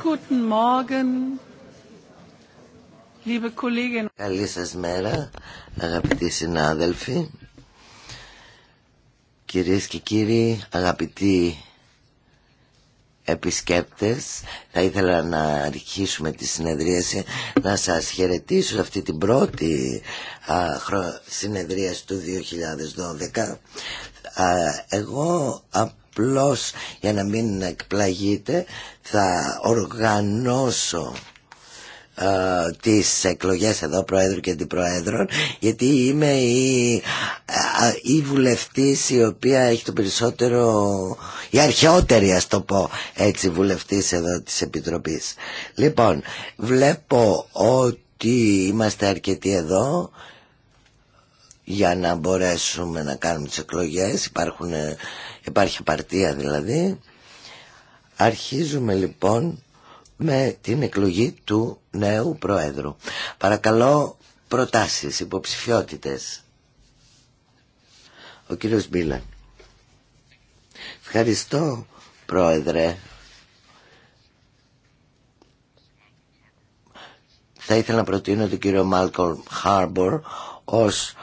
Guten Morgen. Καλή σας μέρα, αγαπητοί συνάδελφοι. Κυρίες και κύριοι, αγαπητοί επισκέπτες, θα ήθελα να αρχίσουμε τη συνεδρίαση να σας χαιρετήσω αυτή την πρώτη α, συνεδρίαση του 2012. εγώ από απλώς για να μην εκπλαγείτε θα οργανώσω ε, τις εκλογές εδώ Προέδρου και Αντιπροέδρων γιατί είμαι η, ε, η βουλευτής η οποία έχει το περισσότερο η αρχαιότερη ας το πω έτσι βουλευτής εδώ της Επιτροπής λοιπόν βλέπω ότι είμαστε αρκετοί εδώ για να μπορέσουμε να κάνουμε τις εκλογές υπάρχουν ε, υπάρχει απαρτία δηλαδή. Αρχίζουμε λοιπόν με την εκλογή του νέου Προέδρου. Παρακαλώ προτάσεις, υποψηφιότητες. Ο κύριος Μπίλα. Ευχαριστώ Πρόεδρε. Θα ήθελα να προτείνω τον κύριο Μάλκολ Χάρμπορ ως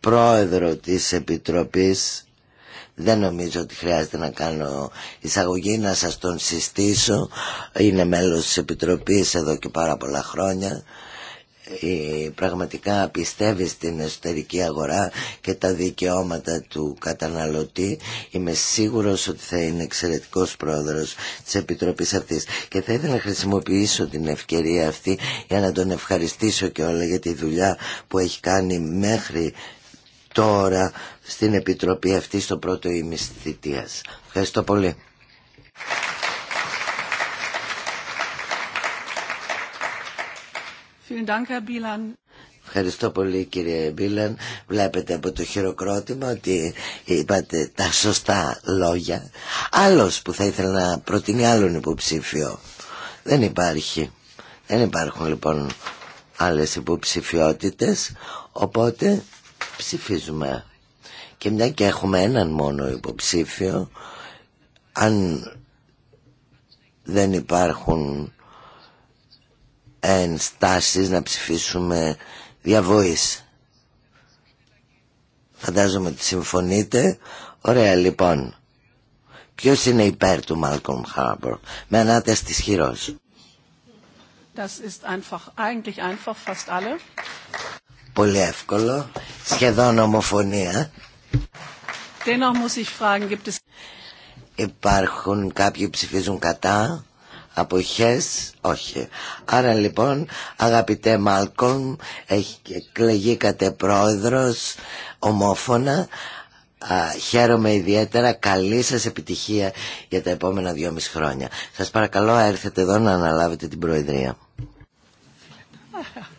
πρόεδρο της Επιτροπής δεν νομίζω ότι χρειάζεται να κάνω εισαγωγή, να σας τον συστήσω. Είναι μέλος της Επιτροπής εδώ και πάρα πολλά χρόνια. Ε, πραγματικά πιστεύει στην εσωτερική αγορά και τα δικαιώματα του καταναλωτή. Είμαι σίγουρος ότι θα είναι εξαιρετικός πρόεδρος της Επιτροπής αυτής. Και θα ήθελα να χρησιμοποιήσω την ευκαιρία αυτή για να τον ευχαριστήσω και όλα για τη δουλειά που έχει κάνει μέχρι τώρα στην Επιτροπή αυτή στο πρώτο ήμις Ευχαριστώ πολύ. Ευχαριστώ πολύ κύριε Μπίλαν. Βλέπετε από το χειροκρότημα ότι είπατε τα σωστά λόγια. Άλλος που θα ήθελα να προτείνει άλλον υποψήφιο. Δεν υπάρχει. Δεν υπάρχουν λοιπόν άλλες υποψηφιότητες. Οπότε ψηφίζουμε. Και μια και έχουμε έναν μόνο υποψήφιο, αν δεν υπάρχουν ενστάσεις να ψηφίσουμε διαβοής. Φαντάζομαι ότι συμφωνείτε. Ωραία λοιπόν. Ποιος είναι υπέρ του Μάλκομ Χάμπορ με της χειρός. Das ist einfach, eigentlich einfach fast alle πολύ εύκολο, σχεδόν ομοφωνία. Υπάρχουν κάποιοι που ψηφίζουν κατά, αποχές, όχι. Άρα λοιπόν, αγαπητέ Μάλκομ, εκλεγήκατε πρόεδρος ομόφωνα, χαίρομαι ιδιαίτερα. Καλή σας επιτυχία για τα επόμενα δυόμιση χρόνια. Σας παρακαλώ έρθετε εδώ να αναλάβετε την Προεδρία.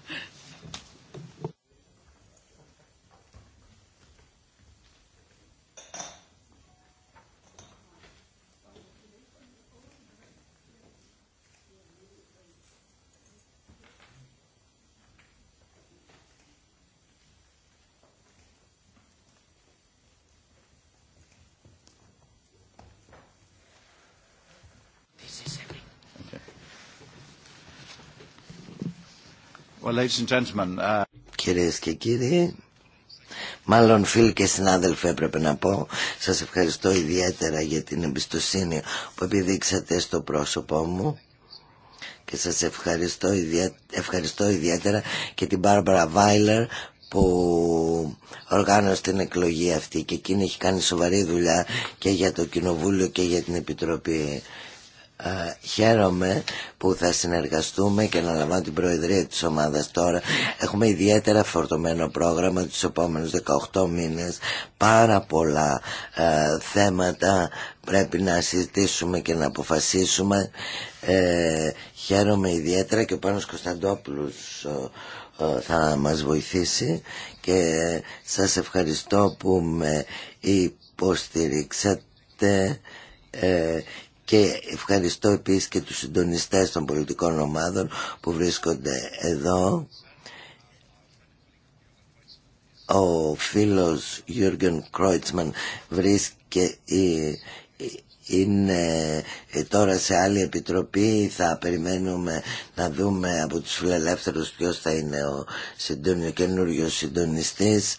Uh, Κυρίες και κύριοι, μάλλον φίλοι και συνάδελφοι έπρεπε να πω, σας ευχαριστώ ιδιαίτερα για την εμπιστοσύνη που επιδείξατε στο πρόσωπό μου και σας ευχαριστώ, ευχαριστώ ιδιαίτερα και την Μπάρμπαρα Βάιλερ που οργάνωσε την εκλογή αυτή και εκείνη έχει κάνει σοβαρή δουλειά και για το Κοινοβούλιο και για την Επιτροπή ε, χαίρομαι που θα συνεργαστούμε και να λαμβάνω την προεδρία της ομάδας τώρα. Έχουμε ιδιαίτερα φορτωμένο πρόγραμμα τους επόμενους 18 μήνες. Πάρα πολλά ε, θέματα πρέπει να συζητήσουμε και να αποφασίσουμε. Ε, χαίρομαι ιδιαίτερα και ο Πάνος Κωνσταντόπουλος θα μας βοηθήσει και σας ευχαριστώ που με υποστηρίξατε και ευχαριστώ επίσης και τους συντονιστές των πολιτικών ομάδων που βρίσκονται εδώ. Ο φίλος Γιούργεν Κρόιτσμαν βρίσκεται ε, είναι ε, τώρα σε άλλη επιτροπή θα περιμένουμε να δούμε από τους φιλελεύθερους ποιος θα είναι ο, καινούργιο ο συντονιστής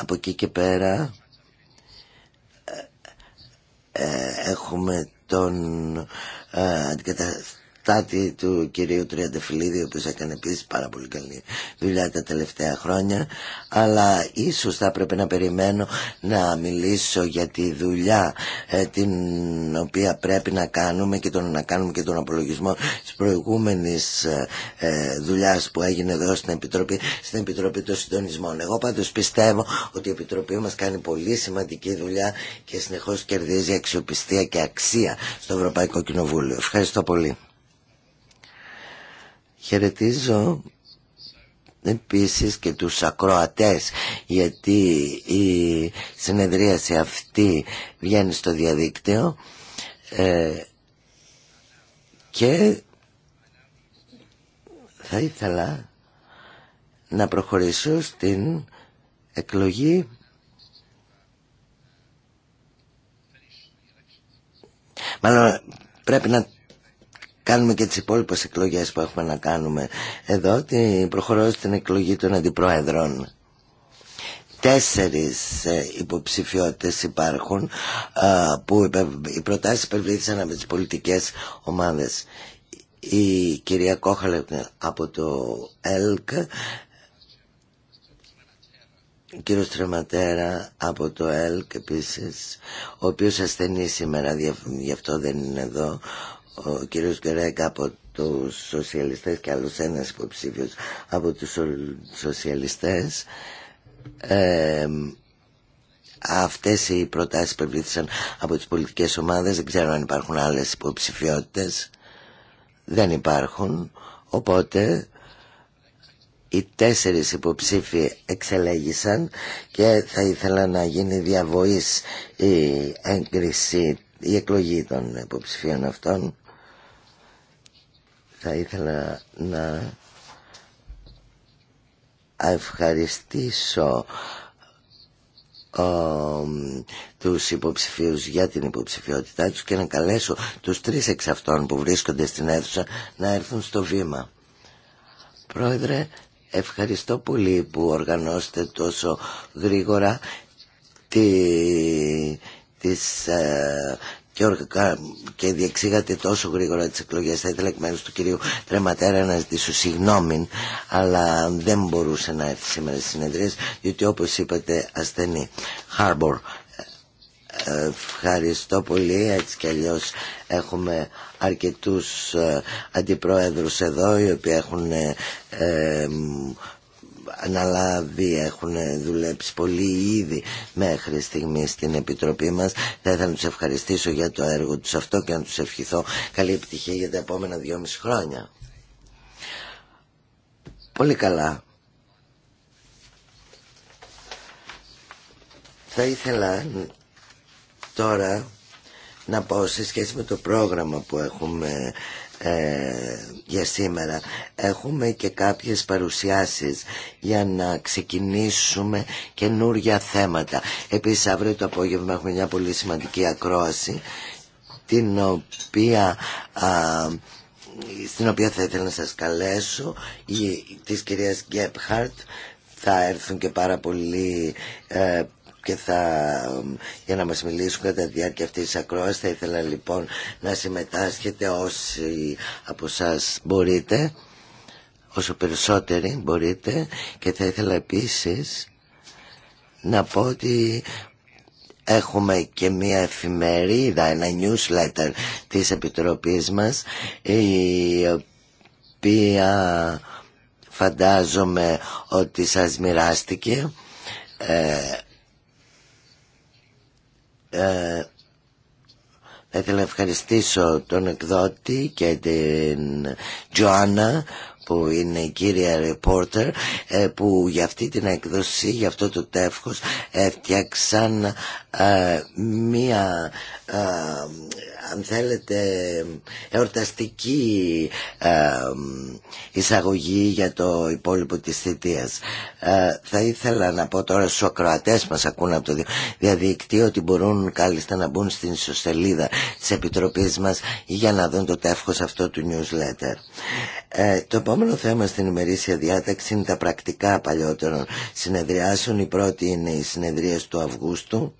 από εκεί και πέρα ε, έχουμε τον ε, τάτη του κυρίου Τριαντεφυλλίδη, ο οποίος έκανε επίσης πάρα πολύ καλή δουλειά τα τελευταία χρόνια, αλλά ίσως θα έπρεπε να περιμένω να μιλήσω για τη δουλειά ε, την οποία πρέπει να κάνουμε και τον, να κάνουμε και τον απολογισμό της προηγούμενης ε, δουλειάς που έγινε εδώ στην Επιτροπή, στην Επιτροπή των Συντονισμών. Εγώ πάντως πιστεύω ότι η Επιτροπή μας κάνει πολύ σημαντική δουλειά και συνεχώς κερδίζει αξιοπιστία και αξία στο Ευρωπαϊκό Κοινοβούλιο. Ευχαριστώ πολύ. Χαιρετίζω επίσης και τους ακροατές γιατί η συνεδρίαση αυτή βγαίνει στο διαδίκτυο ε, και θα ήθελα να προχωρήσω στην εκλογή μάλλον πρέπει να κάνουμε και τις υπόλοιπες εκλογές που έχουμε να κάνουμε εδώ την προχωρώ στην εκλογή των αντιπρόεδρων τέσσερις ε, υποψηφιότητες υπάρχουν ε, που οι προτάσεις υπερβλήθησαν από τις πολιτικές ομάδες η κυρία Κόχαλε από το ΕΛΚ ο κύριος Τρεματέρα από το ΕΛΚ επίσης ο οποίος ασθενεί σήμερα γι' αυτό δεν είναι εδώ ο κύριος Γκρέκ από τους σοσιαλιστές και άλλος ένας υποψήφιος από τους σοσιαλιστές ε, αυτές οι προτάσεις υπερβλήθησαν από τις πολιτικές ομάδες δεν ξέρω αν υπάρχουν άλλες υποψηφιότητες δεν υπάρχουν οπότε οι τέσσερις υποψήφοι εξελέγησαν και θα ήθελα να γίνει διαβοής η έγκριση η εκλογή των υποψηφίων αυτών θα ήθελα να ευχαριστήσω ο, τους υποψηφίους για την υποψηφιότητά τους και να καλέσω τους τρεις εξ αυτών που βρίσκονται στην αίθουσα να έρθουν στο βήμα. Πρόεδρε, ευχαριστώ πολύ που οργανώσετε τόσο γρήγορα τη, τις ε, και, διεξήγατε τόσο γρήγορα τις εκλογές θα ήθελα εκ μέρους του κυρίου Τρεματέρα να ζητήσω συγγνώμη αλλά δεν μπορούσε να έρθει σήμερα στις συνεδρίες διότι όπως είπατε ασθενή Harbor ε, Ευχαριστώ πολύ έτσι κι αλλιώς έχουμε αρκετούς ε, αντιπρόεδρους εδώ οι οποίοι έχουν ε, αναλάβει, έχουν δουλέψει πολύ ήδη μέχρι στιγμή στην Επιτροπή μας. Θα ήθελα να τους ευχαριστήσω για το έργο τους αυτό και να τους ευχηθώ καλή επιτυχία για τα επόμενα δυόμιση χρόνια. Πολύ καλά. Θα ήθελα τώρα να πω σε σχέση με το πρόγραμμα που έχουμε ε, για σήμερα. Έχουμε και κάποιες παρουσιάσεις για να ξεκινήσουμε καινούργια θέματα. Επίσης αύριο το απόγευμα έχουμε μια πολύ σημαντική ακρόαση την οποία, στην οποία θα ήθελα να σας καλέσω η, της κυρίας Γκέπχαρτ θα έρθουν και πάρα πολλοί ε, και για να μας μιλήσουν κατά τη διάρκεια αυτής της ακρόας. Θα ήθελα λοιπόν να συμμετάσχετε όσοι από εσά μπορείτε, όσο περισσότεροι μπορείτε και θα ήθελα επίσης να πω ότι έχουμε και μία εφημερίδα, ένα newsletter της Επιτροπής μας η οποία φαντάζομαι ότι σας μοιράστηκε ε, ε, θα ήθελα να ευχαριστήσω τον εκδότη και την Τζοάννα που είναι η κύρια ρεπόρτερ που για αυτή την εκδοσή, για αυτό το τεύχος έφτιαξαν ε, μία ε, αν θέλετε εορταστική εισαγωγή για το υπόλοιπο της θητείας ε, θα ήθελα να πω τώρα στους ακροατές μας ακούν από το διαδικτύο ότι μπορούν κάλλιστα να μπουν στην ιστοσελίδα της Επιτροπής μας για να δουν το τεύχος αυτό του newsletter ε, το επόμενο θέμα στην ημερήσια διάταξη είναι τα πρακτικά παλιότερων συνεδριάσεων η πρώτη είναι οι συνεδρίες του Αυγούστου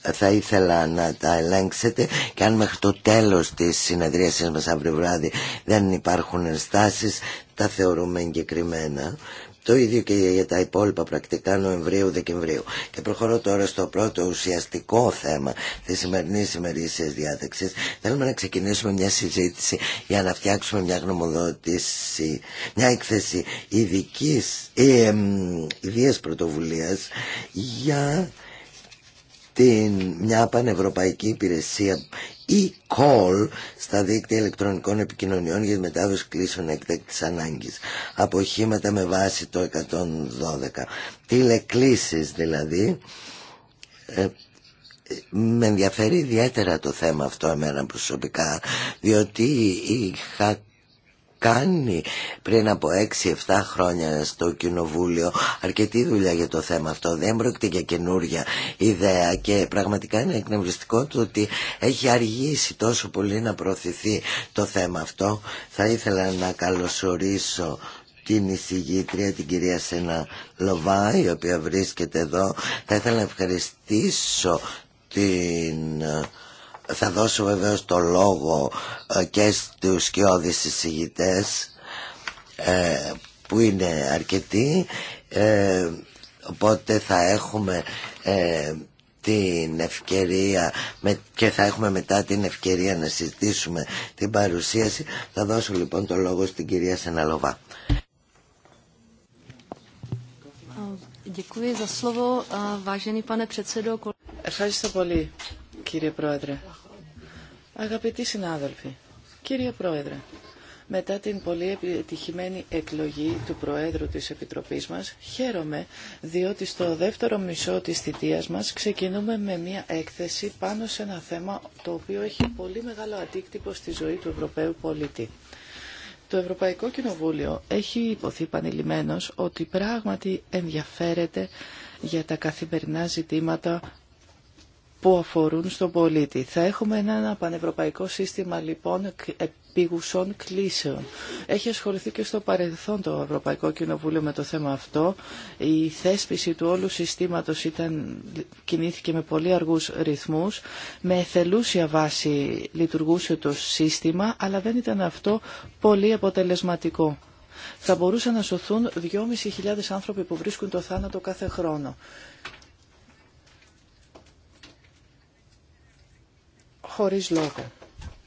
θα ήθελα να τα ελέγξετε και αν μέχρι το τέλος της συνεδρίασης μας αύριο βράδυ δεν υπάρχουν ενστάσεις τα θεωρούμε εγκεκριμένα το ίδιο και για τα υπόλοιπα πρακτικά Νοεμβρίου-Δεκεμβρίου. Και προχωρώ τώρα στο πρώτο ουσιαστικό θέμα τη σημερινή ημερήσια διάταξη. Θέλουμε να ξεκινήσουμε μια συζήτηση για να φτιάξουμε μια γνωμοδότηση, μια έκθεση ειδική ε, ε, πρωτοβουλία για την, μια πανευρωπαϊκή υπηρεσία e-call στα δίκτυα ηλεκτρονικών επικοινωνιών για τη μετάδοση κλήσεων εκτέκτης ανάγκης από με βάση το 112 τηλεκλήσεις δηλαδή ε, με ενδιαφέρει ιδιαίτερα το θέμα αυτό εμένα προσωπικά διότι είχα κάνει πριν από 6-7 χρόνια στο Κοινοβούλιο αρκετή δουλειά για το θέμα αυτό. Δεν πρόκειται για καινούρια ιδέα και πραγματικά είναι εκνευριστικό το ότι έχει αργήσει τόσο πολύ να προωθηθεί το θέμα αυτό. Θα ήθελα να καλωσορίσω την εισηγήτρια, την κυρία Σένα Λοβά, η οποία βρίσκεται εδώ. Θα ήθελα να ευχαριστήσω την θα δώσω βεβαίως το λόγο ε, και στους σκιώδεις εισηγητές ε, που είναι αρκετοί ε, οπότε θα έχουμε την ευκαιρία και θα έχουμε μετά την ευκαιρία να συζητήσουμε την παρουσίαση θα δώσω λοιπόν το λόγο στην κυρία Σεναλοβά Ευχαριστώ πολύ κύριε Πρόεδρε. Αγαπητοί συνάδελφοι, κύριε Πρόεδρε, μετά την πολύ επιτυχημένη εκλογή του Προέδρου της Επιτροπής μας, χαίρομαι διότι στο δεύτερο μισό της θητείας μας ξεκινούμε με μια έκθεση πάνω σε ένα θέμα το οποίο έχει πολύ μεγάλο αντίκτυπο στη ζωή του Ευρωπαίου πολίτη. Το Ευρωπαϊκό Κοινοβούλιο έχει υποθεί πανελειμμένος ότι πράγματι ενδιαφέρεται για τα καθημερινά ζητήματα που αφορούν στον πολίτη. Θα έχουμε ένα πανευρωπαϊκό σύστημα λοιπόν επίγουσων κλήσεων. Έχει ασχοληθεί και στο παρελθόν το Ευρωπαϊκό Κοινοβούλιο με το θέμα αυτό. Η θέσπιση του όλου συστήματος ήταν, κινήθηκε με πολύ αργούς ρυθμούς. Με εθελούσια βάση λειτουργούσε το σύστημα, αλλά δεν ήταν αυτό πολύ αποτελεσματικό. Θα μπορούσαν να σωθούν 2.500 άνθρωποι που βρίσκουν το θάνατο κάθε χρόνο. χωρίς λόγο.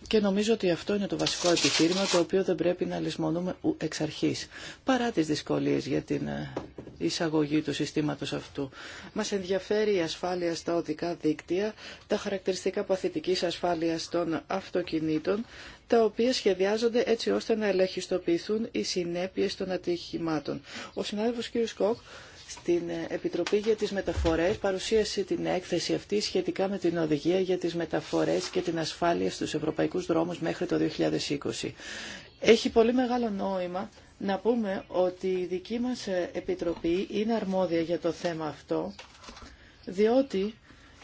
Και νομίζω ότι αυτό είναι το βασικό επιχείρημα το οποίο δεν πρέπει να λησμονούμε εξ αρχής, παρά τις δυσκολίες για την ε, εισαγωγή του συστήματος αυτού. Μας ενδιαφέρει η ασφάλεια στα οδικά δίκτυα, τα χαρακτηριστικά παθητικής ασφάλειας των αυτοκινήτων, τα οποία σχεδιάζονται έτσι ώστε να ελεγχιστοποιηθούν οι συνέπειες των ατυχημάτων. Ο συνάδελφος κ. Σκοκ στην ε, Επιτροπή για τις Μεταφορές παρουσίασε την έκθεση αυτή σχετικά με την οδηγία για τις μεταφορές και την ασφάλεια στους ευρωπαϊκούς δρόμους μέχρι το 2020. Έχει πολύ μεγάλο νόημα να πούμε ότι η δική μας ε, Επιτροπή είναι αρμόδια για το θέμα αυτό, διότι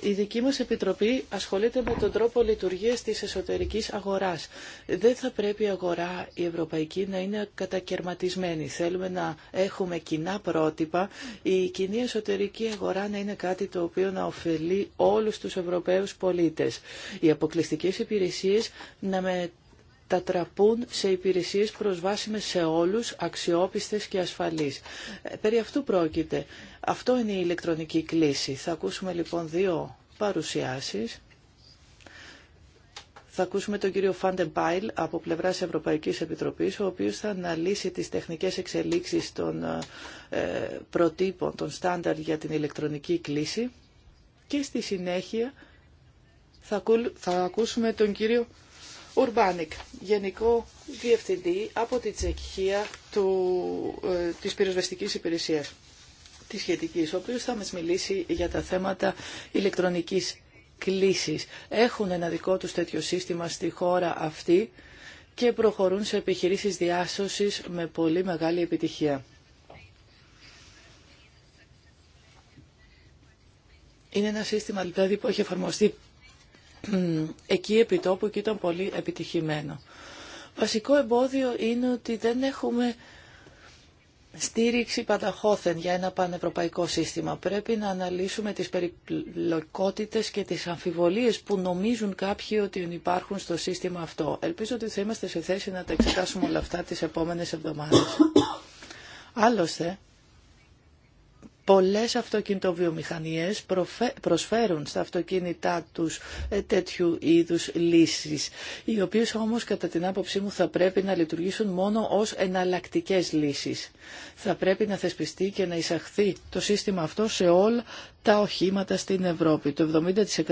η δική μας Επιτροπή ασχολείται με τον τρόπο λειτουργίας της εσωτερικής αγοράς. Δεν θα πρέπει η αγορά η ευρωπαϊκή να είναι κατακαιρματισμένη. Θέλουμε να έχουμε κοινά πρότυπα. Η κοινή εσωτερική αγορά να είναι κάτι το οποίο να ωφελεί όλους τους Ευρωπαίους πολίτες. Οι αποκλειστικές υπηρεσίες να με τα τραπούν σε υπηρεσίες προσβάσιμες σε όλους, αξιόπιστες και ασφαλείς. Ε, περί αυτού πρόκειται. Αυτό είναι η ηλεκτρονική κλίση. Θα ακούσουμε λοιπόν δύο παρουσιάσεις. Θα ακούσουμε τον κύριο Φάντεν Πάιλ από πλευράς Ευρωπαϊκής Επιτροπής, ο οποίος θα αναλύσει τις τεχνικές εξελίξεις των ε, προτύπων, των στάνταρ για την ηλεκτρονική κλίση. Και στη συνέχεια θα, ακούσουμε τον κύριο Ουρμπάνικ, Γενικό Διευθυντή από τη Τσεχία του, ε, της Πυροσβεστικής Υπηρεσίας της σχετικής, ο οποίος θα μας μιλήσει για τα θέματα ηλεκτρονικής κλήσης. Έχουν ένα δικό τους τέτοιο σύστημα στη χώρα αυτή και προχωρούν σε επιχειρήσεις διάσωσης με πολύ μεγάλη επιτυχία. Είναι ένα σύστημα δηλαδή που έχει εφαρμοστεί εκεί επιτόπου και ήταν πολύ επιτυχημένο. Βασικό εμπόδιο είναι ότι δεν έχουμε στήριξη πανταχώθεν για ένα πανευρωπαϊκό σύστημα. Πρέπει να αναλύσουμε τις περιπλοκότητες και τις αμφιβολίες που νομίζουν κάποιοι ότι υπάρχουν στο σύστημα αυτό. Ελπίζω ότι θα είμαστε σε θέση να τα εξετάσουμε όλα αυτά τις επόμενες εβδομάδες. Άλλωστε, Πολλές αυτοκινητοβιομηχανίες προσφέρουν στα αυτοκίνητά τους ε, τέτοιου είδους λύσεις, οι οποίες όμως κατά την άποψή μου θα πρέπει να λειτουργήσουν μόνο ως εναλλακτικές λύσεις. Θα πρέπει να θεσπιστεί και να εισαχθεί το σύστημα αυτό σε όλα τα οχήματα στην Ευρώπη. Το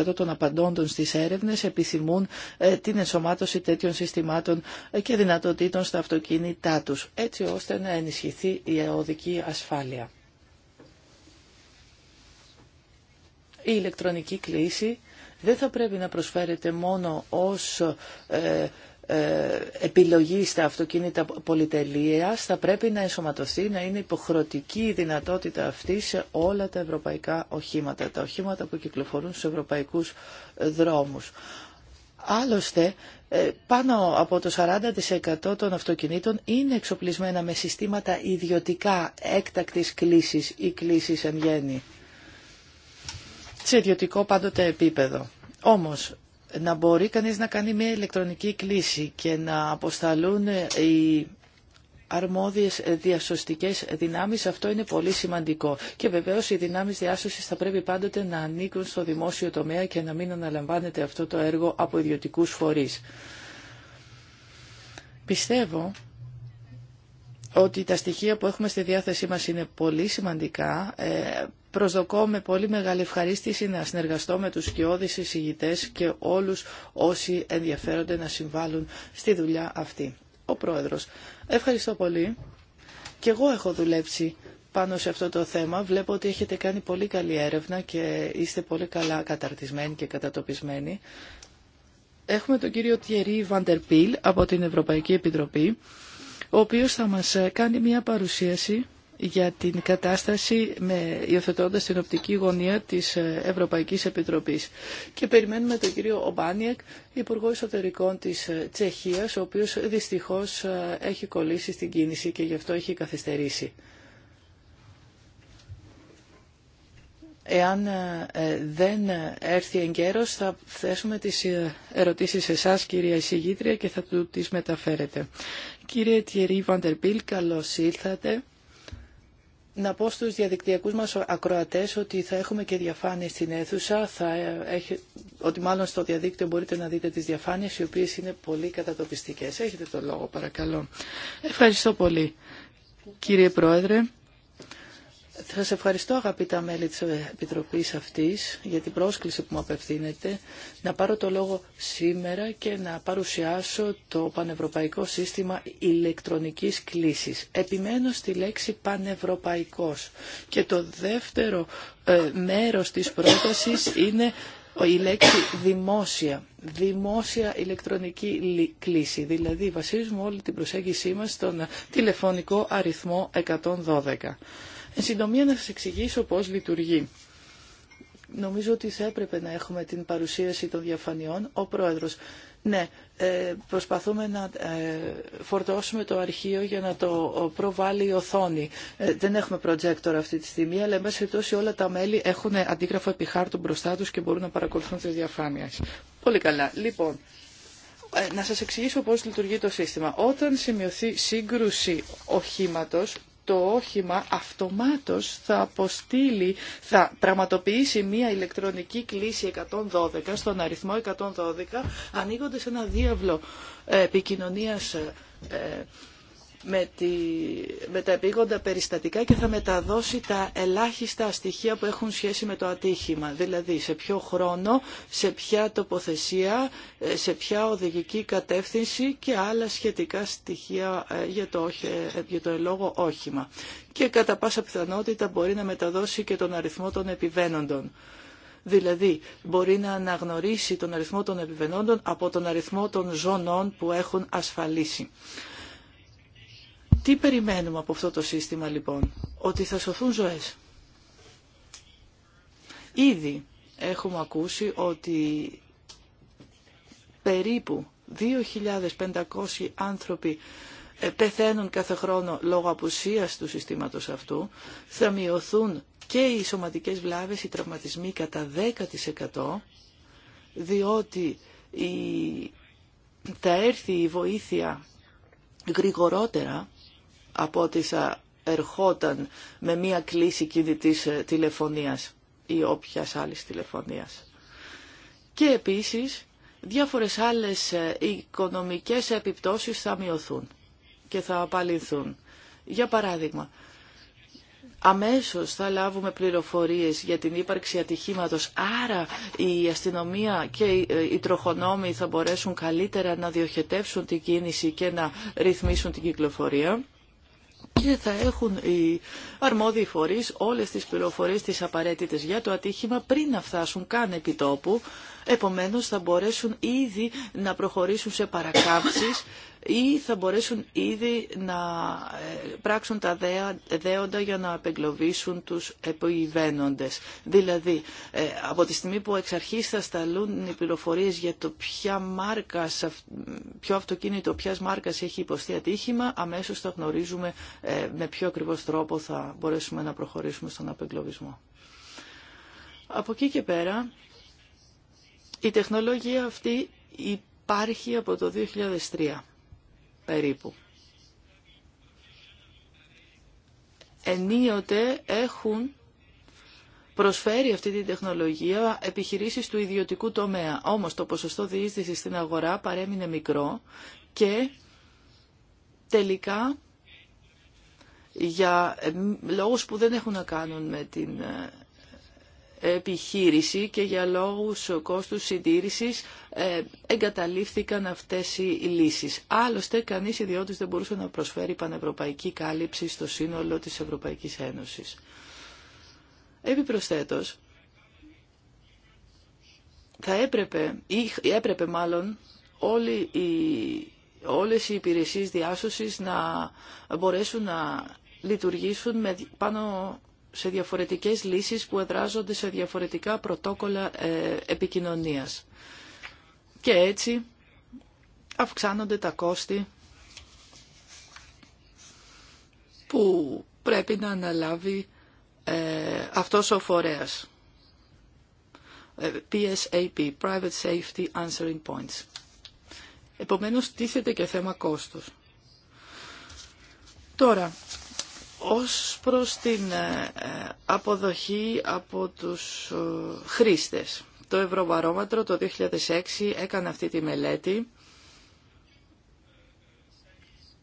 70% των απαντώντων στις έρευνες επιθυμούν ε, την ενσωμάτωση τέτοιων συστημάτων ε, και δυνατοτήτων στα αυτοκίνητά τους, έτσι ώστε να ενισχυθεί η οδική ασφάλεια. η ηλεκτρονική κλίση δεν θα πρέπει να προσφέρεται μόνο ως ε, ε, επιλογή στα αυτοκίνητα πολυτελείας, θα πρέπει να ενσωματωθεί, να είναι υποχρεωτική η δυνατότητα αυτή σε όλα τα ευρωπαϊκά οχήματα, τα οχήματα που κυκλοφορούν στους ευρωπαϊκούς δρόμους. Άλλωστε, ε, πάνω από το 40% των αυτοκινήτων είναι εξοπλισμένα με συστήματα ιδιωτικά έκτακτης κλίσης ή κλίσης εν γέννη σε ιδιωτικό πάντοτε επίπεδο. Όμως, να μπορεί κανείς να κάνει μια ηλεκτρονική κλίση και να αποσταλούν οι αρμόδιες διασωστικές δυνάμεις, αυτό είναι πολύ σημαντικό. Και βεβαίως οι δυνάμεις διάσωσης θα πρέπει πάντοτε να ανήκουν στο δημόσιο τομέα και να μην αναλαμβάνεται αυτό το έργο από ιδιωτικούς φορείς. Πιστεύω ότι τα στοιχεία που έχουμε στη διάθεσή μας είναι πολύ σημαντικά. Ε, προσδοκώ με πολύ μεγάλη ευχαρίστηση να συνεργαστώ με τους σκιώδεις εισηγητές και όλους όσοι ενδιαφέρονται να συμβάλλουν στη δουλειά αυτή. Ο Πρόεδρος, ευχαριστώ πολύ. Και εγώ έχω δουλέψει πάνω σε αυτό το θέμα. Βλέπω ότι έχετε κάνει πολύ καλή έρευνα και είστε πολύ καλά καταρτισμένοι και κατατοπισμένοι. Έχουμε τον κύριο Τιερή Βαντερπίλ από την Ευρωπαϊκή Επιτροπή ο οποίος θα μας κάνει μια παρουσίαση για την κατάσταση με, υιοθετώντας την οπτική γωνία της Ευρωπαϊκής Επιτροπής. Και περιμένουμε τον κύριο Ομπάνιεκ, Υπουργό Εσωτερικών της Τσεχίας, ο οποίος δυστυχώς έχει κολλήσει στην κίνηση και γι' αυτό έχει καθυστερήσει. Εάν ε, δεν έρθει εγκαίρος θα θέσουμε τις ε, ερωτήσεις εσάς κυρία εισηγήτρια και θα του τις μεταφέρετε. Κύριε Τιερή Βαντερπίλ, καλώ ήλθατε. Να πω στους διαδικτυακούς μας ακροατές ότι θα έχουμε και διαφάνειες στην αίθουσα, θα έχει, ότι μάλλον στο διαδίκτυο μπορείτε να δείτε τις διαφάνειες, οι οποίες είναι πολύ κατατοπιστικές. Έχετε το λόγο, παρακαλώ. Ευχαριστώ πολύ, κύριε Πρόεδρε. Θα Σα ευχαριστώ αγαπητά μέλη της Επιτροπής αυτής για την πρόσκληση που μου απευθύνεται να πάρω το λόγο σήμερα και να παρουσιάσω το Πανευρωπαϊκό Σύστημα Ηλεκτρονικής Κλήσης. Επιμένω στη λέξη πανευρωπαϊκός και το δεύτερο ε, μέρος της πρότασης είναι η λέξη δημόσια, δημόσια ηλεκτρονική κλίση. Δηλαδή βασίζουμε όλη την προσέγγισή μας στον τηλεφωνικό αριθμό 112. Εν συντομία να σας εξηγήσω πώς λειτουργεί. Νομίζω ότι θα έπρεπε να έχουμε την παρουσίαση των διαφανειών. Ο Πρόεδρος, ναι, ε, προσπαθούμε να ε, φορτώσουμε το αρχείο για να το προβάλλει η οθόνη. Ε, δεν έχουμε προτζέκτορ αυτή τη στιγμή, αλλά μέσα σε όλα τα μέλη έχουν αντίγραφο επιχάρτου μπροστά τους και μπορούν να παρακολουθούν τις διαφάνειες. Πολύ καλά. Λοιπόν, να σας εξηγήσω πώς λειτουργεί το σύστημα. Όταν σημειωθεί σύγκρουση οχήματος, το όχημα αυτομάτως θα αποστείλει, θα πραγματοποιήσει μία ηλεκτρονική κλίση 112 στον αριθμό 112 ανοίγοντας ένα διάβλο ε, επικοινωνίας ε, με, τη, με τα επίγοντα περιστατικά και θα μεταδώσει τα ελάχιστα στοιχεία που έχουν σχέση με το ατύχημα. Δηλαδή σε ποιο χρόνο, σε ποια τοποθεσία, ε, σε ποια οδηγική κατεύθυνση και άλλα σχετικά στοιχεία ε, για το, ε, για το ελόγο όχημα. Και κατά πάσα πιθανότητα μπορεί να μεταδώσει και τον αριθμό των επιβαίνοντων. Δηλαδή, μπορεί να αναγνωρίσει τον αριθμό των επιβαίνοντων από τον αριθμό των ζωνών που έχουν ασφαλίσει. Τι περιμένουμε από αυτό το σύστημα λοιπόν, ότι θα σωθούν ζωές. Ήδη έχουμε ακούσει ότι περίπου 2.500 άνθρωποι ε, πεθαίνουν κάθε χρόνο λόγω απουσίας του συστήματος αυτού, θα μειωθούν και οι σωματικές βλάβες, οι τραυματισμοί κατά 10% διότι η... θα έρθει η βοήθεια γρηγορότερα από ό,τι θα ερχόταν με μία κλίση κινητής ε, τηλεφωνίας ή όποιας άλλης τηλεφωνίας. Και επίσης, διάφορες άλλες ε, οικονομικές επιπτώσεις θα μειωθούν και θα απαλληλθούν. Για παράδειγμα, αμέσως θα λάβουμε πληροφορίες για την ύπαρξη ατυχήματος, άρα η αστυνομία και οι ε, τροχονόμοι θα μπορέσουν καλύτερα να διοχετεύσουν την κίνηση και να ρυθμίσουν την κυκλοφορία και θα έχουν οι αρμόδιοι φορείς όλες τις πληροφορίες τις απαραίτητες για το ατύχημα πριν να φτάσουν καν επί τόπου επομένως θα μπορέσουν ήδη να προχωρήσουν σε παρακάμψεις ή θα μπορέσουν ήδη να ε, πράξουν τα δέοντα για να απεγκλωβίσουν τους επιβαίνοντες. Δηλαδή, ε, από τη στιγμή που εξ αρχής θα σταλούν οι πληροφορίες για το ποια μάρκα, ποιο αυτοκίνητο ποια μάρκας έχει υποστεί ατύχημα, αμέσως θα γνωρίζουμε ε, με ποιο ακριβώς τρόπο θα μπορέσουμε να προχωρήσουμε στον απεγκλωβισμό. Από εκεί και πέρα, η τεχνολογία αυτή υπάρχει από το 2003 περίπου. Ενίοτε έχουν προσφέρει αυτή την τεχνολογία επιχειρήσεις του ιδιωτικού τομέα. Όμως το ποσοστό διείσδυσης στην αγορά παρέμεινε μικρό και τελικά για ε, λόγους που δεν έχουν να κάνουν με την ε, επιχείρηση και για λόγους κόστους συντήρησης ε, εγκαταλείφθηκαν αυτές οι λύσεις. Άλλωστε, κανείς ιδιώτης δεν μπορούσε να προσφέρει πανευρωπαϊκή κάλυψη στο σύνολο της Ευρωπαϊκής Ένωσης. Επιπροσθέτως, θα έπρεπε, ή έπρεπε μάλλον, όλοι οι, όλες οι υπηρεσίες διάσωσης να μπορέσουν να λειτουργήσουν με πάνω σε διαφορετικές λύσεις που εδράζονται σε διαφορετικά πρωτόκολλα ε, επικοινωνίας. Και έτσι αυξάνονται τα κόστη που πρέπει να αναλάβει ε, αυτός ο φορέας. PSAP, ε, Private Safety Answering Points. Επομένως, τίθεται και θέμα κόστος. Τώρα, ως προς την ε, ε, αποδοχή από τους ε, χρήστες. Το Ευρωβαρόμετρο το 2006 έκανε αυτή τη μελέτη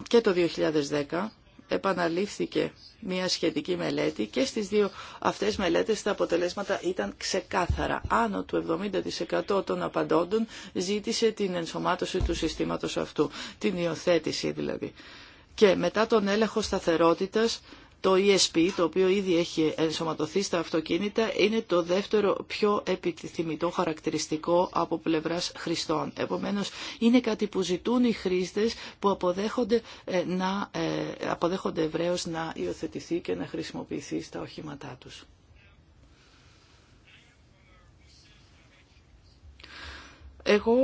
και το 2010 επαναλήφθηκε μια σχετική μελέτη και στις δύο αυτές μελέτες τα αποτελέσματα ήταν ξεκάθαρα. Άνω του 70% των απαντώντων ζήτησε την ενσωμάτωση του συστήματος αυτού, την υιοθέτηση δηλαδή. Και μετά τον έλεγχο σταθερότητας, το ESP, το οποίο ήδη έχει ενσωματωθεί στα αυτοκίνητα, είναι το δεύτερο πιο επιθυμητό χαρακτηριστικό από πλευράς χρηστών. Επομένως, είναι κάτι που ζητούν οι χρήστες που αποδέχονται, ε, να, ε, αποδέχονται ευρέως να υιοθετηθεί και να χρησιμοποιηθεί στα οχήματά τους. Εγώ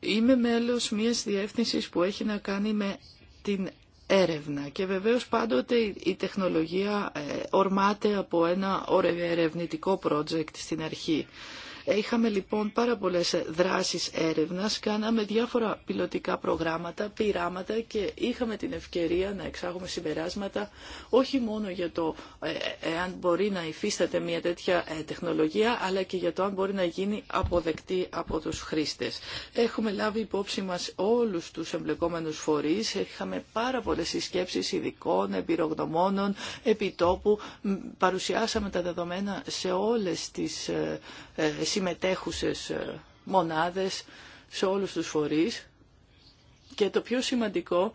είμαι μέλος μιας διεύθυνσης που έχει να κάνει με την έρευνα και βεβαίως πάντοτε η τεχνολογία ε, ορμάται από ένα ερευνητικό project στην αρχή. Είχαμε λοιπόν πάρα πολλές δράσεις έρευνας, κάναμε διάφορα πιλωτικά προγράμματα, πειράματα και είχαμε την ευκαιρία να εξάγουμε συμπεράσματα όχι μόνο για το εάν ε, μπορεί να υφίσταται μια τέτοια ε, τεχνολογία, αλλά και για το αν μπορεί να γίνει αποδεκτή από τους χρήστες. Έχουμε λάβει υπόψη μας όλους τους εμπλεκόμενους φορείς, είχαμε πάρα πολλές συσκέψεις ειδικών, εμπειρογνωμόνων, επιτόπου, παρουσιάσαμε τα δεδομένα σε όλες τις ε, συμμετέχουσες ε, μονάδες σε όλους τους φορείς και το πιο σημαντικό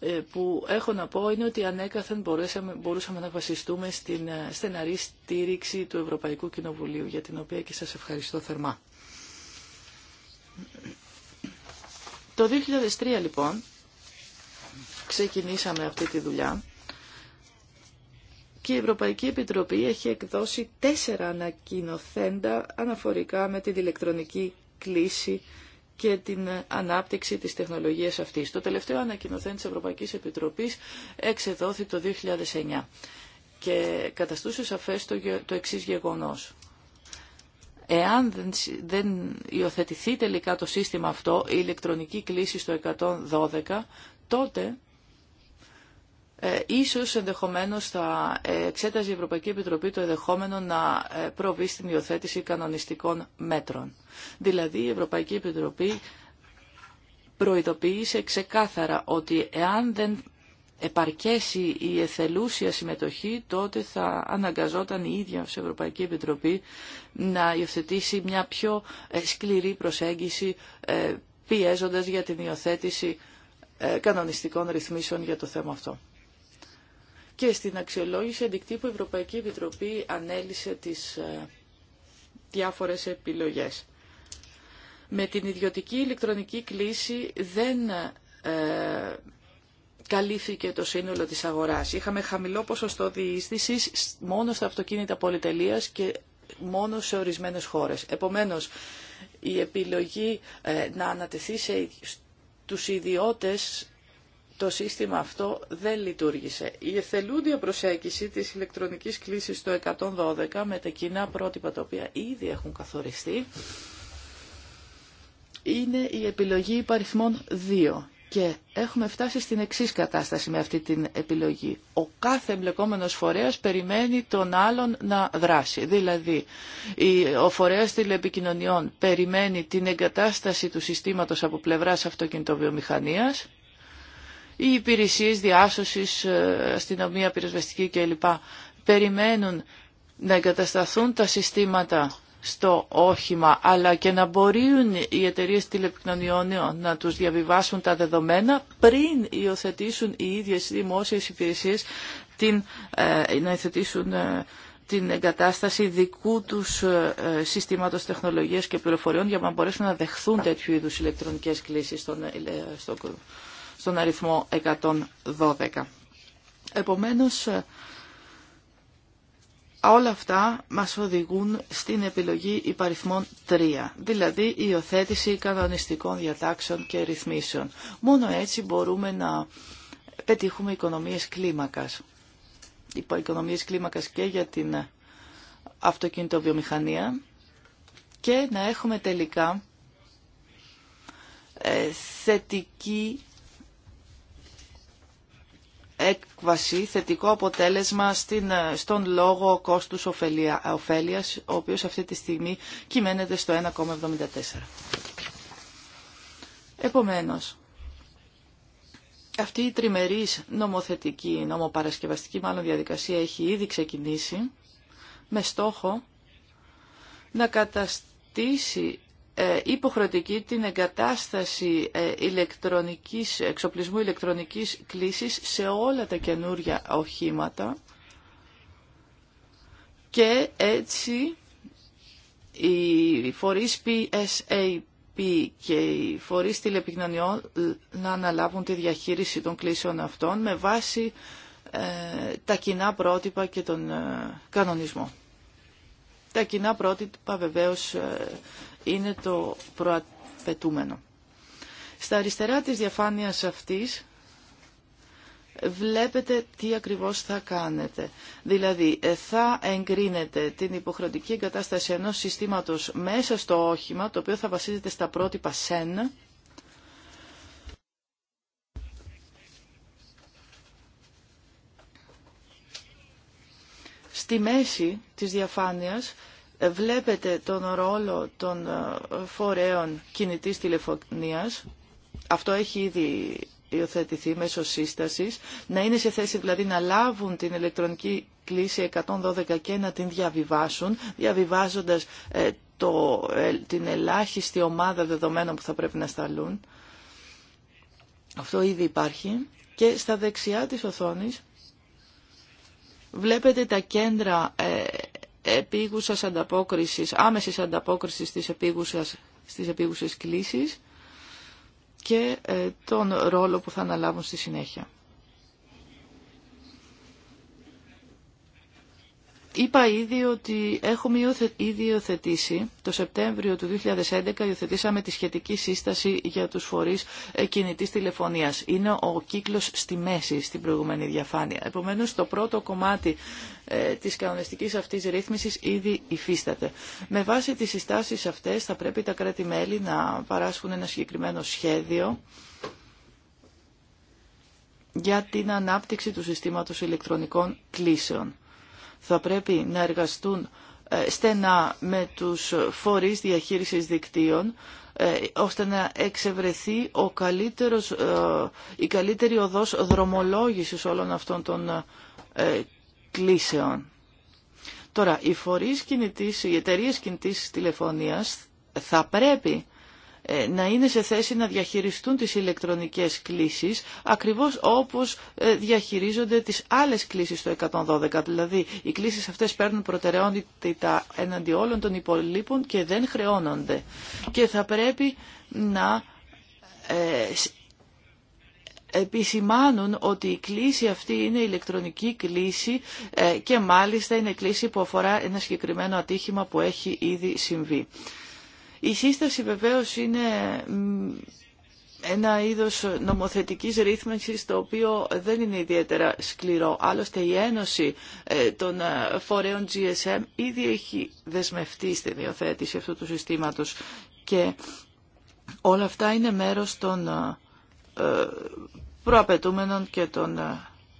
ε, που έχω να πω είναι ότι ανέκαθεν μπορέσαμε, μπορούσαμε να βασιστούμε στην ε, στεναρή στήριξη του Ευρωπαϊκού Κοινοβουλίου για την οποία και σας ευχαριστώ θερμά. Το 2003 λοιπόν ξεκινήσαμε αυτή τη δουλειά και η Ευρωπαϊκή Επιτροπή έχει εκδώσει τέσσερα ανακοινοθέντα αναφορικά με την ηλεκτρονική κλίση και την ανάπτυξη της τεχνολογίας αυτής. Το τελευταίο ανακοινοθέν της Ευρωπαϊκής Επιτροπής εξεδόθη το 2009 και καταστούσε σαφές το, το εξής γεγονός. Εάν δεν, δεν υιοθετηθεί τελικά το σύστημα αυτό, η ηλεκτρονική κλίση στο 112, τότε ε, ίσως ενδεχομένως θα εξέταζε η Ευρωπαϊκή Επιτροπή το ενδεχόμενο να ε, προβεί στην υιοθέτηση κανονιστικών μέτρων. Δηλαδή η Ευρωπαϊκή Επιτροπή προειδοποίησε ξεκάθαρα ότι εάν δεν επαρκέσει η εθελούσια συμμετοχή, τότε θα αναγκαζόταν η ίδια η Ευρωπαϊκή Επιτροπή να υιοθετήσει μια πιο ε, σκληρή προσέγγιση ε, πιέζοντας για την υιοθέτηση κανονιστικών ρυθμίσεων για το θέμα αυτό. Και στην αξιολόγηση αντικτύπου η Ευρωπαϊκή Επιτροπή ανέλησε τις ε, διάφορες επιλογές. Με την ιδιωτική ηλεκτρονική κλίση δεν ε, καλύφθηκε το σύνολο της αγοράς. Είχαμε χαμηλό ποσοστό διείσθησης μόνο στα αυτοκίνητα πολυτελείας και μόνο σε ορισμένες χώρες. Επομένως, η επιλογή ε, να ανατεθεί σε, στους ιδιώτες το σύστημα αυτό δεν λειτουργήσε. Η εθελούντια προσέγγιση της ηλεκτρονικής κλίσης το 112 με τα κοινά πρότυπα τα οποία ήδη έχουν καθοριστεί είναι η επιλογή υπαριθμών 2. Και έχουμε φτάσει στην εξή κατάσταση με αυτή την επιλογή. Ο κάθε εμπλεκόμενος φορέας περιμένει τον άλλον να δράσει. Δηλαδή, ο φορέας τηλεπικοινωνιών περιμένει την εγκατάσταση του συστήματος από πλευράς αυτοκινητοβιομηχανίας οι υπηρεσίες διάσωσης, ε, αστυνομία, πυροσβεστική κλπ. Περιμένουν να εγκατασταθούν τα συστήματα στο όχημα, αλλά και να μπορούν οι εταιρείες τηλεπικοινωνιών να τους διαβιβάσουν τα δεδομένα πριν υιοθετήσουν οι ίδιες δημόσιες υπηρεσίες την, ε, να υιοθετήσουν ε, την εγκατάσταση δικού τους συστήματος τεχνολογίας και πληροφοριών για να μπορέσουν να δεχθούν τέτοιου είδους ηλεκτρονικές κλήσεις στον, στον στον αριθμό 112. Επομένως, ε, όλα αυτά μας οδηγούν στην επιλογή υπαριθμών 3, δηλαδή η υιοθέτηση κανονιστικών διατάξεων και ρυθμίσεων. Μόνο έτσι μπορούμε να πετύχουμε οικονομίες κλίμακας. Οικονομίες κλίμακας και για την αυτοκινητοβιομηχανία και να έχουμε τελικά ε, θετική έκβαση, θετικό αποτέλεσμα στην, ε, στον λόγο κόστους ωφέλειας, ο οποίος αυτή τη στιγμή κυμαίνεται στο 1,74. Επομένως, αυτή η τριμερής νομοθετική, νομοπαρασκευαστική μάλλον διαδικασία έχει ήδη ξεκινήσει με στόχο να καταστήσει ε, υποχρεωτική την εγκατάσταση ε, ηλεκτρονικής, εξοπλισμού ηλεκτρονικής κλήσης σε όλα τα καινούρια οχήματα και έτσι οι φορείς PSAP και οι φορείς τηλεπικοινωνιών να αναλάβουν τη διαχείριση των κλήσεων αυτών με βάση ε, τα κοινά πρότυπα και τον κανονισμό. Τα κοινά πρότυπα βεβαίω ε, είναι το προαπαιτούμενο. Στα αριστερά της διαφάνειας αυτής βλέπετε τι ακριβώς θα κάνετε. Δηλαδή ε, θα εγκρίνετε την υποχρεωτική εγκατάσταση ενός συστήματος μέσα στο όχημα, το οποίο θα βασίζεται στα πρότυπα ΣΕΝ Στη μέση της διαφάνειας ε, βλέπετε τον ρόλο των ε, φορέων κινητής τηλεφωνίας. Αυτό έχει ήδη υιοθετηθεί μέσω σύστασης. Να είναι σε θέση δηλαδή να λάβουν την ηλεκτρονική κλίση 112 και να την διαβιβάσουν, διαβιβάζοντας ε, το, την ελάχιστη ομάδα δεδομένων που θα πρέπει να σταλούν. Αυτό ήδη υπάρχει. Και στα δεξιά της οθόνης Βλέπετε τα κέντρα ε, επίγουσας ανταπόκρισης, άμεσης ανταπόκρισης στις επίγουσες, στις επίγουσες κλήσεις και ε, τον ρόλο που θα αναλάβουν στη συνέχεια. Είπα ήδη ότι έχουμε ήδη υιοθετήσει το Σεπτέμβριο του 2011 υιοθετήσαμε τη σχετική σύσταση για τους φορείς ε, κινητής τηλεφωνίας. Είναι ο κύκλος στη μέση στην προηγούμενη διαφάνεια. Επομένως το πρώτο κομμάτι ε, της κανονιστικής αυτής ρύθμισης ήδη υφίσταται. Με βάση τις συστάσεις αυτές θα πρέπει τα κράτη-μέλη να παράσχουν ένα συγκεκριμένο σχέδιο για την ανάπτυξη του συστήματος ηλεκτρονικών κλήσεων θα πρέπει να εργαστούν ε, στενά με τους φορείς διαχείρισης δικτύων ε, ώστε να εξευρεθεί ο καλύτερος, ε, η καλύτερη οδός δρομολόγησης όλων αυτών των κλίσεων. Τώρα, οι φορείς κινητής, οι εταιρείες κινητής τηλεφωνίας θα πρέπει ε, να είναι σε θέση να διαχειριστούν τις ηλεκτρονικές κλήσεις ακριβώς όπως ε, διαχειρίζονται τις άλλες κλήσεις στο 112. Δηλαδή οι κλήσεις αυτές παίρνουν προτεραιότητα εναντί όλων των υπολείπων και δεν χρεώνονται. Και θα πρέπει να ε, επισημάνουν ότι η κλίση αυτή είναι ηλεκτρονική κλίση και μάλιστα είναι κλίση που αφορά ένα συγκεκριμένο ατύχημα που έχει ήδη συμβεί. Η σύσταση βεβαίως είναι ένα είδος νομοθετικής ρύθμισης το οποίο δεν είναι ιδιαίτερα σκληρό. Άλλωστε η Ένωση ε, των ε, φορέων GSM ήδη έχει δεσμευτεί στη υιοθέτηση αυτού του συστήματος και όλα αυτά είναι μέρος των ε, προαπαιτούμενων και των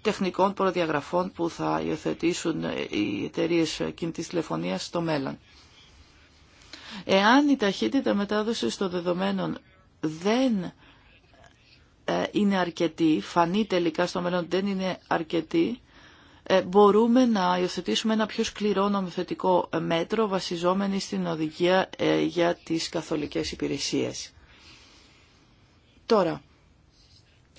τεχνικών προδιαγραφών που θα υιοθετήσουν οι εταιρείε κινητής τηλεφωνίας στο μέλλον. Εάν η ταχύτητα μετάδοσης των δεδομένων δεν ε, είναι αρκετή, φανεί τελικά στο μέλλον δεν είναι αρκετή, ε, μπορούμε να υιοθετήσουμε ένα πιο σκληρό νομοθετικό ε, μέτρο βασιζόμενοι στην οδηγία για τις καθολικές υπηρεσίες. Τώρα,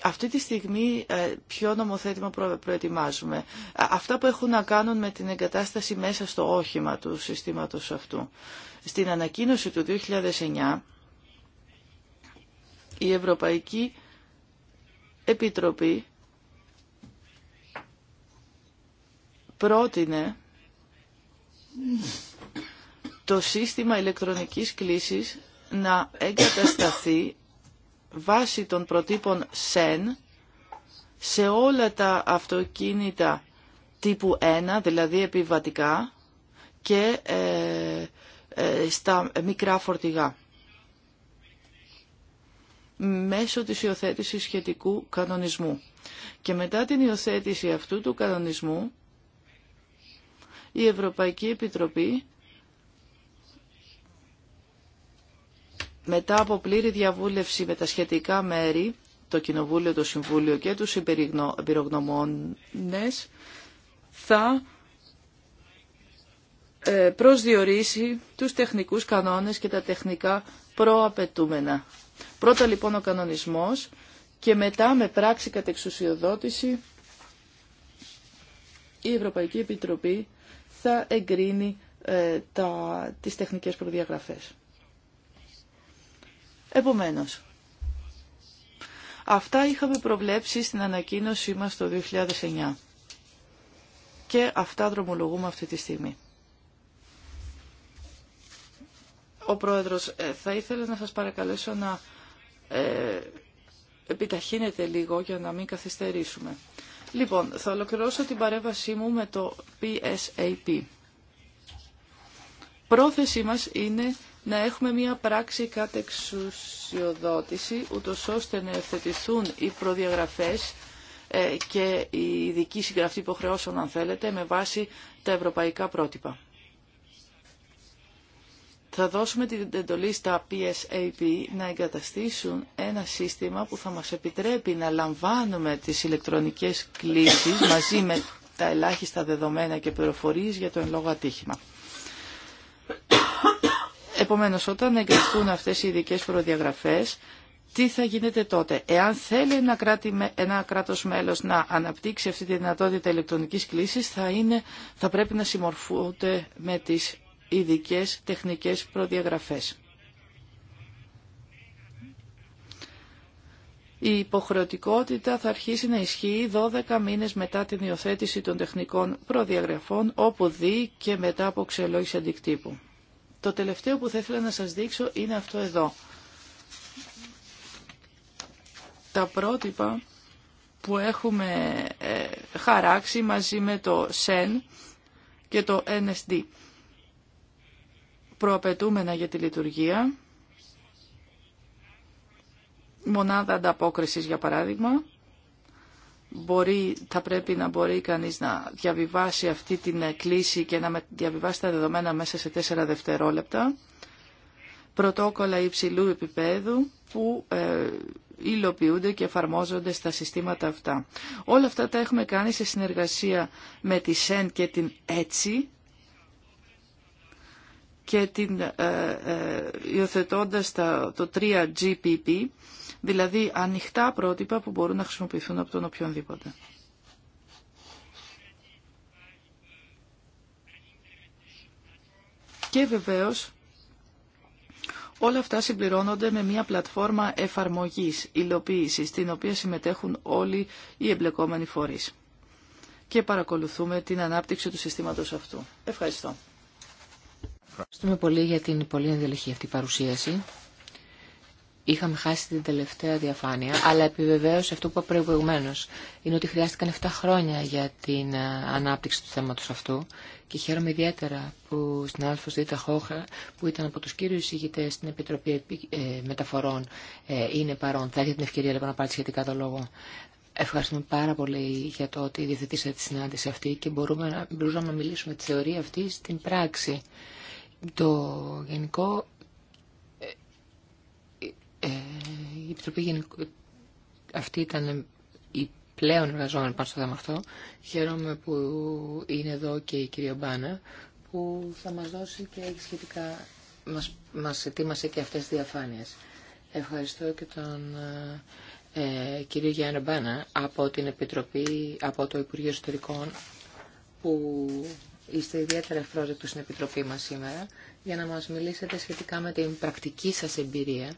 αυτή τη στιγμή ε, ποιο νομοθέτημα προετοιμάζουμε. Αυτά που έχουν να κάνουν με την εγκατάσταση μέσα στο όχημα του συστήματος αυτού. Στην ανακοίνωση του 2009 η Ευρωπαϊκή Επιτροπή πρότεινε το σύστημα ηλεκτρονικής κλίσης να εγκατασταθεί βάσει των προτύπων ΣΕΝ σε όλα τα αυτοκίνητα τύπου 1, δηλαδή επιβατικά, και ε, ε, στα μικρά φορτηγά μέσω της υιοθέτηση σχετικού κανονισμού. Και μετά την υιοθέτηση αυτού του κανονισμού, η Ευρωπαϊκή Επιτροπή μετά από πλήρη διαβούλευση με τα σχετικά μέρη, το Κοινοβούλιο, το Συμβούλιο και τους εμπειρογνωμόνες, θα ε, προσδιορίσει τους τεχνικούς κανόνες και τα τεχνικά προαπαιτούμενα. Πρώτα λοιπόν ο κανονισμός και μετά με πράξη κατεξουσιοδότηση η Ευρωπαϊκή Επιτροπή θα εγκρίνει ε, τα, τις τεχνικές προδιαγραφές. Επομένως, αυτά είχαμε προβλέψει στην ανακοίνωσή μας το 2009 και αυτά δρομολογούμε αυτή τη στιγμή. Ο Πρόεδρος, ε, θα ήθελα να σας παρακαλέσω να ε, επιταχύνετε λίγο για να μην καθυστερήσουμε. Λοιπόν, θα ολοκληρώσω την παρέμβασή μου με το PSAP. Πρόθεσή μας είναι να έχουμε μια πράξη κατεξουσιοδότηση, ούτως ώστε να ευθετηθούν οι προδιαγραφές ε, και η ειδική συγγραφή υποχρεώσεων, αν θέλετε, με βάση τα ευρωπαϊκά πρότυπα. Θα δώσουμε την εντολή στα PSAP να εγκαταστήσουν ένα σύστημα που θα μας επιτρέπει να λαμβάνουμε τις ηλεκτρονικές κλήσεις μαζί με τα ελάχιστα δεδομένα και πληροφορίες για το εν ατύχημα. Επομένως, όταν εγκριθούν αυτές οι ειδικέ προδιαγραφές, τι θα γίνεται τότε. Εάν θέλει ένα, κράτη, ένα κράτος μέλος να αναπτύξει αυτή τη δυνατότητα ηλεκτρονικής κλήσης, θα, θα πρέπει να συμμορφούνται με τις ειδικέ τεχνικές προδιαγραφές. Η υποχρεωτικότητα θα αρχίσει να ισχύει 12 μήνες μετά την υιοθέτηση των τεχνικών προδιαγραφών, όπου δει και μετά από ξελόγηση αντικτύπου. Το τελευταίο που θα ήθελα να σας δείξω είναι αυτό εδώ. Τα πρότυπα που έχουμε ε, χαράξει μαζί με το ΣΕΝ και το NSD. Προαπαιτούμενα για τη λειτουργία, μονάδα ανταπόκρισης για παράδειγμα, μπορεί, θα πρέπει να μπορεί κανείς να διαβιβάσει αυτή την κλίση και να διαβιβάσει τα δεδομένα μέσα σε τέσσερα δευτερόλεπτα. Πρωτόκολλα υψηλού επίπεδου που ε, υλοποιούνται και εφαρμόζονται στα συστήματα αυτά. Όλα αυτά τα έχουμε κάνει σε συνεργασία με τη ΣΕΝ και την ΕΤΣΙ και την, ε, ε, υιοθετώντας τα, το 3GPP δηλαδή ανοιχτά πρότυπα που μπορούν να χρησιμοποιηθούν από τον οποιονδήποτε. Και βεβαίως όλα αυτά συμπληρώνονται με μια πλατφόρμα εφαρμογής, υλοποίησης, στην οποία συμμετέχουν όλοι οι εμπλεκόμενοι φορείς. Και παρακολουθούμε την ανάπτυξη του συστήματος αυτού. Ευχαριστώ. Ευχαριστούμε πολύ για την πολύ ενδελεχή αυτή παρουσίαση. Είχαμε χάσει την τελευταία διαφάνεια, αλλά επιβεβαίωσε αυτό που είπα προηγουμένω. Είναι ότι χρειάστηκαν 7 χρόνια για την ε, ανάπτυξη του θέματο αυτού και χαίρομαι ιδιαίτερα που στην Άλφος Δίτα Χόχα, που ήταν από του κύριου ηγητές στην Επιτροπή ε, Μεταφορών, ε, είναι παρόν. Θα έχετε την ευκαιρία λοιπόν να πάρετε σχετικά το λόγο. Ευχαριστούμε πάρα πολύ για το ότι διαθετήσατε τη συνάντηση αυτή και μπορούμε να, μπορούμε να μιλήσουμε τη θεωρία αυτή στην πράξη. Το γενικό ε, η Επιτροπή Γενικού... Αυτή ήταν η πλέον εργαζόμενη πάνω στο θέμα αυτό. Χαίρομαι που είναι εδώ και η κυρία Μπάνα που θα μας δώσει και σχετικά μας, μας ετοίμασε και αυτές τις διαφάνειες. Ευχαριστώ και τον ε, κύριο Γιάννη Μπάνα από την Επιτροπή, από το Υπουργείο Ιστορικών που είστε ιδιαίτερα ευπρόσδεκτος στην Επιτροπή μας σήμερα για να μας μιλήσετε σχετικά με την πρακτική σας εμπειρία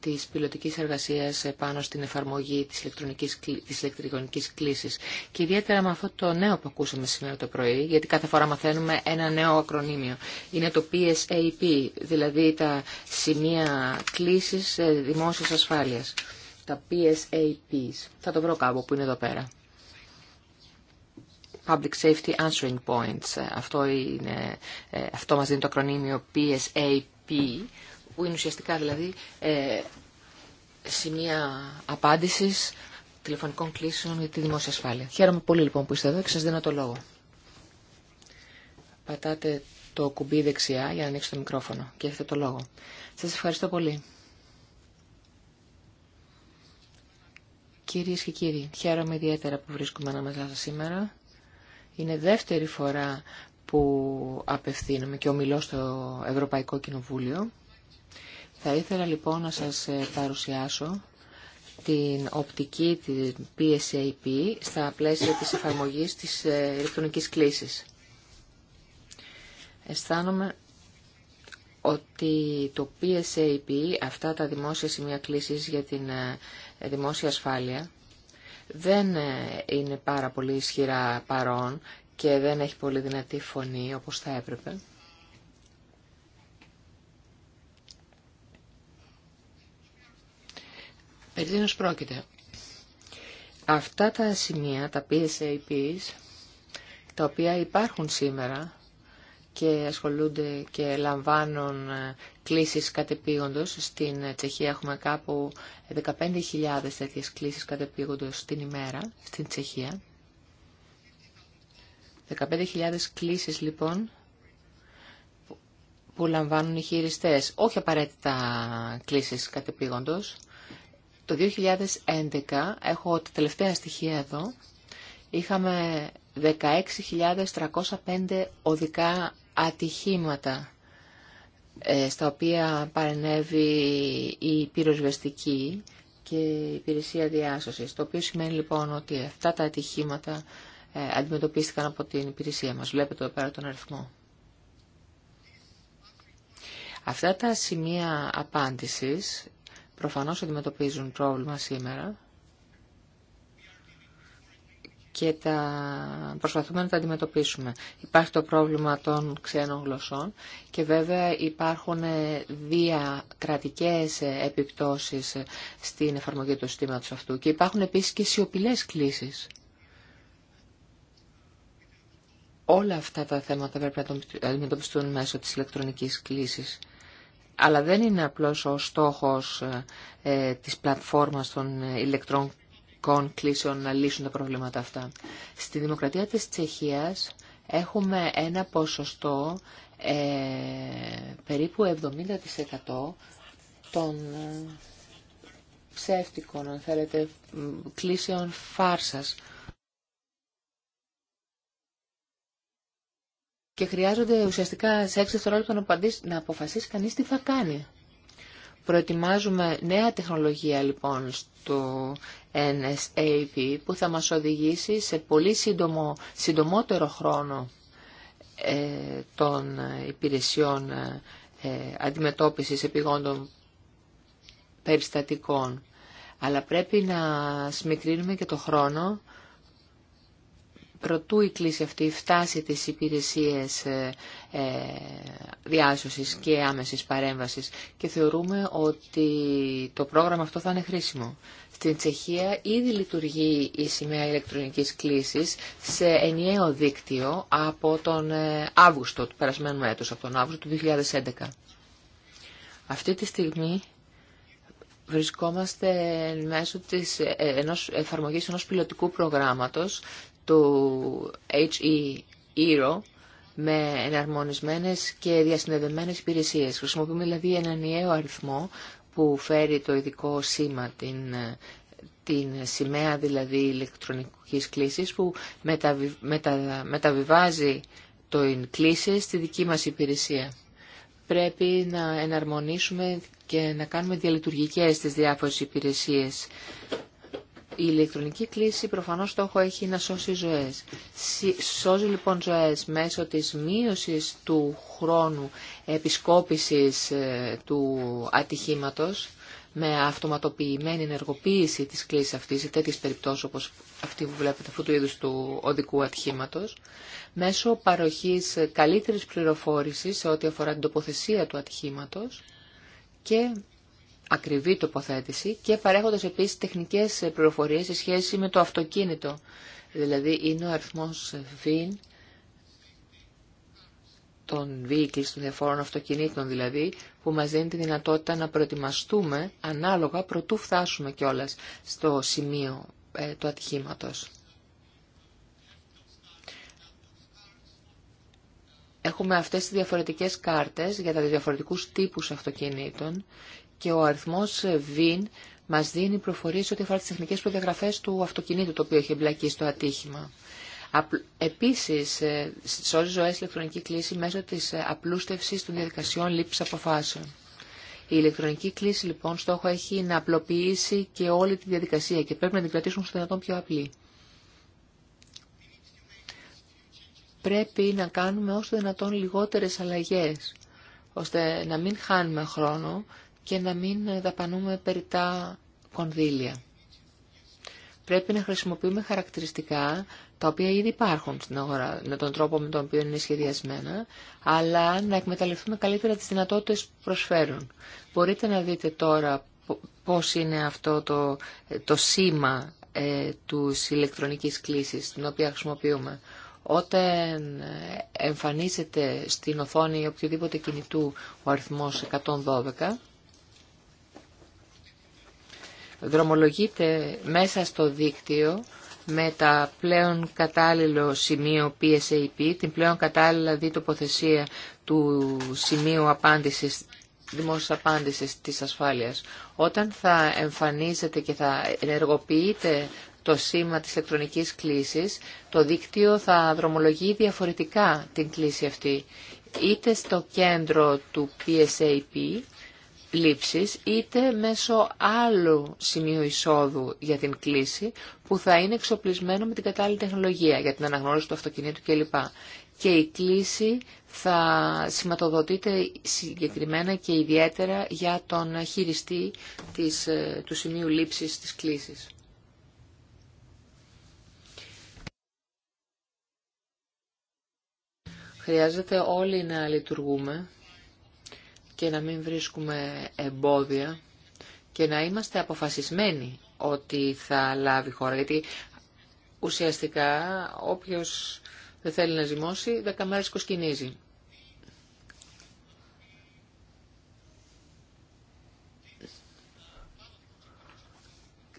της πιλωτικής εργασίας πάνω στην εφαρμογή της, ηλεκτρονικής, της ηλεκτρονικής κλήσης. Και ιδιαίτερα με αυτό το νέο που ακούσαμε σήμερα το πρωί, γιατί κάθε φορά μαθαίνουμε ένα νέο ακρονίμιο. Είναι το PSAP, δηλαδή τα σημεία κλήσης ε, δημόσιας ασφάλειας. Τα PSAPs. Θα το βρω κάπου που είναι εδώ πέρα. Public Safety Answering Points. Ε, αυτό, είναι, ε, αυτό μας δίνει το ακρονίμιο PSAP που είναι ουσιαστικά δηλαδή ε, σημεία απάντησης τηλεφωνικών κλήσεων για τη δημόσια ασφάλεια. Χαίρομαι πολύ λοιπόν που είστε εδώ και σας δίνω το λόγο. Πατάτε το κουμπί δεξιά για να ανοίξετε το μικρόφωνο και έχετε το λόγο. Σας ευχαριστώ πολύ. Κυρίες και κύριοι, χαίρομαι ιδιαίτερα που βρίσκομαι ανάμεσά σας σήμερα. Είναι δεύτερη φορά που απευθύνομαι και ομιλώ στο Ευρωπαϊκό Κοινοβούλιο. Θα ήθελα λοιπόν να σας ε, παρουσιάσω την οπτική της PSAP στα πλαίσια της εφαρμογής της ε, ηλεκτρονικής κλήσης. Αισθάνομαι ότι το PSAP, αυτά τα δημόσια σημεία κλήσης για την ε, δημόσια ασφάλεια, δεν είναι πάρα πολύ ισχυρά παρόν και δεν έχει πολύ δυνατή φωνή όπως θα έπρεπε. Περί πρόκειται. Αυτά τα σημεία, τα PSAPs, τα οποία υπάρχουν σήμερα και ασχολούνται και λαμβάνουν ε, κλήσεις κατεπήγοντος. Στην ε, Τσεχία έχουμε κάπου 15.000 τέτοιες κλήσεις κατεπήγοντος την ημέρα, στην Τσεχία. 15.000 κλήσεις λοιπόν που λαμβάνουν οι χειριστές, όχι απαραίτητα κλήσεις κατεπήγοντος, το 2011, έχω τα τελευταία στοιχεία εδώ, είχαμε 16.305 οδικά ατυχήματα ε, στα οποία παρενέβη η πυροσβεστική και η υπηρεσία διάσωσης, το οποίο σημαίνει λοιπόν ότι αυτά τα ατυχήματα ε, αντιμετωπίστηκαν από την υπηρεσία μας. Βλέπετε εδώ πέρα τον αριθμό. Αυτά τα σημεία απάντησης προφανώς αντιμετωπίζουν πρόβλημα σήμερα και τα προσπαθούμε να τα αντιμετωπίσουμε. Υπάρχει το πρόβλημα των ξένων γλωσσών και βέβαια υπάρχουν διακρατικές επιπτώσεις στην εφαρμογή του συστήματος αυτού και υπάρχουν επίσης και σιωπηλέ κλήσεις. Όλα αυτά τα θέματα πρέπει να αντιμετωπιστούν μέσω της ηλεκτρονικής κλήσης αλλά δεν είναι απλώς ο στόχος ε, της πλατφόρμας των ηλεκτρονικών κλήσεων να λύσουν τα προβλήματα αυτά. Στη Δημοκρατία της Τσεχίας έχουμε ένα ποσοστό ε, περίπου 70% των ε, ψεύτικων, αν θέλετε, κλήσεων φάρσας. και χρειάζονται ουσιαστικά σε έξι δευτερόλεπτα να αποφασίσει κανείς τι θα κάνει. Προετοιμάζουμε νέα τεχνολογία λοιπόν στο NSAP που θα μας οδηγήσει σε πολύ σύντομο, συντομότερο χρόνο ε, των υπηρεσιών ε, αντιμετώπισης επιγόντων περιστατικών. Αλλά πρέπει να σμικρύνουμε και το χρόνο προτού η κλίση αυτή φτάσει τις υπηρεσίες ε, ε, διάσωσης και άμεσης παρέμβασης και θεωρούμε ότι το πρόγραμμα αυτό θα είναι χρήσιμο. Στην Τσεχία ήδη λειτουργεί η σημαία ηλεκτρονικής κλήσης σε ενιαίο δίκτυο από τον ε, Αύγουστο του περασμένου έτους, από τον Αύγουστο του 2011. Αυτή τη στιγμή βρισκόμαστε μέσω της, εφαρμογής ενός πιλωτικού προγράμματος του HE Euro με εναρμονισμένες και διασυνδεδεμένες υπηρεσίες. Χρησιμοποιούμε δηλαδή έναν ιαίο αριθμό που φέρει το ειδικό σήμα, την, την σημαία δηλαδή ηλεκτρονικής κλήσης που μετα, μεταβιβάζει το κλήση στη δική μας υπηρεσία. Πρέπει να εναρμονίσουμε και να κάνουμε διαλειτουργικές τις διάφορες υπηρεσίες η ηλεκτρονική κλίση προφανώς στόχο έχει να σώσει ζωές. Σώζει λοιπόν ζωές μέσω της μείωσης του χρόνου επισκόπησης ε, του ατυχήματος με αυτοματοποιημένη ενεργοποίηση της κλίσης αυτής σε τέτοιες περιπτώσεις όπως αυτή που βλέπετε αυτού του είδους του οδικού ατυχήματος, μέσω παροχής καλύτερης πληροφόρησης σε ό,τι αφορά την τοποθεσία του ατυχήματος και ακριβή τοποθέτηση και παρέχοντας επίσης τεχνικές πληροφορίες σε σχέση με το αυτοκίνητο. Δηλαδή είναι ο αριθμός VIN των vehicles, των διαφόρων αυτοκινήτων δηλαδή, που μας δίνει τη δυνατότητα να προετοιμαστούμε ανάλογα προτού φτάσουμε κιόλας στο σημείο ε, του ατυχήματος. Έχουμε αυτές τις διαφορετικές κάρτες για τα διαφορετικούς τύπους αυτοκινήτων και ο αριθμός VIN ε, μας δίνει προφορίες ό,τι αφορά τις τεχνικές προδιαγραφές του αυτοκινήτου το οποίο έχει εμπλακεί στο ατύχημα. Επίσης, ε, σώζει ζωές ηλεκτρονική κλίση μέσω της ε, απλούστευσης των διαδικασιών λήψης αποφάσεων. Η ηλεκτρονική κλίση, λοιπόν, στόχο έχει να απλοποιήσει και όλη τη διαδικασία και πρέπει να την κρατήσουν στο δυνατόν πιο απλή. Πρέπει να κάνουμε όσο δυνατόν λιγότερες αλλαγέ, ώστε να μην χάνουμε χρόνο και να μην δαπανούμε περιτά κονδύλια. Πρέπει να χρησιμοποιούμε χαρακτηριστικά τα οποία ήδη υπάρχουν στην αγορά, με τον τρόπο με τον οποίο είναι σχεδιασμένα, αλλά να εκμεταλλευτούμε καλύτερα τις δυνατότητες που προσφέρουν. Μπορείτε να δείτε τώρα πώς είναι αυτό το, το σήμα ε, του ηλεκτρονικής κλήσης, την οποία χρησιμοποιούμε. Όταν ε, εμφανίζεται στην οθόνη οποιοδήποτε κινητού ο αριθμός 112, δρομολογείται μέσα στο δίκτυο με τα πλέον κατάλληλο σημείο PSAP, την πλέον κατάλληλα διτοποθεσία του σημείου απάντησης δημόσιας απάντησης της ασφάλειας. Όταν θα εμφανίζεται και θα ενεργοποιείται το σήμα της ηλεκτρονικής κλήσης, το δίκτυο θα δρομολογεί διαφορετικά την κλήση αυτή, είτε στο κέντρο του PSAP, λήψης είτε μέσω άλλου σημείου εισόδου για την κλίση που θα είναι εξοπλισμένο με την κατάλληλη τεχνολογία για την αναγνώριση του αυτοκινήτου κλπ. Και η κλίση θα σηματοδοτείται συγκεκριμένα και ιδιαίτερα για τον χειριστή της, ε, του σημείου λήψης της κλίσης. Χρειάζεται όλοι να λειτουργούμε και να μην βρίσκουμε εμπόδια και να είμαστε αποφασισμένοι ότι θα λάβει χώρα. Γιατί ουσιαστικά όποιος δεν θέλει να ζυμώσει, δέκα μέρες κοσκινίζει.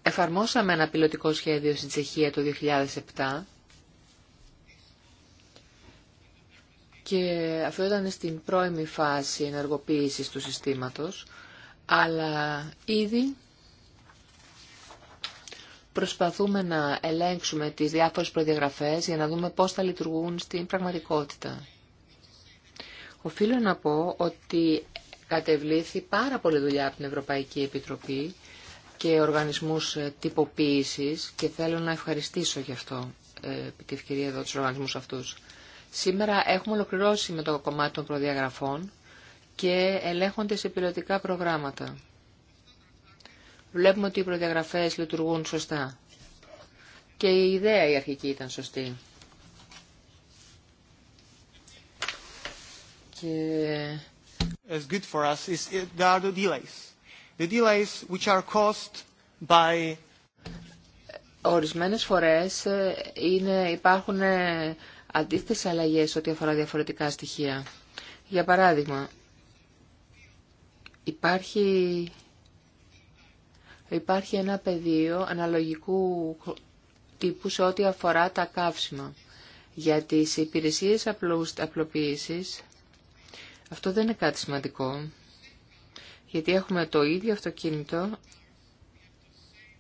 Εφαρμόσαμε ένα πιλωτικό σχέδιο στην Τσεχία το 2007 και αυτό ήταν στην πρώιμη φάση ενεργοποίησης του συστήματος, αλλά ήδη προσπαθούμε να ελέγξουμε τις διάφορες προδιαγραφές για να δούμε πώς θα λειτουργούν στην πραγματικότητα. Οφείλω να πω ότι κατεβλήθη πάρα πολλή δουλειά από την Ευρωπαϊκή Επιτροπή και οργανισμούς τυποποίησης και θέλω να ευχαριστήσω γι' αυτό ε, την ευκαιρία εδώ τους οργανισμούς αυτούς. Σήμερα έχουμε ολοκληρώσει με το κομμάτι των προδιαγραφών και ελέγχονται σε πιλωτικά προγράμματα. Βλέπουμε ότι οι προδιαγραφές λειτουργούν σωστά. Και η ιδέα η αρχική ήταν σωστή. Και... As good for us is uh, delays. The delays which are caused by... Ορισμένες φορές ε, είναι, υπάρχουν ε, αντίθετες αλλαγές ό,τι αφορά διαφορετικά στοιχεία. Για παράδειγμα, υπάρχει, υπάρχει ένα πεδίο αναλογικού τύπου σε ό,τι αφορά τα καύσιμα. Για τις υπηρεσίες απλοποίησης, αυτό δεν είναι κάτι σημαντικό, γιατί έχουμε το ίδιο αυτοκίνητο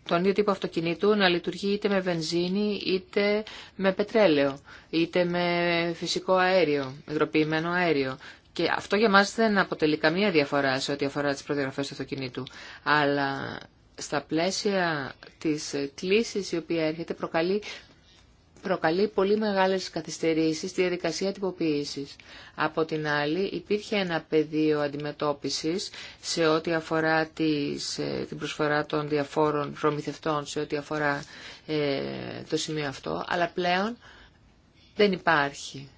τον ίδιο τύπο αυτοκινήτου να λειτουργεί είτε με βενζίνη, είτε με πετρέλαιο, είτε με φυσικό αέριο, υγροποιημένο αέριο. Και αυτό για μας δεν αποτελεί καμία διαφορά σε ό,τι αφορά τις προδιαγραφές του αυτοκινήτου. Αλλά στα πλαίσια της κλίσης η οποία έρχεται προκαλεί προκαλεί πολύ μεγάλες καθυστερήσεις στη διαδικασία τυποποίησης. Από την άλλη, υπήρχε ένα πεδίο αντιμετώπισης σε ό,τι αφορά τις, ε, την προσφορά των διαφόρων προμηθευτών, σε ό,τι αφορά ε, το σημείο αυτό, αλλά πλέον δεν υπάρχει.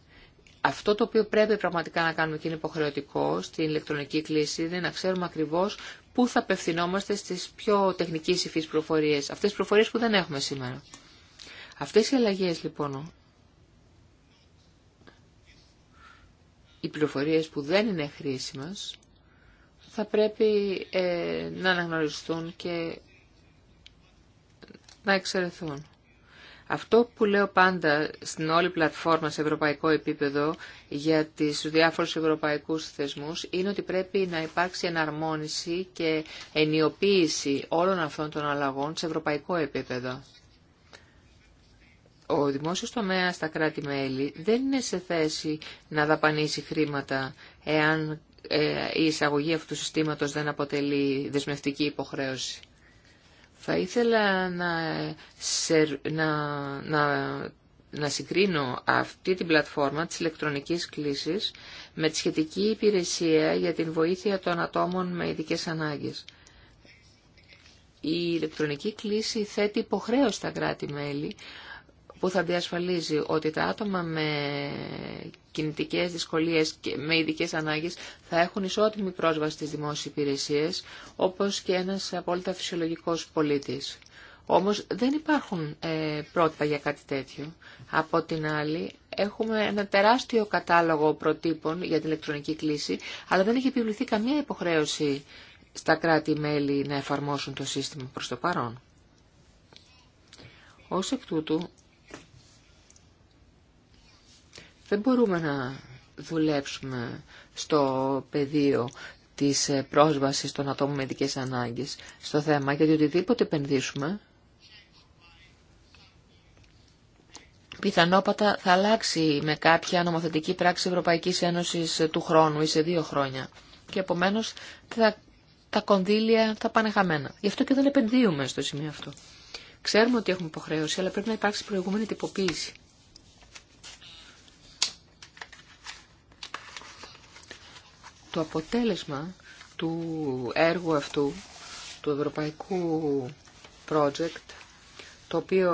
Αυτό το οποίο πρέπει πραγματικά να κάνουμε και είναι υποχρεωτικό στην ηλεκτρονική κλίση είναι να ξέρουμε ακριβώς πού θα απευθυνόμαστε στις πιο τεχνικής υφής προφορίες, αυτές τις προφορίες που δεν έχουμε σήμερα. Αυτές οι αλλαγές λοιπόν, οι πληροφορίες που δεν είναι χρήσιμες, θα πρέπει ε, να αναγνωριστούν και να εξαιρεθούν. Αυτό που λέω πάντα στην όλη πλατφόρμα σε ευρωπαϊκό επίπεδο για τις διάφορους ευρωπαϊκούς θεσμούς είναι ότι πρέπει να υπάρξει εναρμόνιση και ενιοποίηση όλων αυτών των αλλαγών σε ευρωπαϊκό επίπεδο ο δημόσιος τομέας στα κράτη-μέλη δεν είναι σε θέση να δαπανίσει χρήματα εάν ε, η εισαγωγή αυτού του συστήματος δεν αποτελεί δεσμευτική υποχρέωση. Θα ήθελα να, να, να, συγκρίνω αυτή την πλατφόρμα της ηλεκτρονικής κλήσης με τη σχετική υπηρεσία για την βοήθεια των ατόμων με ειδικές ανάγκες. Η ηλεκτρονική κλήση θέτει υποχρέωση στα κράτη-μέλη που θα διασφαλίζει ότι τα άτομα με κινητικές δυσκολίες και με ειδικέ ανάγκες θα έχουν ισότιμη πρόσβαση στις δημόσιες υπηρεσίες, όπως και ένας απόλυτα φυσιολογικός πολίτης. Όμως δεν υπάρχουν ε, πρότυπα για κάτι τέτοιο. Από την άλλη, έχουμε ένα τεράστιο κατάλογο προτύπων για την ηλεκτρονική κλίση, αλλά δεν έχει επιβληθεί καμία υποχρέωση στα κράτη-μέλη να εφαρμόσουν το σύστημα προς το παρόν. Ως εκ τούτου, δεν μπορούμε να δουλέψουμε στο πεδίο της ε, πρόσβασης των ατόμων με ειδικές ανάγκες στο θέμα, γιατί οτιδήποτε επενδύσουμε, πιθανόπατα θα αλλάξει με κάποια νομοθετική πράξη Ευρωπαϊκής Ένωσης του χρόνου ή σε δύο χρόνια. Και επομένως θα, τα κονδύλια θα πάνε χαμένα. Γι' αυτό και δεν επενδύουμε στο σημείο αυτό. Ξέρουμε ότι έχουμε υποχρέωση, αλλά πρέπει να υπάρξει προηγούμενη τυποποίηση. το αποτέλεσμα του έργου αυτού, του ευρωπαϊκού project, το οποίο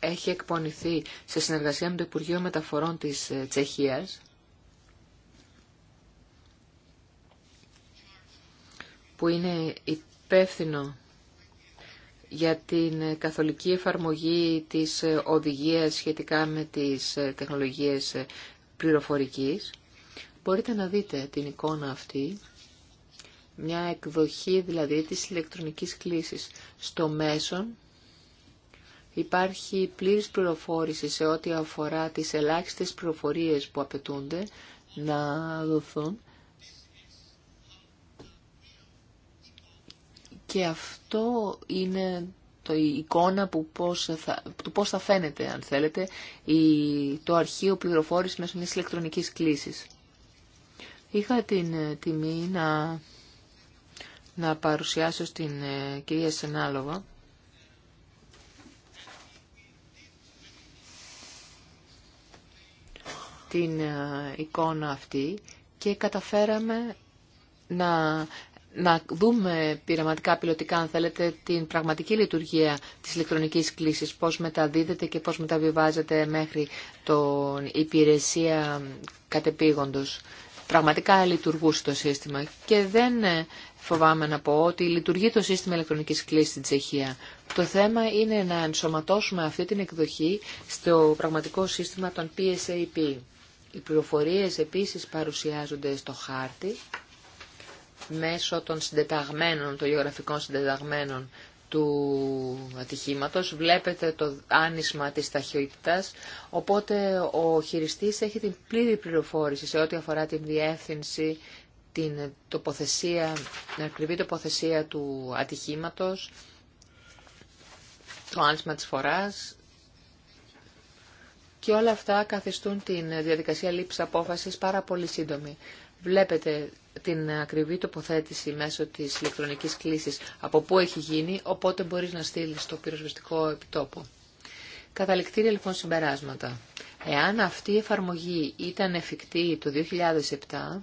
έχει εκπονηθεί σε συνεργασία με το Υπουργείο Μεταφορών της ε, Τσεχίας, που είναι υπεύθυνο για την ε, καθολική εφαρμογή της ε, οδηγίας σχετικά με τις τεχνολογίες πληροφορικής. Μπορείτε να δείτε την εικόνα αυτή, μια εκδοχή δηλαδή της ηλεκτρονικής κλίσης. Στο μέσον υπάρχει πλήρης πληροφόρηση σε ό,τι αφορά τις ελάχιστες πληροφορίες που απαιτούνται να δοθούν. Και αυτό είναι το, εικόνα που πώς θα, του πώς θα φαίνεται, αν θέλετε, η, το αρχείο πληροφόρηση μέσω μιας ηλεκτρονικής κλήσης. Είχα την ε, τιμή να, να παρουσιάσω στην ε, κυρία Σενάλογα την ε, εικόνα αυτή και καταφέραμε να, να δούμε πειραματικά, πιλωτικά, αν θέλετε, την πραγματική λειτουργία της ηλεκτρονικής κλήσης, πώς μεταδίδεται και πώς μεταβιβάζεται μέχρι την υπηρεσία κατεπήγοντος πραγματικά λειτουργούσε το σύστημα και δεν ε, φοβάμαι να πω ότι λειτουργεί το σύστημα ηλεκτρονικής κλήσης στην Τσεχία. Το θέμα είναι να ενσωματώσουμε αυτή την εκδοχή στο πραγματικό σύστημα των PSAP. Οι πληροφορίες επίσης παρουσιάζονται στο χάρτη μέσω των συντεταγμένων, των γεωγραφικών συντεταγμένων του ατυχήματος, βλέπετε το άνισμα της ταχύτητας, οπότε ο χειριστής έχει την πλήρη πληροφόρηση σε ό,τι αφορά την διεύθυνση, την, τοποθεσία, την ακριβή τοποθεσία του ατυχήματος, το άνισμα της φοράς και όλα αυτά καθιστούν την διαδικασία λήψης απόφασης πάρα πολύ σύντομη. Βλέπετε την ακριβή τοποθέτηση μέσω της ηλεκτρονικής κλήσης από πού έχει γίνει, οπότε μπορείς να στείλεις το πυροσβεστικό επιτόπο. Καταληκτήρια λοιπόν συμπεράσματα. Εάν αυτή η εφαρμογή ήταν εφικτή το 2007,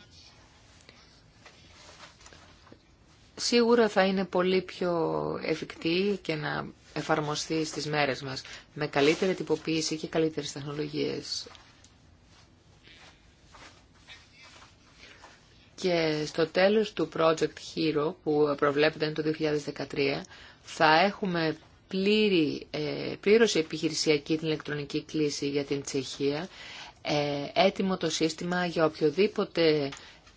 σίγουρα θα είναι πολύ πιο εφικτή και να εφαρμοστεί στις μέρες μας με καλύτερη τυποποίηση και καλύτερες τεχνολογίες. Και στο τέλος του Project Hero που προβλέπεται το 2013 θα έχουμε πλήρη, ε, πλήρωση επιχειρησιακή την ηλεκτρονική κλίση για την Τσεχία, ε, έτοιμο το σύστημα για οποιοδήποτε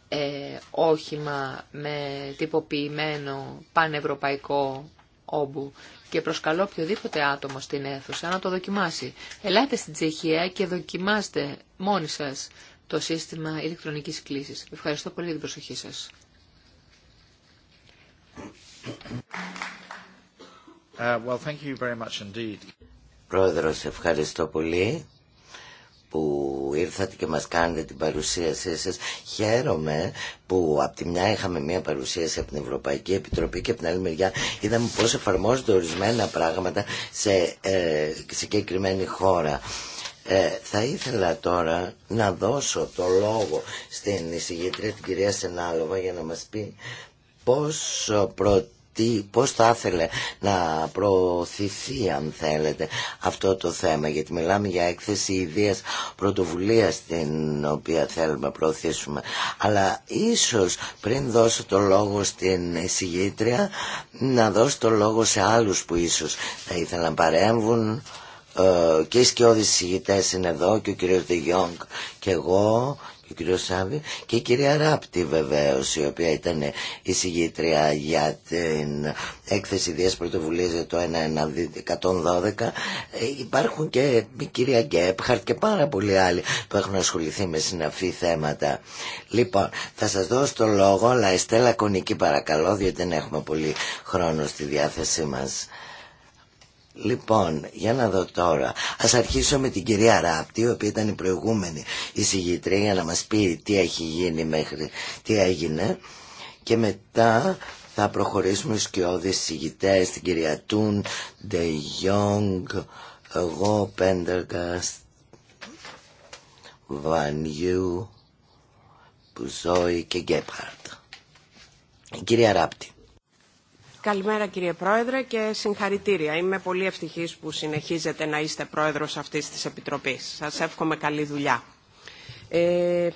ε, όχημα με τυποποιημένο πανευρωπαϊκό όμπου και προσκαλώ οποιοδήποτε άτομο στην αίθουσα να το δοκιμάσει. Ελάτε στην Τσεχία και δοκιμάστε μόνοι σας το σύστημα ηλεκτρονικής κλήσης. Ευχαριστώ πολύ για την προσοχή σας. Uh, well, thank you very much indeed. Πρόεδρος, ευχαριστώ πολύ που ήρθατε και μας κάνετε την παρουσίασή σας. Χαίρομαι που από τη μια είχαμε μια παρουσίαση από την Ευρωπαϊκή Επιτροπή και από την άλλη μεριά είδαμε πώς εφαρμόζονται ορισμένα πράγματα σε ε, συγκεκριμένη χώρα. Ε, θα ήθελα τώρα να δώσω το λόγο στην εισηγήτρια την κυρία Σενάλοβα για να μας πει πώς τι πώς θα ήθελε να προωθηθεί αν θέλετε αυτό το θέμα γιατί μιλάμε για έκθεση ιδίας πρωτοβουλία την οποία θέλουμε να προωθήσουμε αλλά ίσως πριν δώσω το λόγο στην εισηγήτρια να δώσω το λόγο σε άλλους που ίσως θα ήθελαν παρέμβουν ε, και οι σκιώδεις συγητές είναι εδώ και ο κύριος Δεγιόγκ και εγώ και ο κύριος Σάβη και η κυρία Ράπτη βεβαίως η οποία ήταν η συγγήτρια για την έκθεση Δίας πρωτοβουλία για το 112 ε, υπάρχουν και η κυρία Γκέπχαρτ και πάρα πολλοί άλλοι που έχουν ασχοληθεί με συναφή θέματα λοιπόν θα σας δώσω το λόγο αλλά εστέλα κονική παρακαλώ διότι δεν έχουμε πολύ χρόνο στη διάθεσή μας Λοιπόν, για να δω τώρα. α αρχίσω με την κυρία Ράπτη, η οποία ήταν η προηγούμενη εισηγήτρια για να μα πει τι έχει γίνει μέχρι τι έγινε. Και μετά θα προχωρήσουμε στου κοιόδες εισηγητέ, την κυρία Τούν, Ντε Γιόγκ, εγώ, Πέντεργαστ, Βανιού, Πουζόη και Γκέπαρτ. Η κυρία Ράπτη. Καλημέρα κύριε Πρόεδρε και συγχαρητήρια. Είμαι πολύ ευτυχής που συνεχίζετε να είστε πρόεδρος αυτής της Επιτροπής. Σας εύχομαι καλή δουλειά. Ε,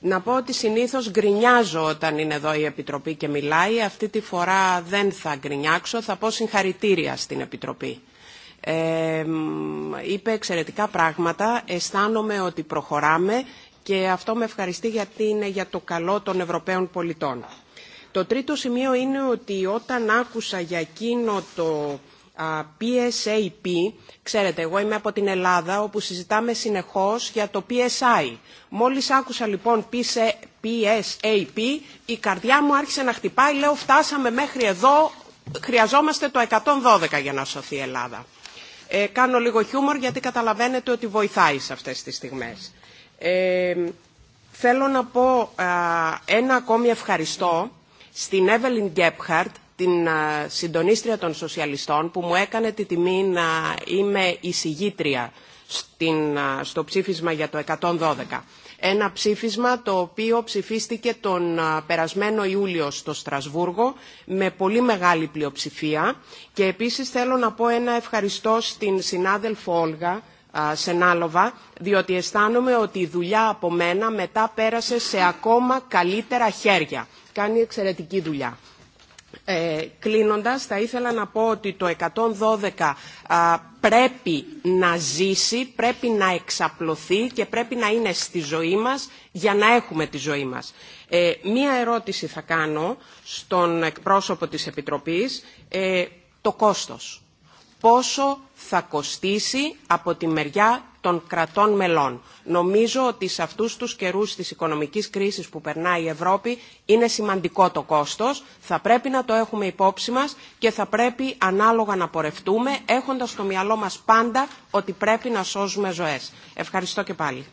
να πω ότι συνήθως γκρινιάζω όταν είναι εδώ η Επιτροπή και μιλάει. Αυτή τη φορά δεν θα γκρινιάξω, θα πω συγχαρητήρια στην Επιτροπή. Ε, είπε εξαιρετικά πράγματα, αισθάνομαι ότι προχωράμε και αυτό με ευχαριστεί γιατί είναι για το καλό των Ευρωπαίων πολιτών. Το τρίτο σημείο είναι ότι όταν άκουσα για εκείνο το PSAP, ξέρετε εγώ είμαι από την Ελλάδα όπου συζητάμε συνεχώς για το PSI. Μόλις άκουσα λοιπόν PSAP η καρδιά μου άρχισε να χτυπάει, λέω φτάσαμε μέχρι εδώ, χρειαζόμαστε το 112 για να σωθεί η Ελλάδα. Ε, κάνω λίγο χιούμορ γιατί καταλαβαίνετε ότι βοηθάει σε αυτές τις στιγμές. Ε, θέλω να πω ένα ακόμη ευχαριστώ στην Εύελιν Γκέπχαρτ, την συντονίστρια των σοσιαλιστών, που μου έκανε τη τιμή να είμαι εισηγήτρια στο ψήφισμα για το 112. Ένα ψήφισμα το οποίο ψηφίστηκε τον περασμένο Ιούλιο στο Στρασβούργο με πολύ μεγάλη πλειοψηφία και επίσης θέλω να πω ένα ευχαριστώ στην συνάδελφο Όλγα Σενάλοβα διότι αισθάνομαι ότι η δουλειά από μένα μετά πέρασε σε ακόμα καλύτερα χέρια κάνει εξαιρετική δουλειά. Ε, κλείνοντας, θα ήθελα να πω ότι το 112 πρέπει να ζήσει, πρέπει να εξαπλωθεί και πρέπει να είναι στη ζωή μας για να έχουμε τη ζωή μας. Ε, μία ερώτηση θα κάνω στον εκπρόσωπο της Επιτροπής. Ε, το κόστος. Πόσο θα κοστίσει από τη μεριά των κρατών μελών. Νομίζω ότι σε αυτούς τους καιρούς της οικονομικής κρίσης που περνάει η Ευρώπη είναι σημαντικό το κόστος, θα πρέπει να το έχουμε υπόψη μας και θα πρέπει ανάλογα να πορευτούμε έχοντας στο μυαλό μας πάντα ότι πρέπει να σώζουμε ζωές. Ευχαριστώ και πάλι.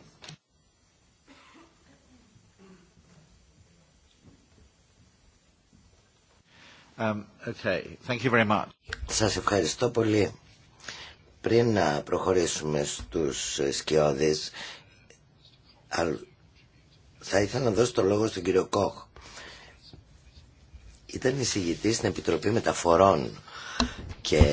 Um, okay. Thank you very much. Σας ευχαριστώ πολύ. Πριν να προχωρήσουμε στους σκιώδες, θα ήθελα να δώσω το λόγο στον κύριο Κόχ. Ήταν εισηγητής στην Επιτροπή Μεταφορών και,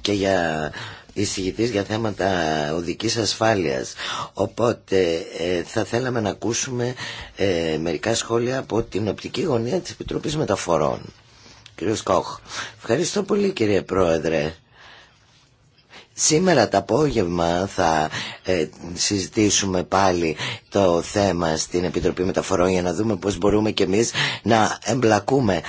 και για εισηγητής για θέματα οδικής ασφάλειας. Οπότε ε, θα θέλαμε να ακούσουμε ε, μερικά σχόλια από την οπτική γωνία της Επιτροπής Μεταφορών. Κύριος Κόχ, ευχαριστώ πολύ κύριε Πρόεδρε. Σήμερα το απόγευμα θα ε, συζητήσουμε πάλι το θέμα στην Επιτροπή Μεταφορών για να δούμε πώς μπορούμε κι εμείς να εμπλακούμε.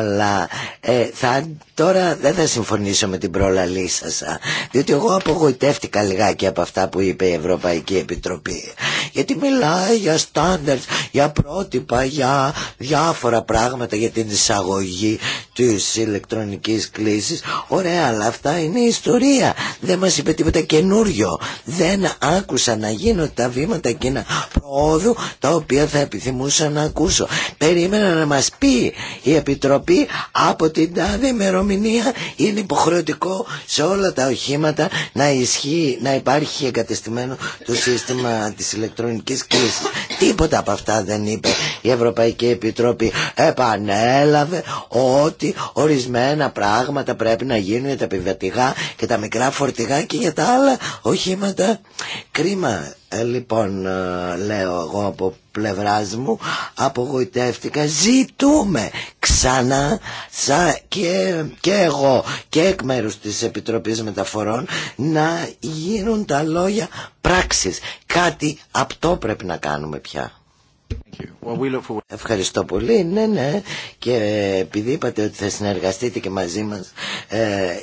Αλλά ε, θα, τώρα δεν θα συμφωνήσω με την προλαλή σας, διότι εγώ απογοητεύτηκα λιγάκι από αυτά που είπε η Ευρωπαϊκή Επιτροπή. Γιατί μιλάει για στάνταρτ, για πρότυπα, για διάφορα πράγματα, για την εισαγωγή της ηλεκτρονικής κλήσης. Ωραία, αλλά αυτά είναι ιστορία δεν μας είπε τίποτα καινούριο. Δεν άκουσα να γίνονται τα βήματα εκείνα προόδου τα οποία θα επιθυμούσα να ακούσω. Περίμενα να μας πει η Επιτροπή από την τάδε ημερομηνία είναι υποχρεωτικό σε όλα τα οχήματα να ισχύει, να υπάρχει εγκατεστημένο το σύστημα της ηλεκτρονικής κρίσης. Τίποτα από αυτά δεν είπε η Ευρωπαϊκή Επιτροπή. Επανέλαβε ότι ορισμένα πράγματα πρέπει να γίνουν τα επιβατηγά και τα μικρά φορτηγά και για τα άλλα οχήματα. Κρίμα ε, λοιπόν ε, λέω εγώ από πλευράς μου απογοητεύτηκα ζητούμε ξανά σα, και, και εγώ και εκ μέρους της Επιτροπής Μεταφορών να γίνουν τα λόγια πράξεις κάτι αυτό πρέπει να κάνουμε πια Ευχαριστώ πολύ. Ναι, ναι. Και επειδή είπατε ότι θα συνεργαστείτε και μαζί μας, ε,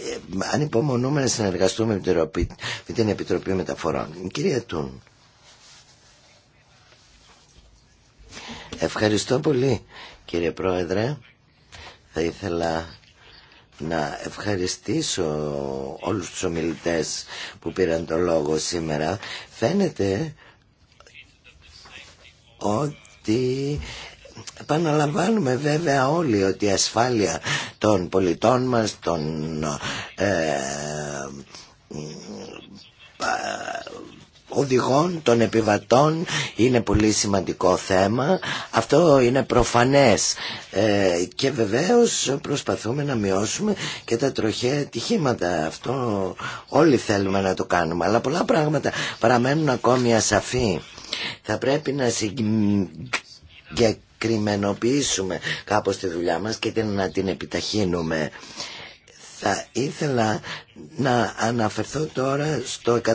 αν υπομονούμε να συνεργαστούμε με την Επιτροπή, Μεταφορών. Κυρία Τούν. Ευχαριστώ πολύ, κύριε Πρόεδρε. Θα ήθελα να ευχαριστήσω όλους τους ομιλητές που πήραν το λόγο σήμερα. Φαίνεται ότι επαναλαμβάνουμε βέβαια όλοι ότι η ασφάλεια των πολιτών μας, των ε, ε, οδηγών, των επιβατών είναι πολύ σημαντικό θέμα. Αυτό είναι προφανές ε, και βεβαίως προσπαθούμε να μειώσουμε και τα τροχαία ατυχήματα. Αυτό όλοι θέλουμε να το κάνουμε, αλλά πολλά πράγματα παραμένουν ακόμη ασαφή. Θα πρέπει να συγκεκριμενοποιήσουμε κάπως τη δουλειά μας και να την επιταχύνουμε. Θα ήθελα να αναφερθώ τώρα στο 112.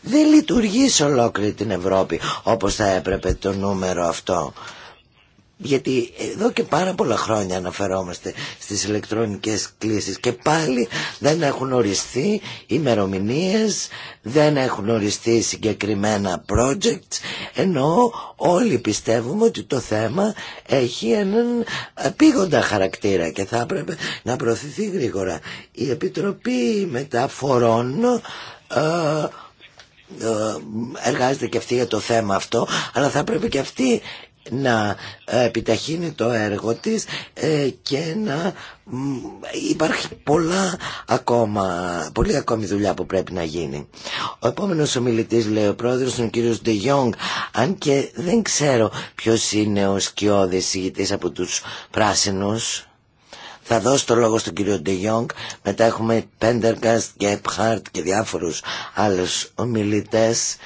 Δεν λειτουργεί σε ολόκληρη την Ευρώπη όπως θα έπρεπε το νούμερο αυτό γιατί εδώ και πάρα πολλά χρόνια αναφερόμαστε στις ηλεκτρονικές κλήσεις και πάλι δεν έχουν οριστεί ημερομηνίε, δεν έχουν οριστεί συγκεκριμένα projects ενώ όλοι πιστεύουμε ότι το θέμα έχει έναν επίγοντα χαρακτήρα και θα έπρεπε να προωθηθεί γρήγορα. Η Επιτροπή Μεταφορών ε, ε, εργάζεται και αυτή για το θέμα αυτό αλλά θα πρέπει και αυτή να ε, επιταχύνει το έργο της ε, και να υπάρχει πολλά ακόμα, πολλή ακόμη δουλειά που πρέπει να γίνει. Ο επόμενος ομιλητής λέει ο πρόεδρος είναι ο κύριος De αν και δεν ξέρω ποιος είναι ο σκιώδης από τους πράσινους. Θα δώσω το λόγο στον κύριο De μετά έχουμε Pendergast και και διάφορους άλλους ομιλητές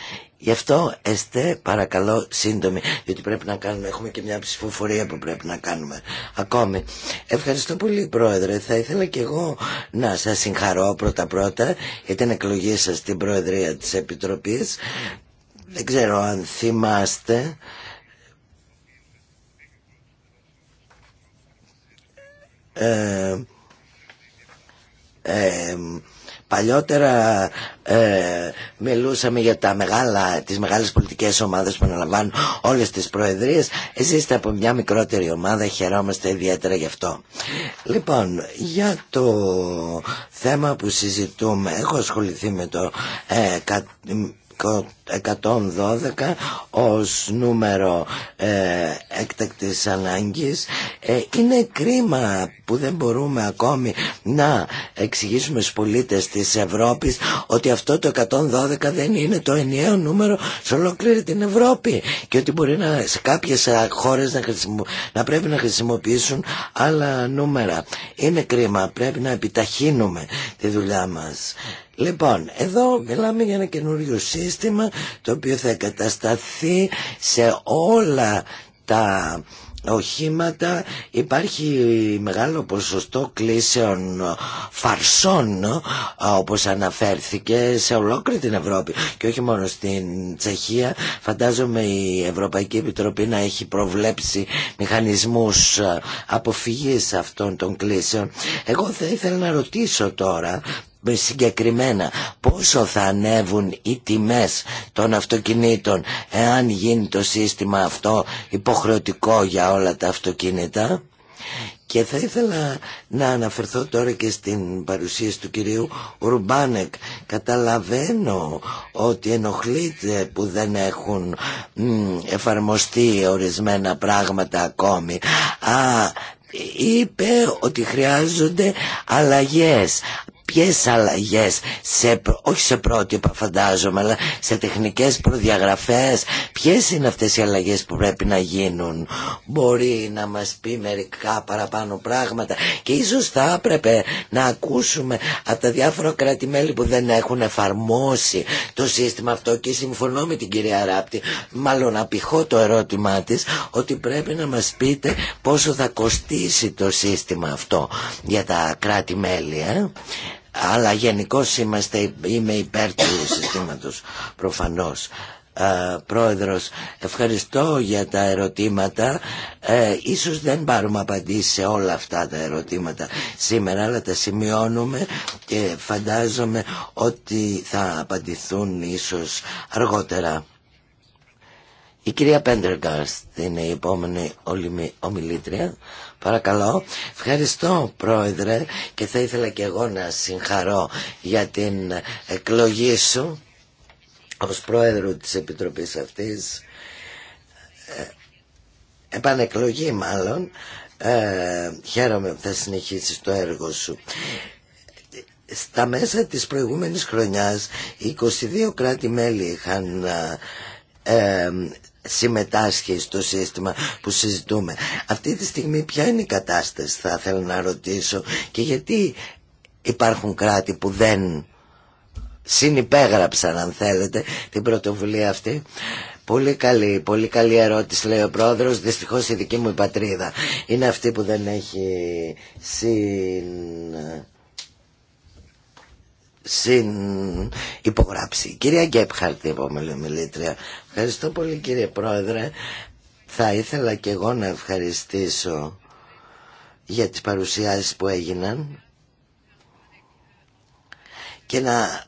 Γι' αυτό έστε παρακαλώ σύντομη, γιατί πρέπει να κάνουμε, έχουμε και μια ψηφοφορία που πρέπει να κάνουμε ακόμη. Ευχαριστώ πολύ Πρόεδρε, θα ήθελα και εγώ να σας συγχαρώ πρώτα πρώτα για την εκλογή σας στην Προεδρία της Επιτροπής. Δεν ξέρω αν θυμάστε... Ε, ε, Παλιότερα ε, μιλούσαμε για τα μεγάλα, τις μεγάλες πολιτικές ομάδες που αναλαμβάνουν όλες τις προεδρίες. Εσείς είστε από μια μικρότερη ομάδα, χαιρόμαστε ιδιαίτερα γι' αυτό. Λοιπόν, για το θέμα που συζητούμε, έχω ασχοληθεί με το ε, κα, 112 ως νούμερο ε, έκτακτης ανάγκης ε, είναι κρίμα που δεν μπορούμε ακόμη να εξηγήσουμε στους πολίτες της Ευρώπης ότι αυτό το 112 δεν είναι το ενιαίο νούμερο σε ολόκληρη την Ευρώπη και ότι μπορεί να, σε κάποιες χώρες να, να πρέπει να χρησιμοποιήσουν άλλα νούμερα είναι κρίμα πρέπει να επιταχύνουμε τη δουλειά μας Λοιπόν, εδώ μιλάμε για ένα καινούριο σύστημα το οποίο θα εγκατασταθεί σε όλα τα οχήματα υπάρχει μεγάλο ποσοστό κλήσεων φαρσών όπως αναφέρθηκε σε ολόκληρη την Ευρώπη και όχι μόνο στην Τσεχία φαντάζομαι η Ευρωπαϊκή Επιτροπή να έχει προβλέψει μηχανισμούς αποφυγής αυτών των κλήσεων εγώ θα ήθελα να ρωτήσω τώρα συγκεκριμένα πόσο θα ανέβουν οι τιμές των αυτοκινήτων εάν γίνει το σύστημα αυτό υποχρεωτικό για όλα τα αυτοκίνητα και θα ήθελα να αναφερθώ τώρα και στην παρουσίαση του κυρίου Ουρμπάνεκ. Καταλαβαίνω ότι ενοχλείται που δεν έχουν εφαρμοστεί ορισμένα πράγματα ακόμη. Α, είπε ότι χρειάζονται αλλαγές ποιες αλλαγές, όχι σε πρότυπα φαντάζομαι, αλλά σε τεχνικές προδιαγραφές, ποιες είναι αυτές οι αλλαγές που πρέπει να γίνουν. Μπορεί να μας πει μερικά παραπάνω πράγματα και ίσως θα έπρεπε να ακούσουμε από τα διάφορα κράτη-μέλη που δεν έχουν εφαρμόσει το σύστημα αυτό και συμφωνώ με την κυρία Ράπτη, μάλλον απηχώ το ερώτημά της, ότι πρέπει να μας πείτε πόσο θα κοστίσει το σύστημα αυτό για τα κράτη-μέλη. Ε αλλά γενικώ είμαι υπέρ του συστήματος προφανώς. Ε, πρόεδρος, ευχαριστώ για τα ερωτήματα. Ε, ίσως δεν πάρουμε απαντήσει σε όλα αυτά τα ερωτήματα σήμερα, αλλά τα σημειώνουμε και φαντάζομαι ότι θα απαντηθούν ίσως αργότερα. Η κυρία Πέντεργκάρστ είναι η επόμενη ομιλήτρια. Παρακαλώ. Ευχαριστώ πρόεδρε και θα ήθελα και εγώ να συγχαρώ για την εκλογή σου ως πρόεδρο της Επιτροπής αυτής. Ε, επανεκλογή μάλλον. Ε, χαίρομαι που θα συνεχίσεις το έργο σου. Στα μέσα της προηγούμενης χρονιάς 22 κράτη-μέλη είχαν ε, συμμετάσχει στο σύστημα που συζητούμε. Αυτή τη στιγμή ποια είναι η κατάσταση θα θέλω να ρωτήσω και γιατί υπάρχουν κράτη που δεν συνυπέγραψαν αν θέλετε την πρωτοβουλία αυτή. Πολύ καλή, πολύ καλή ερώτηση λέει ο πρόεδρος, δυστυχώς η δική μου η πατρίδα είναι αυτή που δεν έχει συν συν υπογράψει. Κυρία Γκέπχαρτη επόμενη μιλήτρια. Ευχαριστώ πολύ κύριε Πρόεδρε. Θα ήθελα και εγώ να ευχαριστήσω για τις παρουσιάσεις που έγιναν και να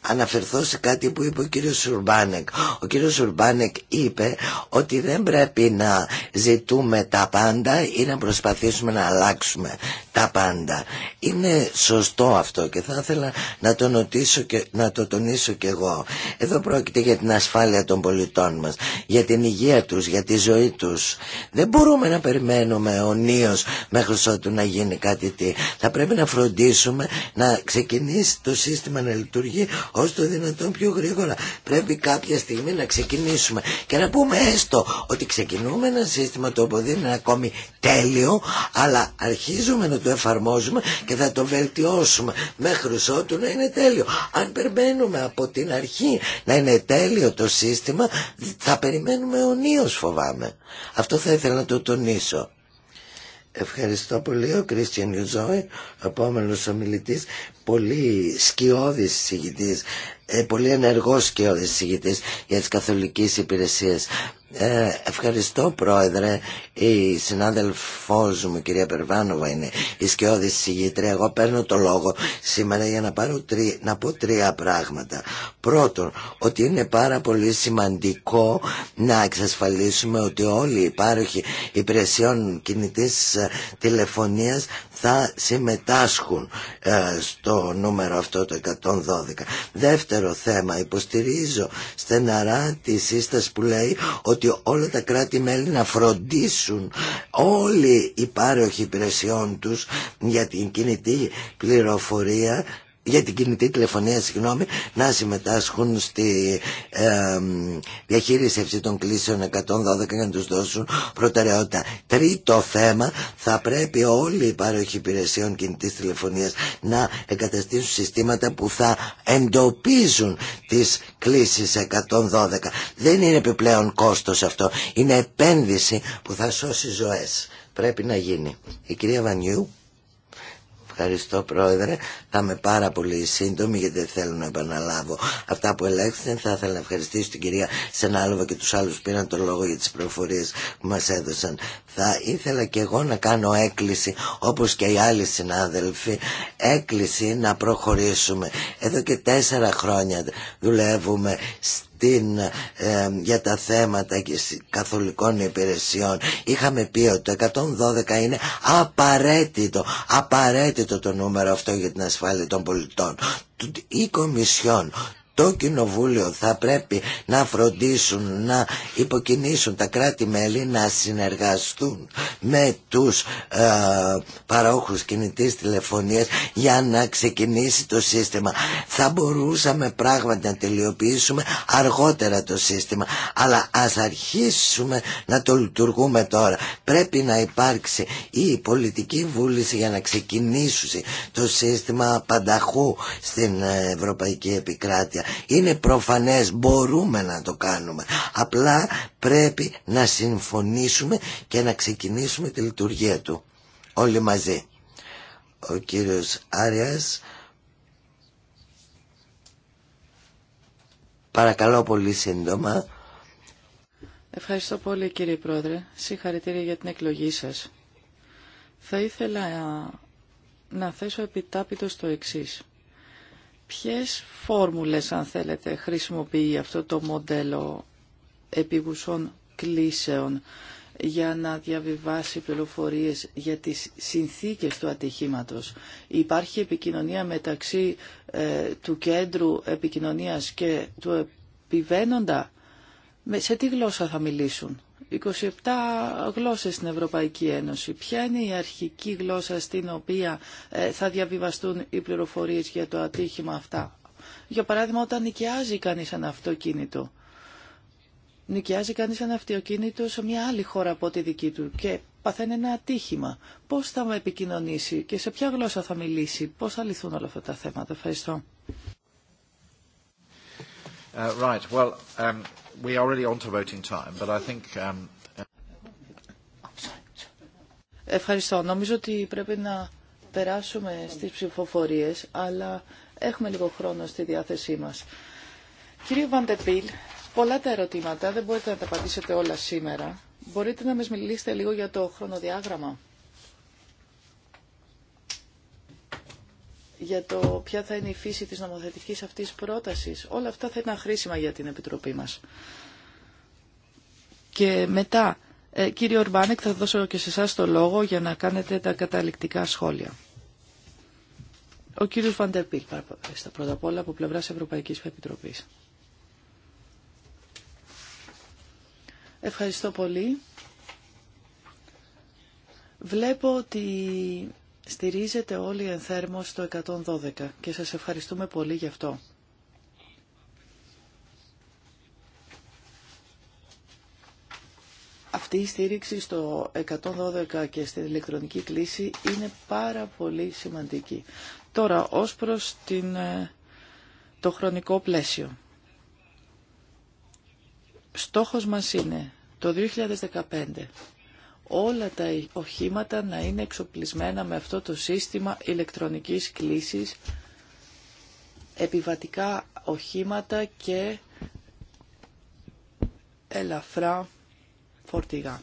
αναφερθώ σε κάτι που είπε ο κύριος Σουρμπάνεκ. Ο κύριος Σουρμπάνεκ είπε ότι δεν πρέπει να ζητούμε τα πάντα ή να προσπαθήσουμε να αλλάξουμε τα πάντα. Είναι σωστό αυτό και θα ήθελα να το, τονίσω και, να το τονίσω κι εγώ. Εδώ πρόκειται για την ασφάλεια των πολιτών μας, για την υγεία τους, για τη ζωή τους. Δεν μπορούμε να περιμένουμε ο νίος μέχρι ότου να γίνει κάτι τι. Θα πρέπει να φροντίσουμε να ξεκινήσει το σύστημα να λειτουργεί όσο το δυνατόν πιο γρήγορα. Πρέπει κάποια στιγμή να ξεκινήσουμε και να πούμε έστω ότι ξεκινούμε ένα σύστημα το οποίο δεν είναι ακόμη τέλειο, αλλά αρχίζουμε να το εφαρμόζουμε και θα το βελτιώσουμε μέχρι ότου να είναι τέλειο. Αν περιμένουμε από την αρχή να είναι τέλειο το σύστημα, θα περιμένουμε ονείως φοβάμαι. Αυτό θα ήθελα να το τονίσω. Ευχαριστώ πολύ ο Κρίστιαν Ιουζόη, ο ομιλητή, πολύ σκιώδη συγητής, ε, πολύ ενεργό σκιώδη συγητή για τις καθολικέ υπηρεσίες. Ε, ευχαριστώ πρόεδρε η συνάδελφός μου κυρία Περβάνοβα είναι η σκιώδη συγγήτρια εγώ παίρνω το λόγο σήμερα για να, πάρω να πω τρία πράγματα πρώτον ότι είναι πάρα πολύ σημαντικό να εξασφαλίσουμε ότι όλοι οι υπάρχοι υπηρεσιών κινητής ε, τηλεφωνίας θα συμμετάσχουν ε, στο νούμερο αυτό το 112. Δεύτερο θέμα, υποστηρίζω στεναρά τη σύσταση που λέει ότι όλα τα κράτη-μέλη να φροντίσουν όλοι οι πάροχοι υπηρεσιών τους για την κινητή πληροφορία για την κινητή τηλεφωνία συγγνώμη, να συμμετάσχουν στη ε, διαχείριση αυτή των κλήσεων 112 για να τους δώσουν προτεραιότητα. Τρίτο θέμα, θα πρέπει όλοι οι πάροχοι υπηρεσιών κινητής τηλεφωνίας να εγκαταστήσουν συστήματα που θα εντοπίζουν τις κλήσεις 112. Δεν είναι επιπλέον κόστος αυτό, είναι επένδυση που θα σώσει ζωές. Πρέπει να γίνει. Η κυρία Βανιού. Ευχαριστώ πρόεδρε. Θα είμαι πάρα πολύ σύντομη γιατί δεν θέλω να επαναλάβω αυτά που ελέγχθηκαν. Θα ήθελα να ευχαριστήσω την κυρία Σενάλοβα και τους άλλους που πήραν το λόγο για τις προφορίες που μας έδωσαν. Θα ήθελα και εγώ να κάνω έκκληση όπως και οι άλλοι συνάδελφοι έκκληση να προχωρήσουμε. Εδώ και τέσσερα χρόνια δουλεύουμε για τα θέματα καθολικών υπηρεσιών είχαμε πει ότι το 112 είναι απαραίτητο απαραίτητο το νούμερο αυτό για την ασφάλεια των πολιτών η Κομισιόν το Κοινοβούλιο θα πρέπει να φροντίσουν, να υποκινήσουν τα κράτη-μέλη να συνεργαστούν με τους ε, παρόχους κινητής τηλεφωνίας για να ξεκινήσει το σύστημα. Θα μπορούσαμε πράγματι να τελειοποιήσουμε αργότερα το σύστημα, αλλά ας αρχίσουμε να το λειτουργούμε τώρα. Πρέπει να υπάρξει η πολιτική βούληση για να ξεκινήσει το σύστημα πανταχού στην ε, Ευρωπαϊκή Επικράτεια. Είναι προφανές, μπορούμε να το κάνουμε. Απλά πρέπει να συμφωνήσουμε και να ξεκινήσουμε τη λειτουργία του. Όλοι μαζί. Ο κύριος Άριας... Παρακαλώ πολύ σύντομα. Ευχαριστώ πολύ κύριε Πρόεδρε. Συγχαρητήρια για την εκλογή σας. Θα ήθελα να θέσω επιτάπητο στο εξής. Ποιες φόρμουλες, αν θέλετε, χρησιμοποιεί αυτό το μοντέλο επίγουσων κλίσεων για να διαβιβάσει πληροφορίες για τις συνθήκες του ατυχήματος. Υπάρχει επικοινωνία μεταξύ ε, του κέντρου επικοινωνίας και του επιβαίνοντα. Με, σε τι γλώσσα θα μιλήσουν. 27 γλώσσες στην Ευρωπαϊκή Ένωση. Ποια είναι η αρχική γλώσσα στην οποία ε, θα διαβιβαστούν οι πληροφορίες για το ατύχημα αυτά. Για παράδειγμα, όταν νοικιάζει κανείς ένα αυτοκίνητο. Νοικιάζει κανείς ένα αυτοκίνητο σε μια άλλη χώρα από τη δική του και παθαίνει ένα ατύχημα. Πώς θα με επικοινωνήσει και σε ποια γλώσσα θα μιλήσει. Πώς θα λυθούν όλα αυτά τα θέματα. Ευχαριστώ. Uh, right. well, um... Ευχαριστώ. Νομίζω ότι πρέπει να περάσουμε στις ψηφοφορίες, αλλά έχουμε λίγο χρόνο στη διάθεσή μας. Κύριε Βαντεπίλ, πολλά τα ερωτήματα, δεν μπορείτε να τα απαντήσετε όλα σήμερα. Μπορείτε να μας μιλήσετε λίγο για το χρονοδιάγραμμα. για το ποια θα είναι η φύση της νομοθετικής αυτής πρότασης. Όλα αυτά θα ήταν χρήσιμα για την Επιτροπή μας. Και μετά, ε, κύριε Ορμπάνεκ, θα δώσω και σε εσά το λόγο για να κάνετε τα καταληκτικά σχόλια. Ο κύριος Βαντερπίλ, στα πρώτα απ' όλα, από πλευράς Ευρωπαϊκής Επιτροπής. Ευχαριστώ πολύ. Βλέπω ότι Στηρίζετε όλοι θέρμο το 112 και σας ευχαριστούμε πολύ γι' αυτό. Αυτή η στήριξη στο 112 και στην ηλεκτρονική κλίση είναι πάρα πολύ σημαντική. Τώρα, ως προς την, ε, το χρονικό πλαίσιο. Στόχος μας είναι το 2015 όλα τα οχήματα να είναι εξοπλισμένα με αυτό το σύστημα ηλεκτρονικής κλίσης, επιβατικά οχήματα και ελαφρά φορτηγά.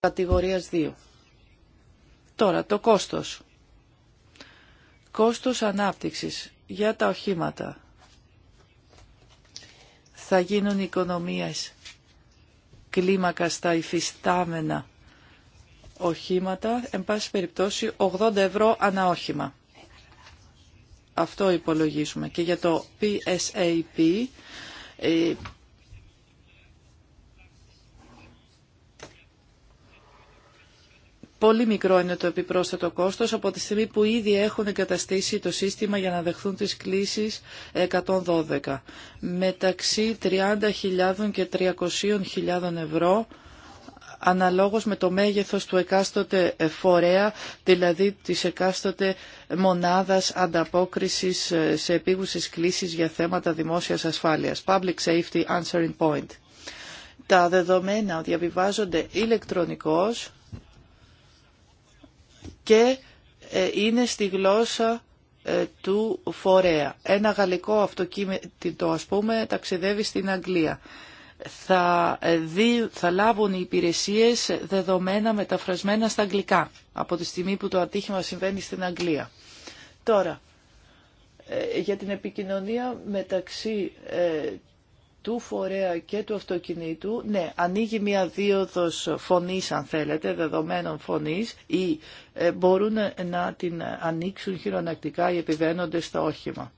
Κατηγορίας 2. Τώρα το κόστος. Κόστος ανάπτυξης για τα οχήματα θα γίνουν οικονομίες κλίμακα στα υφιστάμενα οχήματα, εν πάση περιπτώσει 80 ευρώ αναόχημα. Αυτό υπολογίζουμε. Και για το PSAP Πολύ μικρό είναι το επιπρόσθετο κόστος από τη στιγμή που ήδη έχουν εγκαταστήσει το σύστημα για να δεχθούν τις κλήσεις 112. Μεταξύ 30.000 και 300.000 ευρώ αναλόγως με το μέγεθος του εκάστοτε φορέα, δηλαδή της εκάστοτε μονάδας ανταπόκρισης σε επίγουσες κλήσεις για θέματα δημόσιας ασφάλειας. Public Safety Answering Point. Τα δεδομένα διαβιβάζονται ηλεκτρονικώς και ε, είναι στη γλώσσα ε, του φορέα. Ένα γαλλικό αυτοκίνητο, ας πούμε, ταξιδεύει στην Αγγλία. Θα, ε, δι, θα λάβουν οι υπηρεσίες δεδομένα μεταφρασμένα στα αγγλικά από τη στιγμή που το ατύχημα συμβαίνει στην Αγγλία. Τώρα, για την επικοινωνία μεταξύ του φορέα και του αυτοκινήτου, ναι, ανοίγει μία δίωδος φωνής, αν θέλετε, δεδομένων φωνής, ή ε, μπορούν να την ανοίξουν χειρονακτικά οι επιβαίνοντες στο όχημα.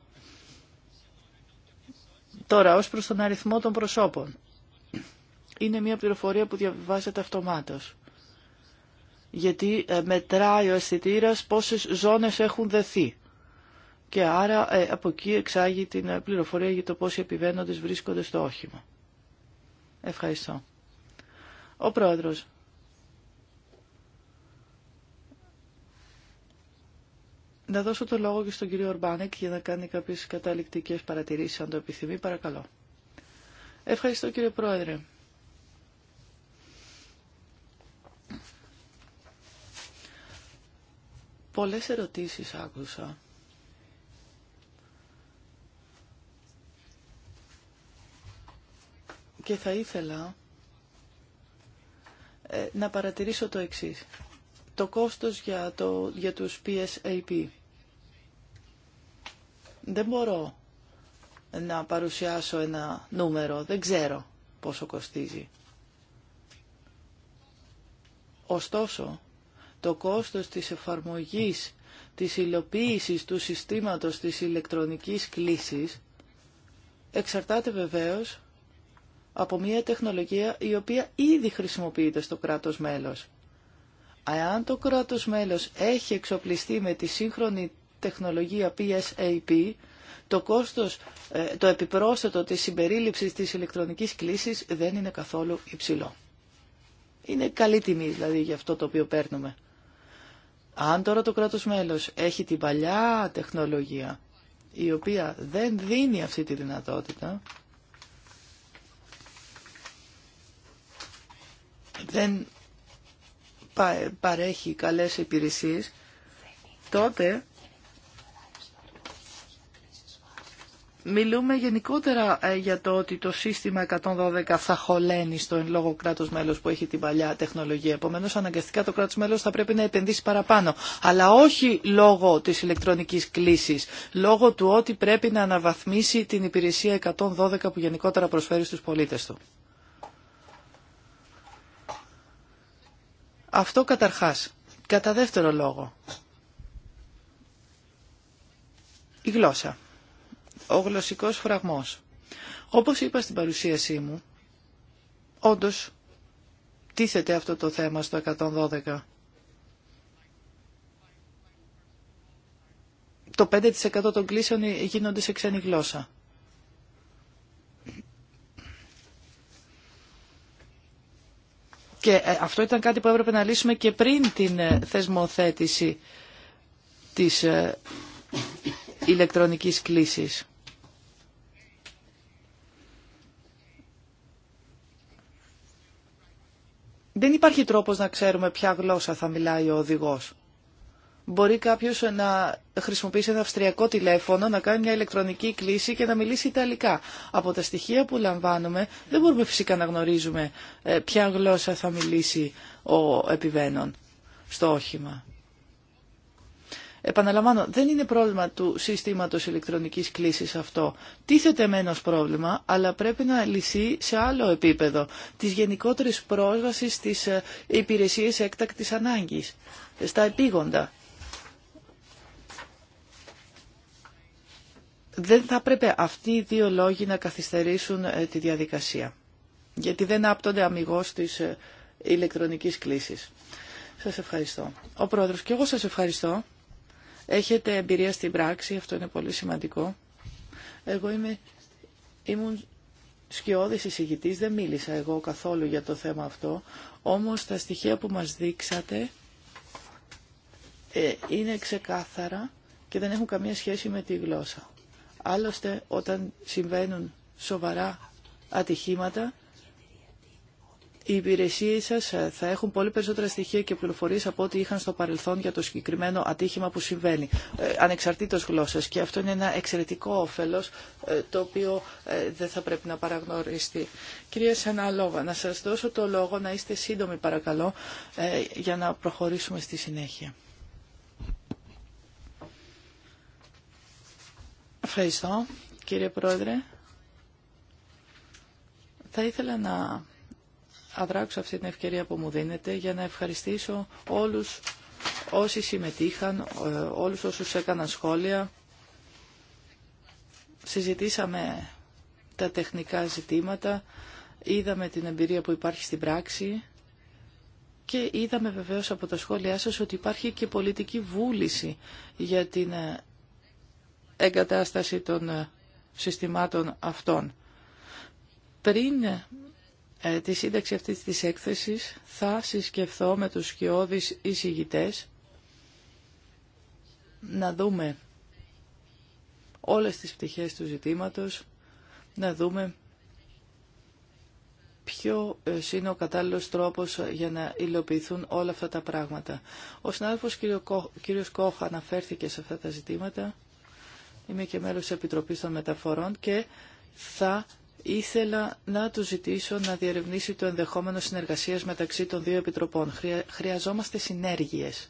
Τώρα, ως προς τον αριθμό των προσώπων. Είναι μία πληροφορία που διαβάζεται αυτομάτως. Γιατί ε, μετράει ο αισθητήρα πόσες ζώνες έχουν δεθεί και άρα ε, από εκεί εξάγει την ε, πληροφορία για το πώς οι επιβαίνοντες βρίσκονται στο όχημα. Ευχαριστώ. Ο Πρόεδρος. Να δώσω το λόγο και στον κύριο Ορμπάνεκ για να κάνει κάποιες καταληκτικές παρατηρήσεις αν το επιθυμεί. Παρακαλώ. Ευχαριστώ κύριε Πρόεδρε. Πολλές ερωτήσεις άκουσα και θα ήθελα ε, να παρατηρήσω το εξής. Το κόστος για, το, για τους PSAP. Δεν μπορώ να παρουσιάσω ένα νούμερο. Δεν ξέρω πόσο κοστίζει. Ωστόσο, το κόστος της εφαρμογής της υλοποίησης του συστήματος της ηλεκτρονικής κλήσης εξαρτάται βεβαίως από μια τεχνολογία η οποία ήδη χρησιμοποιείται στο κράτος μέλος. Αν το κράτος μέλος έχει εξοπλιστεί με τη σύγχρονη τεχνολογία PSAP, το κόστος, ε, το επιπρόσθετο της συμπερίληψης της ηλεκτρονικής κλήσης δεν είναι καθόλου υψηλό. Είναι καλή τιμή δηλαδή για αυτό το οποίο παίρνουμε. Αν τώρα το κράτος μέλος έχει την παλιά τεχνολογία, η οποία δεν δίνει αυτή τη δυνατότητα, δεν παρέχει καλές υπηρεσίες, τότε Μιλούμε γενικότερα ε, για το ότι το σύστημα 112 θα χωλένει στο εν λόγω κράτο μέλο που έχει την παλιά τεχνολογία. Επομένω, αναγκαστικά το κράτο μέλο θα πρέπει να επενδύσει παραπάνω. Αλλά όχι λόγω της ηλεκτρονικής κλίσης, Λόγω του ότι πρέπει να αναβαθμίσει την υπηρεσία 112 που γενικότερα προσφέρει στους πολίτε του. Αυτό καταρχάς. Κατά δεύτερο λόγο, η γλώσσα, ο γλωσσικός φραγμός. Όπως είπα στην παρουσίασή μου, όντως τίθεται αυτό το θέμα στο 112. Το 5% των κλήσεων γίνονται σε ξένη γλώσσα. Και ε, αυτό ήταν κάτι που έπρεπε να λύσουμε και πριν την ε, θεσμοθέτηση της ε, ηλεκτρονικής κλήσης. Δεν υπάρχει τρόπος να ξέρουμε ποια γλώσσα θα μιλάει ο οδηγός μπορεί κάποιος να χρησιμοποιήσει ένα αυστριακό τηλέφωνο, να κάνει μια ηλεκτρονική κλίση και να μιλήσει ιταλικά. Από τα στοιχεία που λαμβάνουμε δεν μπορούμε φυσικά να γνωρίζουμε ε, ποια γλώσσα θα μιλήσει ο επιβαίνων στο όχημα. Επαναλαμβάνω, δεν είναι πρόβλημα του συστήματος ηλεκτρονικής κλήσης αυτό. Τίθεται με πρόβλημα, αλλά πρέπει να λυθεί σε άλλο επίπεδο, της γενικότερης πρόσβασης στις ε, υπηρεσίες έκτακτης ανάγκης, στα επίγοντα. δεν θα πρέπει αυτοί οι δύο λόγοι να καθυστερήσουν ε, τη διαδικασία, γιατί δεν άπτονται αμυγός της ε, ηλεκτρονικής κλήσης. Σας ευχαριστώ. Ο Πρόεδρος, και εγώ σας ευχαριστώ. Έχετε εμπειρία στην πράξη, αυτό είναι πολύ σημαντικό. Εγώ είμαι, ήμουν σκιώδης εισηγητής, δεν μίλησα εγώ καθόλου για το θέμα αυτό, όμως τα στοιχεία που μας δείξατε ε, είναι ξεκάθαρα και δεν έχουν καμία σχέση με τη γλώσσα. Άλλωστε, όταν συμβαίνουν σοβαρά ατυχήματα, οι υπηρεσίε σα ε, θα έχουν πολύ περισσότερα στοιχεία και πληροφορίε από ό,τι είχαν στο παρελθόν για το συγκεκριμένο ατύχημα που συμβαίνει, ε, ανεξαρτήτως γλώσσα. Και αυτό είναι ένα εξαιρετικό όφελο, ε, το οποίο ε, δεν θα πρέπει να παραγνωριστεί. Κυρία Σαναλόβα, να σα δώσω το λόγο να είστε σύντομοι, παρακαλώ, για να προχωρήσουμε στη συνέχεια. Ευχαριστώ, κύριε Πρόεδρε. Θα ήθελα να αδράξω αυτή την ευκαιρία που μου δίνετε για να ευχαριστήσω όλους όσοι συμμετείχαν, ε, όλους όσους έκαναν σχόλια. Συζητήσαμε τα τεχνικά ζητήματα, είδαμε την εμπειρία που υπάρχει στην πράξη και είδαμε βεβαίως από τα σχόλιά σας ότι υπάρχει και πολιτική βούληση για την ε, εγκατάσταση των ε, συστημάτων αυτών. Πριν ε, ε, τη σύνταξη αυτής της έκθεσης θα συσκεφθώ με τους σκιώδεις εισηγητές να δούμε όλες τις πτυχές του ζητήματος, να δούμε ποιο είναι ο κατάλληλος τρόπος για να υλοποιηθούν όλα αυτά τα πράγματα. Ο συνάδελφος κ. Κόχ αναφέρθηκε σε αυτά τα ζητήματα είμαι και μέλος της Επιτροπής των Μεταφορών και θα ήθελα να του ζητήσω να διερευνήσει το ενδεχόμενο συνεργασίας μεταξύ των δύο επιτροπών. Χρειαζόμαστε συνέργειες.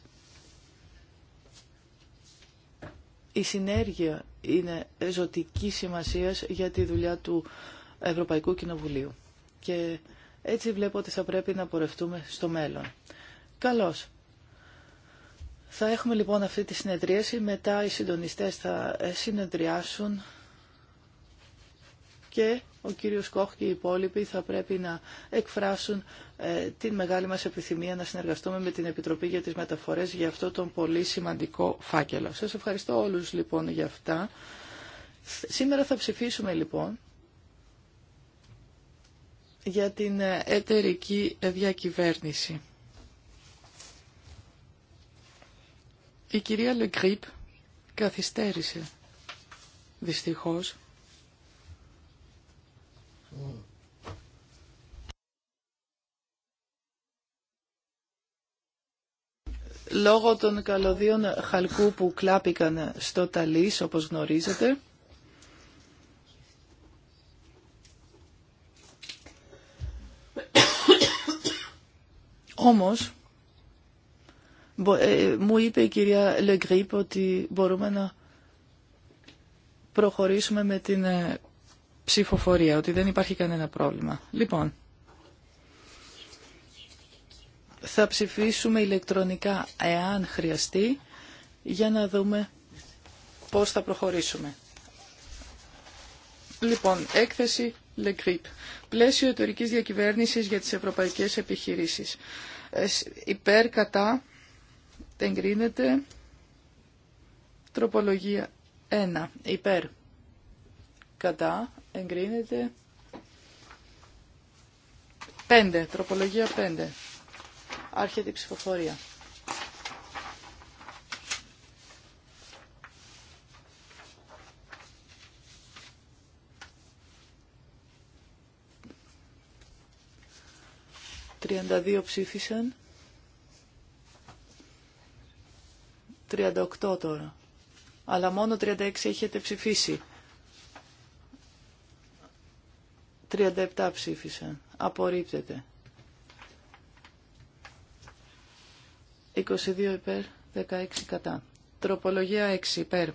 Η συνέργεια είναι ζωτική σημασία για τη δουλειά του Ευρωπαϊκού Κοινοβουλίου. Και έτσι βλέπω ότι θα πρέπει να πορευτούμε στο μέλλον. Καλώς. Θα έχουμε λοιπόν αυτή τη συνεδρίαση, μετά οι συντονιστές θα ε, συνεδριάσουν και ο κύριος Κόχ και οι υπόλοιποι θα πρέπει να εκφράσουν ε, την μεγάλη μας επιθυμία να συνεργαστούμε με την Επιτροπή για τις Μεταφορές για αυτό τον πολύ σημαντικό φάκελο. Σας ευχαριστώ όλους λοιπόν για αυτά. Σήμερα θα ψηφίσουμε λοιπόν για την ε, εταιρική διακυβέρνηση. Η κυρία Λεγκρίπ καθυστέρησε, δυστυχώς. Λόγω των καλωδίων χαλκού που κλάπηκαν στο ταλής, όπως γνωρίζετε, Όμως, ε, μου είπε η κυρία Λεγκρυπ ότι μπορούμε να προχωρήσουμε με την ε, ψηφοφορία, ότι δεν υπάρχει κανένα πρόβλημα. Λοιπόν, θα ψηφίσουμε ηλεκτρονικά εάν χρειαστεί για να δούμε πώς θα προχωρήσουμε. Λοιπόν, έκθεση Λεγκρυπ Πλαίσιο εταιρικής διακυβέρνησης για τις ευρωπαϊκές επιχειρήσεις. Ε, υπέρ Εγκρίνεται. Τροπολογία 1. Υπέρ. Κατά. Εγκρίνεται. 5. Τροπολογία 5. Άρχεται η ψηφοφορία. Τριάντα ψήφισαν. 38 τώρα. Αλλά μόνο 36 έχετε ψηφίσει. 37 ψήφισαν. Απορρίπτεται. 22 υπέρ, 16 κατά. Τροπολογία 6 υπέρ.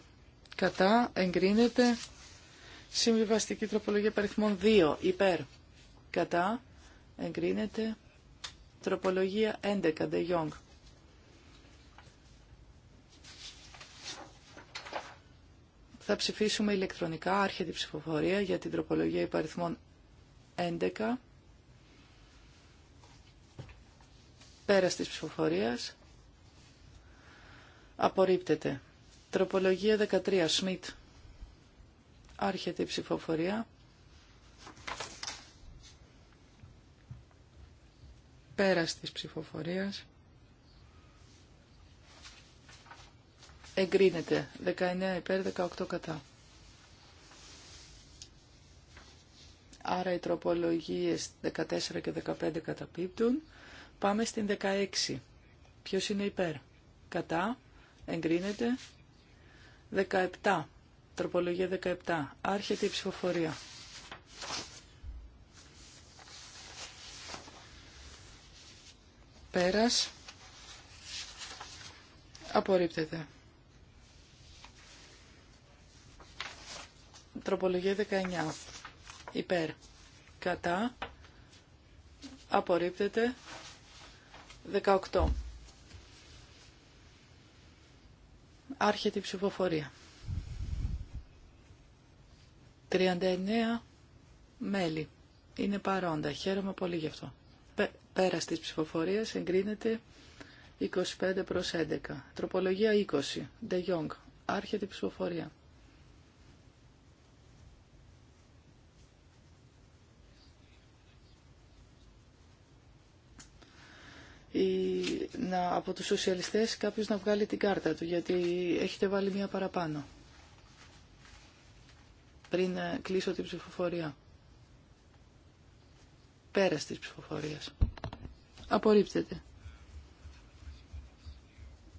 Κατά, εγκρίνεται. Συμβιβαστική τροπολογία παριθμών 2 υπέρ. Κατά, εγκρίνεται. Τροπολογία 11, de Jong. Θα ψηφίσουμε ηλεκτρονικά, άρχεται ψηφοφορία για την τροπολογία υπαριθμών 11. Πέρας της ψηφοφορίας. Απορρίπτεται. Τροπολογία 13. Σμιτ. Άρχεται η ψηφοφορία. Πέρας της ψηφοφορίας. εγκρίνεται. 19 υπέρ, 18 κατά. Άρα οι τροπολογίες 14 και 15 καταπίπτουν. Πάμε στην 16. Ποιος είναι υπέρ. Κατά. Εγκρίνεται. 17. Τροπολογία 17. Άρχεται η ψηφοφορία. Πέρας. Απορρίπτεται. Τροπολογία 19. Υπέρ. Κατά. Απορρίπτεται. 18. Άρχεται η ψηφοφορία. 39 μέλη. Είναι παρόντα. Χαίρομαι πολύ γι' αυτό. Πέρα της ψηφοφορίας εγκρίνεται 25 προς 11. Τροπολογία 20. De Jong. Άρχεται η ψηφοφορία. ή να, από τους σοσιαλιστές κάποιος να βγάλει την κάρτα του, γιατί έχετε βάλει μία παραπάνω πριν ε, κλείσω την ψηφοφορία. Πέρας της ψηφοφορίας. Απορρίπτεται.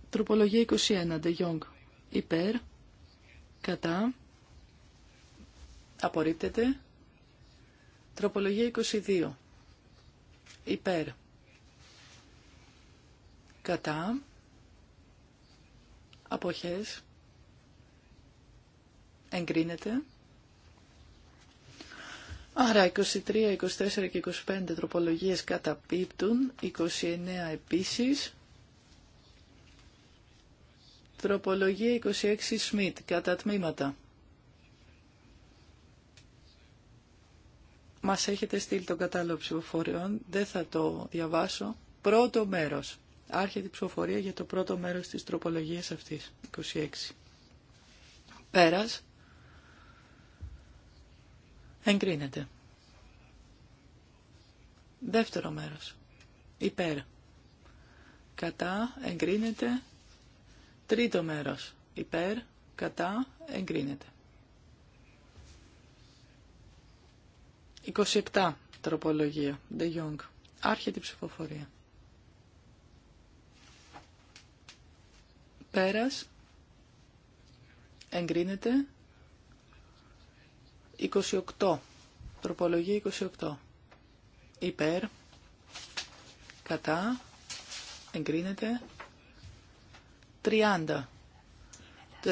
Τροπολογία 21, De Υπέρ, κατά, απορρίπτεται. Τροπολογία 22, υπέρ, κατά, αποχές, εγκρίνεται. Άρα 23, 24 και 25 τροπολογίες καταπίπτουν, 29 επίσης. Τροπολογία 26 Σμιτ, κατά τμήματα. Μας έχετε στείλει τον κατάλογο ψηφοφοριών, δεν θα το διαβάσω. Πρώτο μέρος. Άρχεται η ψηφοφορία για το πρώτο μέρος της τροπολογίας αυτής, 26. Πέρας. Εγκρίνεται. Δεύτερο μέρος. Υπέρ. Κατά. Εγκρίνεται. Τρίτο μέρος. Υπέρ. Κατά. Εγκρίνεται. 27. Τροπολογία. De Jong. Άρχεται η ψηφοφορία. Πέρας. Εγκρίνεται. 28. Τροπολογία 28. Υπέρ. Κατά. Εγκρίνεται. 30.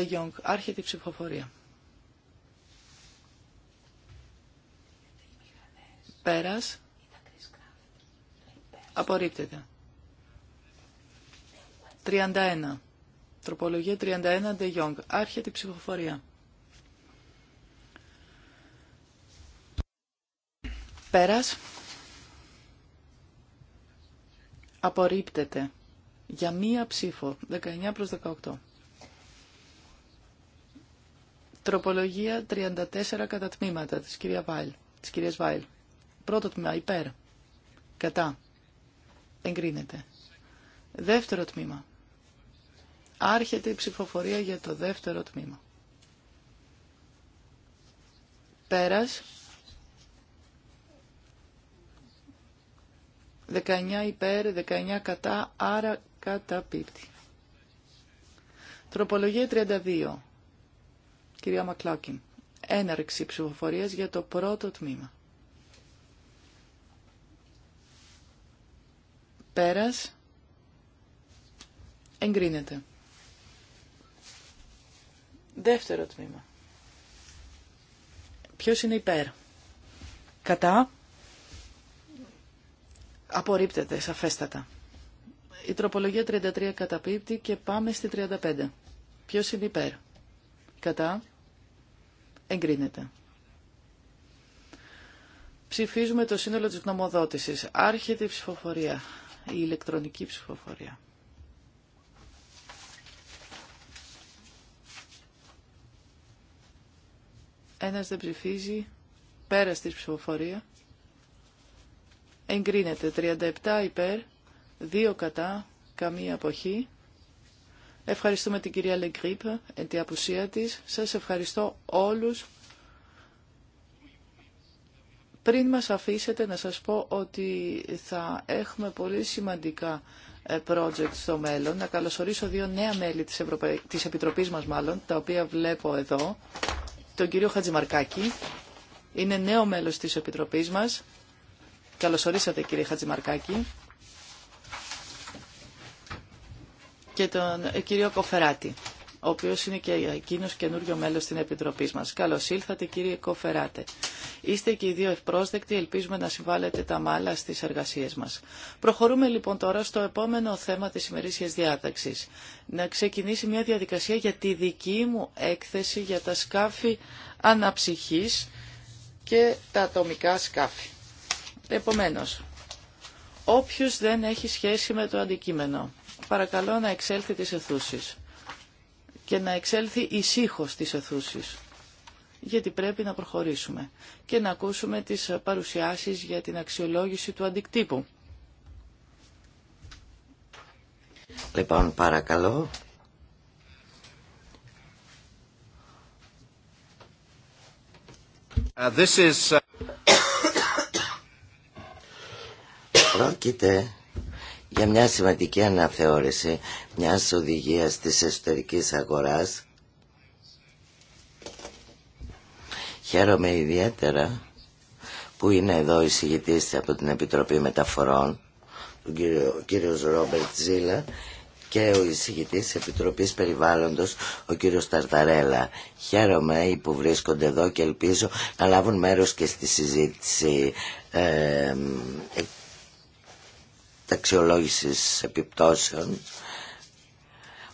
Γιόγκ. Άρχεται η ψηφοφορία. Πέρας. Απορρίπτεται. 31. Τροπολογία 31 De Jong. Άρχεται η ψηφοφορία. Πέρας. Απορρίπτεται. Για μία ψήφο. 19 προς 18. Τροπολογία 34 κατά τμήματα της, κυρία Βάιλ, της κυρίας Βάιλ. Πρώτο τμήμα υπέρ. Κατά. Εγκρίνεται. Δεύτερο τμήμα Άρχεται η ψηφοφορία για το δεύτερο τμήμα. Πέρας. 19 υπέρ, 19 κατά, άρα πίπτη. Τροπολογία 32. Κυρία Μακλάκιν. Έναρξη ψηφοφορίας για το πρώτο τμήμα. Πέρας. Εγκρίνεται. Δεύτερο τμήμα. Ποιος είναι υπέρ. Κατά. Απορρίπτεται σαφέστατα. Η τροπολογία 33 καταπίπτει και πάμε στη 35. Ποιος είναι υπέρ. Κατά. Εγκρίνεται. Ψηφίζουμε το σύνολο της γνωμοδότησης. Άρχεται η ψηφοφορία. Η ηλεκτρονική ψηφοφορία. Ένας δεν ψηφίζει. Πέρα στη ψηφοφορία. Εγκρίνεται 37 υπέρ, 2 κατά, καμία αποχή. Ευχαριστούμε την κυρία Λεγκρίπ, την απουσία της. Σας ευχαριστώ όλους. Πριν μας αφήσετε να σας πω ότι θα έχουμε πολύ σημαντικά ε, project στο μέλλον. Να καλωσορίσω δύο νέα μέλη της, Ευρωπαϊ... της Επιτροπής μας μάλλον, τα οποία βλέπω εδώ τον κύριο Χατζημαρκάκη. Είναι νέο μέλος της Επιτροπής μας. Καλωσορίσατε κύριε Χατζημαρκάκη. Και τον ε, κύριο Κοφεράτη ο οποίο είναι και εκείνο καινούριο μέλο στην Επιτροπή μας. Καλώς ήλθατε κύριε Κοφεράτε. Είστε και οι δύο ευπρόσδεκτοι, ελπίζουμε να συμβάλλετε τα μάλα στις εργασίες μας. Προχωρούμε λοιπόν τώρα στο επόμενο θέμα της ημερήσιας διάταξης. Να ξεκινήσει μια διαδικασία για τη δική μου έκθεση για τα σκάφη αναψυχή και τα ατομικά σκάφη. Επομένω, όποιος δεν έχει σχέση με το αντικείμενο, παρακαλώ να εξέλθει τις αιθούσεις και να εξέλθει σύγχος τη αιθούση. γιατί πρέπει να προχωρήσουμε και να ακούσουμε τις παρουσιάσεις για την αξιολόγηση του αντικτύπου. Λοιπόν, παρακαλώ. Uh, this is... Uh, Πρόκειται για μια σημαντική αναθεώρηση μιας οδηγίας της εσωτερικής αγοράς. Χαίρομαι ιδιαίτερα που είναι εδώ ο συγητής από την Επιτροπή Μεταφορών, ο κύριο, κύριος Ρόμπερτ Ζήλα και ο εισηγητής Επιτροπής Περιβάλλοντος, ο κύριος Ταρταρέλα. Χαίρομαι που βρίσκονται εδώ και ελπίζω να λάβουν μέρος και στη συζήτηση ε, ταξιολόγησης επιπτώσεων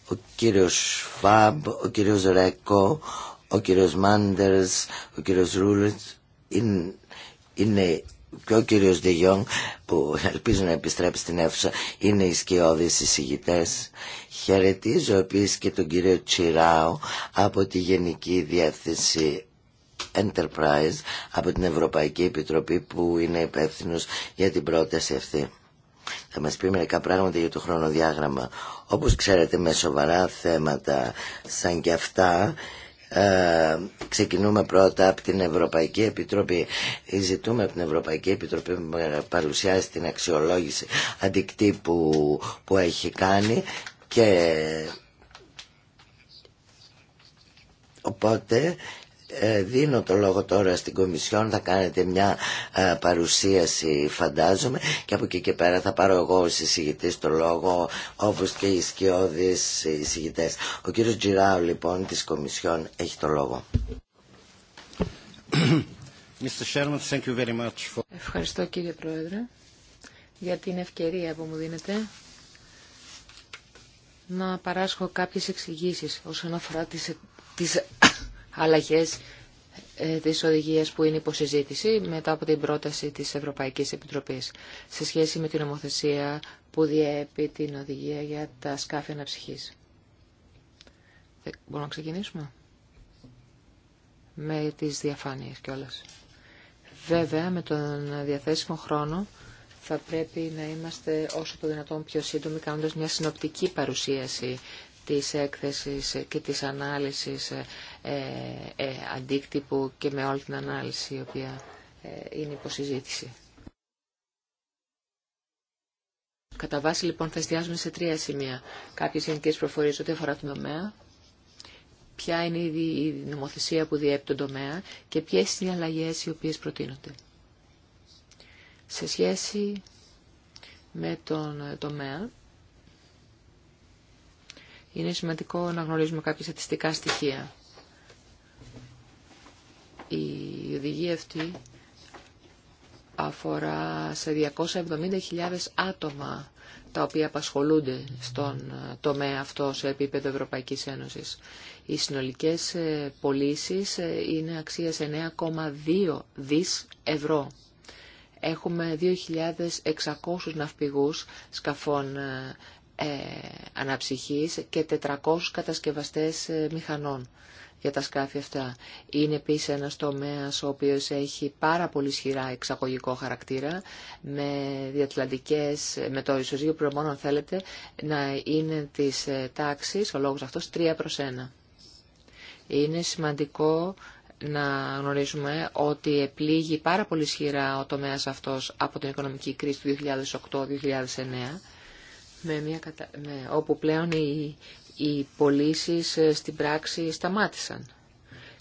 ο κύριος Φαμπ, ο κύριος Ρέκο, ο κύριος Μάντερς, ο κύριος Ρούλετς είναι, είναι και ο κύριος Ντεγιόν που ελπίζω να επιστρέψει στην αίθουσα είναι οι σκιώδεις εισηγητές. Χαιρετίζω επίσης και τον κύριο Τσιράου από τη Γενική Διεύθυνση Enterprise από την Ευρωπαϊκή Επιτροπή που είναι υπεύθυνο για την πρόταση αυτή θα μας πει μερικά πράγματα για το χρονοδιάγραμμα. Όπως ξέρετε με σοβαρά θέματα σαν κι αυτά ε, ξεκινούμε πρώτα από την Ευρωπαϊκή Επιτροπή ζητούμε από την Ευρωπαϊκή Επιτροπή που παρουσιάσει την αξιολόγηση αντικτύπου που έχει κάνει και οπότε ε, δίνω το λόγο τώρα στην Κομισιόν, θα κάνετε μια ε, παρουσίαση φαντάζομαι και από εκεί και πέρα θα πάρω εγώ ως εισηγητής το λόγο όπως και οι σκιώδεις εισηγητές. Ο κύριος Τζιράου λοιπόν της Κομισιόν έχει το λόγο. Ευχαριστώ κύριε Πρόεδρε για την ευκαιρία που μου δίνετε να παράσχω κάποιες εξηγήσεις όσον αφορά τις, αλλαγές ε, της οδηγίας που είναι υποσυζήτηση μετά από την πρόταση της Ευρωπαϊκής Επιτροπής σε σχέση με την νομοθεσία που διέπει την οδηγία για τα σκάφη αναψυχής. Ε, μπορούμε να ξεκινήσουμε με τις διαφάνειες κιόλας. Βέβαια, με τον διαθέσιμο χρόνο θα πρέπει να είμαστε όσο το δυνατόν πιο σύντομοι κάνοντας μια συνοπτική παρουσίαση της έκθεσης και της ανάλυσης ε, ε, ε, αντίκτυπου και με όλη την ανάλυση η οποία ε, είναι υποσυζήτηση. Κατά βάση λοιπόν θα εστιάζουμε σε τρία σημεία. Κάποιες γενικέ προφορίες ό,τι αφορά τον τομέα, ποια είναι η νομοθεσία που διέπει τον τομέα και ποιες είναι οι αλλαγές οι οποίες προτείνονται. Σε σχέση με τον τομέα, είναι σημαντικό να γνωρίζουμε κάποια στατιστικά στοιχεία. Η οδηγία αυτή αφορά σε 270.000 άτομα τα οποία απασχολούνται στον ε, τομέα αυτό σε επίπεδο Ευρωπαϊκής Ένωσης. Οι συνολικές ε, πωλήσει ε, είναι αξίας 9,2 δις ευρώ. Έχουμε 2.600 ναυπηγούς σκαφών ε, αναψυχής και 400 κατασκευαστές ε, μηχανών για τα σκάφη αυτά. Είναι επίσης ένας τομέας ο οποίος έχει πάρα πολύ σχηρά εξαγωγικό χαρακτήρα με διατλαντικές, με το ισοζύγιο προμόνο αν θέλετε, να είναι της ε, τάξης, ο λόγος αυτός, 3 προς 1. Είναι σημαντικό να γνωρίζουμε ότι επλήγει πάρα πολύ σχηρά ο τομέας αυτός από την οικονομική κρίση του 2008-2009 με όπου πλέον οι, οι πωλήσει ε, στην πράξη σταμάτησαν.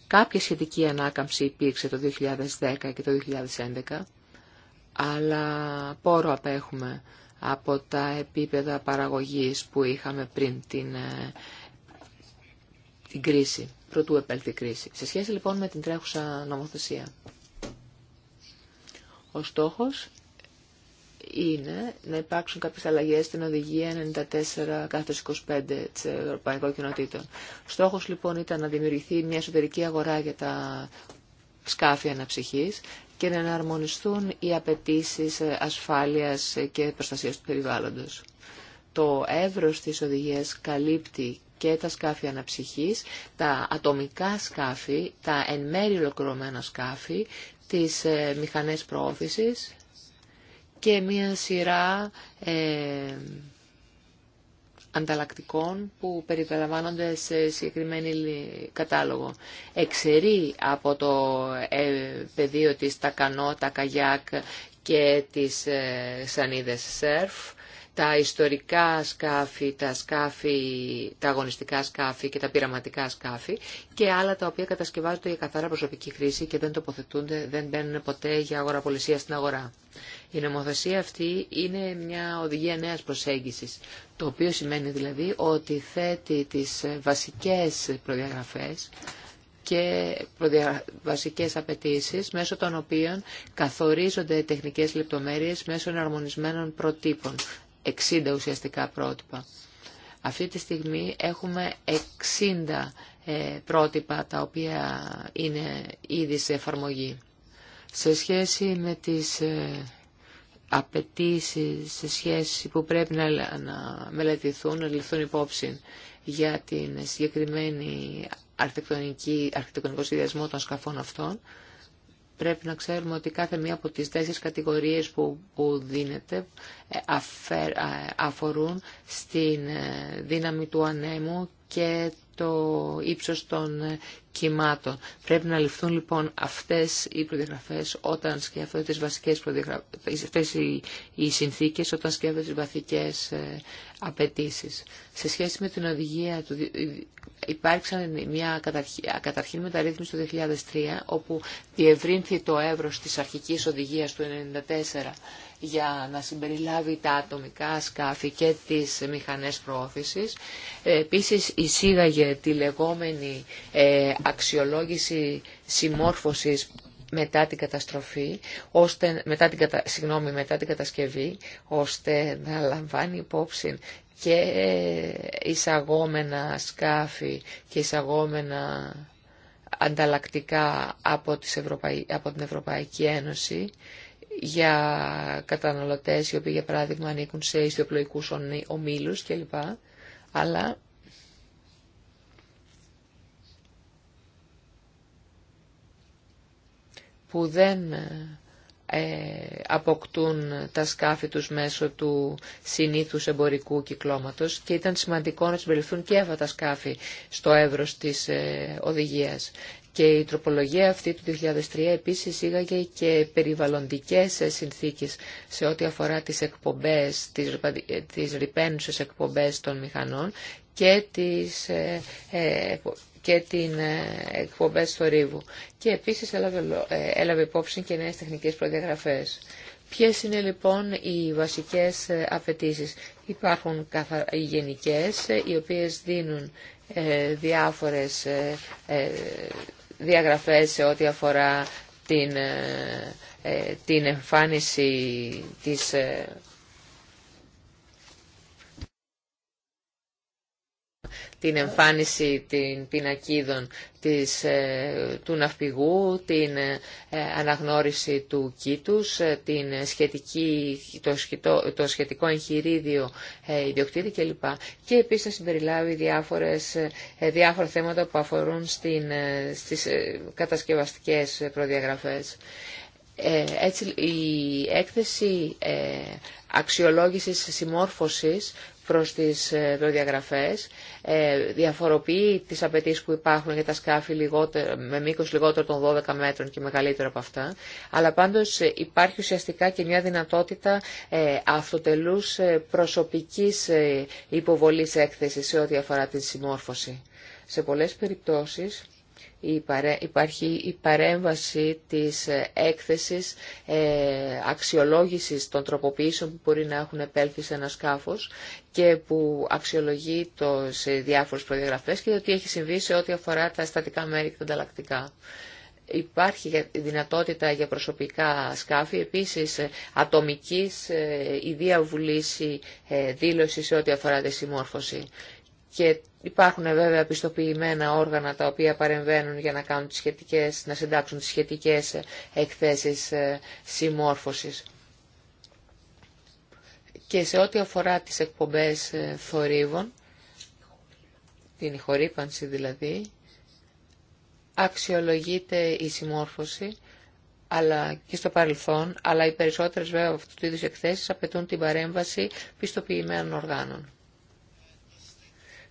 Κάποια σχετική ανάκαμψη υπήρξε το 2010 και το 2011, αλλά πόρο απέχουμε από τα επίπεδα παραγωγής που είχαμε πριν την, ε, την κρίση, πρωτού επέλθει κρίση. Σε σχέση λοιπόν με την τρέχουσα νομοθεσία. Ο στόχος είναι να υπάρξουν κάποιες αλλαγές στην οδηγία 94-25 της Ευρωπαϊκών Κοινοτήτων. Στόχος λοιπόν ήταν να δημιουργηθεί μια εσωτερική αγορά για τα σκάφη αναψυχής και να εναρμονιστούν οι απαιτήσει ασφάλειας και προστασίας του περιβάλλοντος. Το εύρος της οδηγίας καλύπτει και τα σκάφη αναψυχής, τα ατομικά σκάφη, τα εν μέρη ολοκληρωμένα σκάφη, τις ε, μηχανές προώθησης, και μια σειρά ε, ανταλλακτικών που περιλαμβάνονται σε συγκεκριμένη κατάλογο. Εξαιρεί από το ε, πεδίο της τα κανό, τα καγιάκ και τις ε, σανίδες σερφ τα ιστορικά σκάφη, τα, σκάφη, τα αγωνιστικά σκάφη και τα πειραματικά σκάφη και άλλα τα οποία κατασκευάζονται για καθαρά προσωπική χρήση και δεν τοποθετούνται, δεν μπαίνουν ποτέ για αγοραπολισία στην αγορά. Η νομοθεσία αυτή είναι μια οδηγία νέας προσέγγισης, το οποίο σημαίνει δηλαδή ότι θέτει τις βασικές προδιαγραφές και προδια... βασικές απαιτήσει μέσω των οποίων καθορίζονται τεχνικές λεπτομέρειες μέσω εναρμονισμένων προτύπων. 60 ουσιαστικά πρότυπα. Αυτή τη στιγμή έχουμε 60 ε, πρότυπα τα οποία είναι ήδη σε εφαρμογή. Σε σχέση με τις ε, απαιτήσει σε σχέση που πρέπει να, να μελετηθούν, να ληφθούν υπόψη για την συγκεκριμένη αρχιτεκτονική, αρχιτεκτονικό σχεδιασμό των σκαφών αυτών, πρέπει να ξέρουμε ότι κάθε μία από τις τέσσερις κατηγορίες που, που δίνεται ε, ε, αφορούν στην ε, δύναμη του ανέμου και το ύψος των ε, κυμάτων. Πρέπει να ληφθούν λοιπόν αυτές οι προδιαγραφές όταν σκέφτονται τις βασικές προδιαγραφές, αυτές οι, συνθήκες όταν σκέφτονται τις βαθικές ε, απαιτήσει. Σε σχέση με την οδηγία του, υπάρξαν μια καταρχήν μεταρρύθμιση το 2003 όπου διευρύνθη το εύρος της αρχικής οδηγίας του 1994 για να συμπεριλάβει τα ατομικά σκάφη και τις μηχανές προώθησης. Ε, επίσης εισήγαγε ε, τη λεγόμενη ε, αξιολόγηση συμμόρφωσης μετά την καταστροφή, ώστε, μετά την, κατα, μετά την κατασκευή, ώστε να λαμβάνει υπόψη και εισαγόμενα σκάφη και εισαγόμενα ανταλλακτικά από, τις από την Ευρωπαϊκή Ένωση για καταναλωτές οι οποίοι για παράδειγμα ανήκουν σε ιστιοπλοϊκούς ομίλους κλπ. Αλλά που δεν ε, ε, αποκτούν τα σκάφη τους μέσω του συνήθους εμπορικού κυκλώματος και ήταν σημαντικό να συμπεριληφθούν και αυτά τα σκάφη στο εύρος της ε, οδηγίας. Και η τροπολογία αυτή του 2003 επίσης σήγαγε και περιβαλλοντικές συνθήκες σε ό,τι αφορά τις εκπομπές, τις, τις ρηπαίνουσες εκπομπές των μηχανών και τις και την ε, εκπομπές θορύβου. Και επίσης έλαβε, ε, έλαβε υπόψη και νέες τεχνικές προδιαγραφές. Ποιε είναι λοιπόν οι βασικές ε, απαιτήσεις. Υπάρχουν οι γενικές, οι οποίες δίνουν διάφορες διαγραφές σε ό,τι αφορά την, την εμφάνιση της την εμφάνιση των πινακίδων της, ε, του ναυπηγού, την ε, ε, αναγνώριση του κήτους, την σχετική, το, σχετικό, το σχετικό εγχειρίδιο ιδιοκτήτη κλπ. Και επίσης να συμπεριλάβει διάφορες, διάφορα θέματα που αφορούν στην, στις κατασκευαστικές προδιαγραφές. έτσι, η έκθεση αξιολόγησης συμμόρφωσης προς τις ε, προδιαγραφές, ε, διαφοροποιεί τις απαιτήσει που υπάρχουν για τα σκάφη με μήκος λιγότερο των 12 μέτρων και μεγαλύτερο από αυτά, αλλά πάντως ε, υπάρχει ουσιαστικά και μια δυνατότητα αυτοτελούς προσωπικής υποβολής έκθεσης σε ό,τι αφορά την συμμόρφωση. Σε πολλές περιπτώσεις υπάρχει η παρέμβαση της ε, έκθεσης ε, αξιολόγησης των τροποποιήσεων που μπορεί να έχουν επέλθει σε ένα σκάφος και που αξιολογεί το σε διάφορες προδιαγραφές και το τι έχει συμβεί σε ό,τι αφορά τα στατικά μέρη και τα ανταλλακτικά. Υπάρχει δυνατότητα για προσωπικά σκάφη, επίσης ε, ατομικής η διαβουλήση δήλωση σε ό,τι αφορά τη συμμόρφωση και υπάρχουν βέβαια πιστοποιημένα όργανα τα οποία παρεμβαίνουν για να, κάνουν τις σχετικές, να συντάξουν τις σχετικές εκθέσεις ε, συμμόρφωσης. Και σε ό,τι αφορά τις εκπομπές ε, θορύβων, την ηχορύπανση δηλαδή, αξιολογείται η συμμόρφωση αλλά και στο παρελθόν, αλλά οι περισσότερες βέβαια αυτού του είδους εκθέσεις απαιτούν την παρέμβαση πιστοποιημένων οργάνων.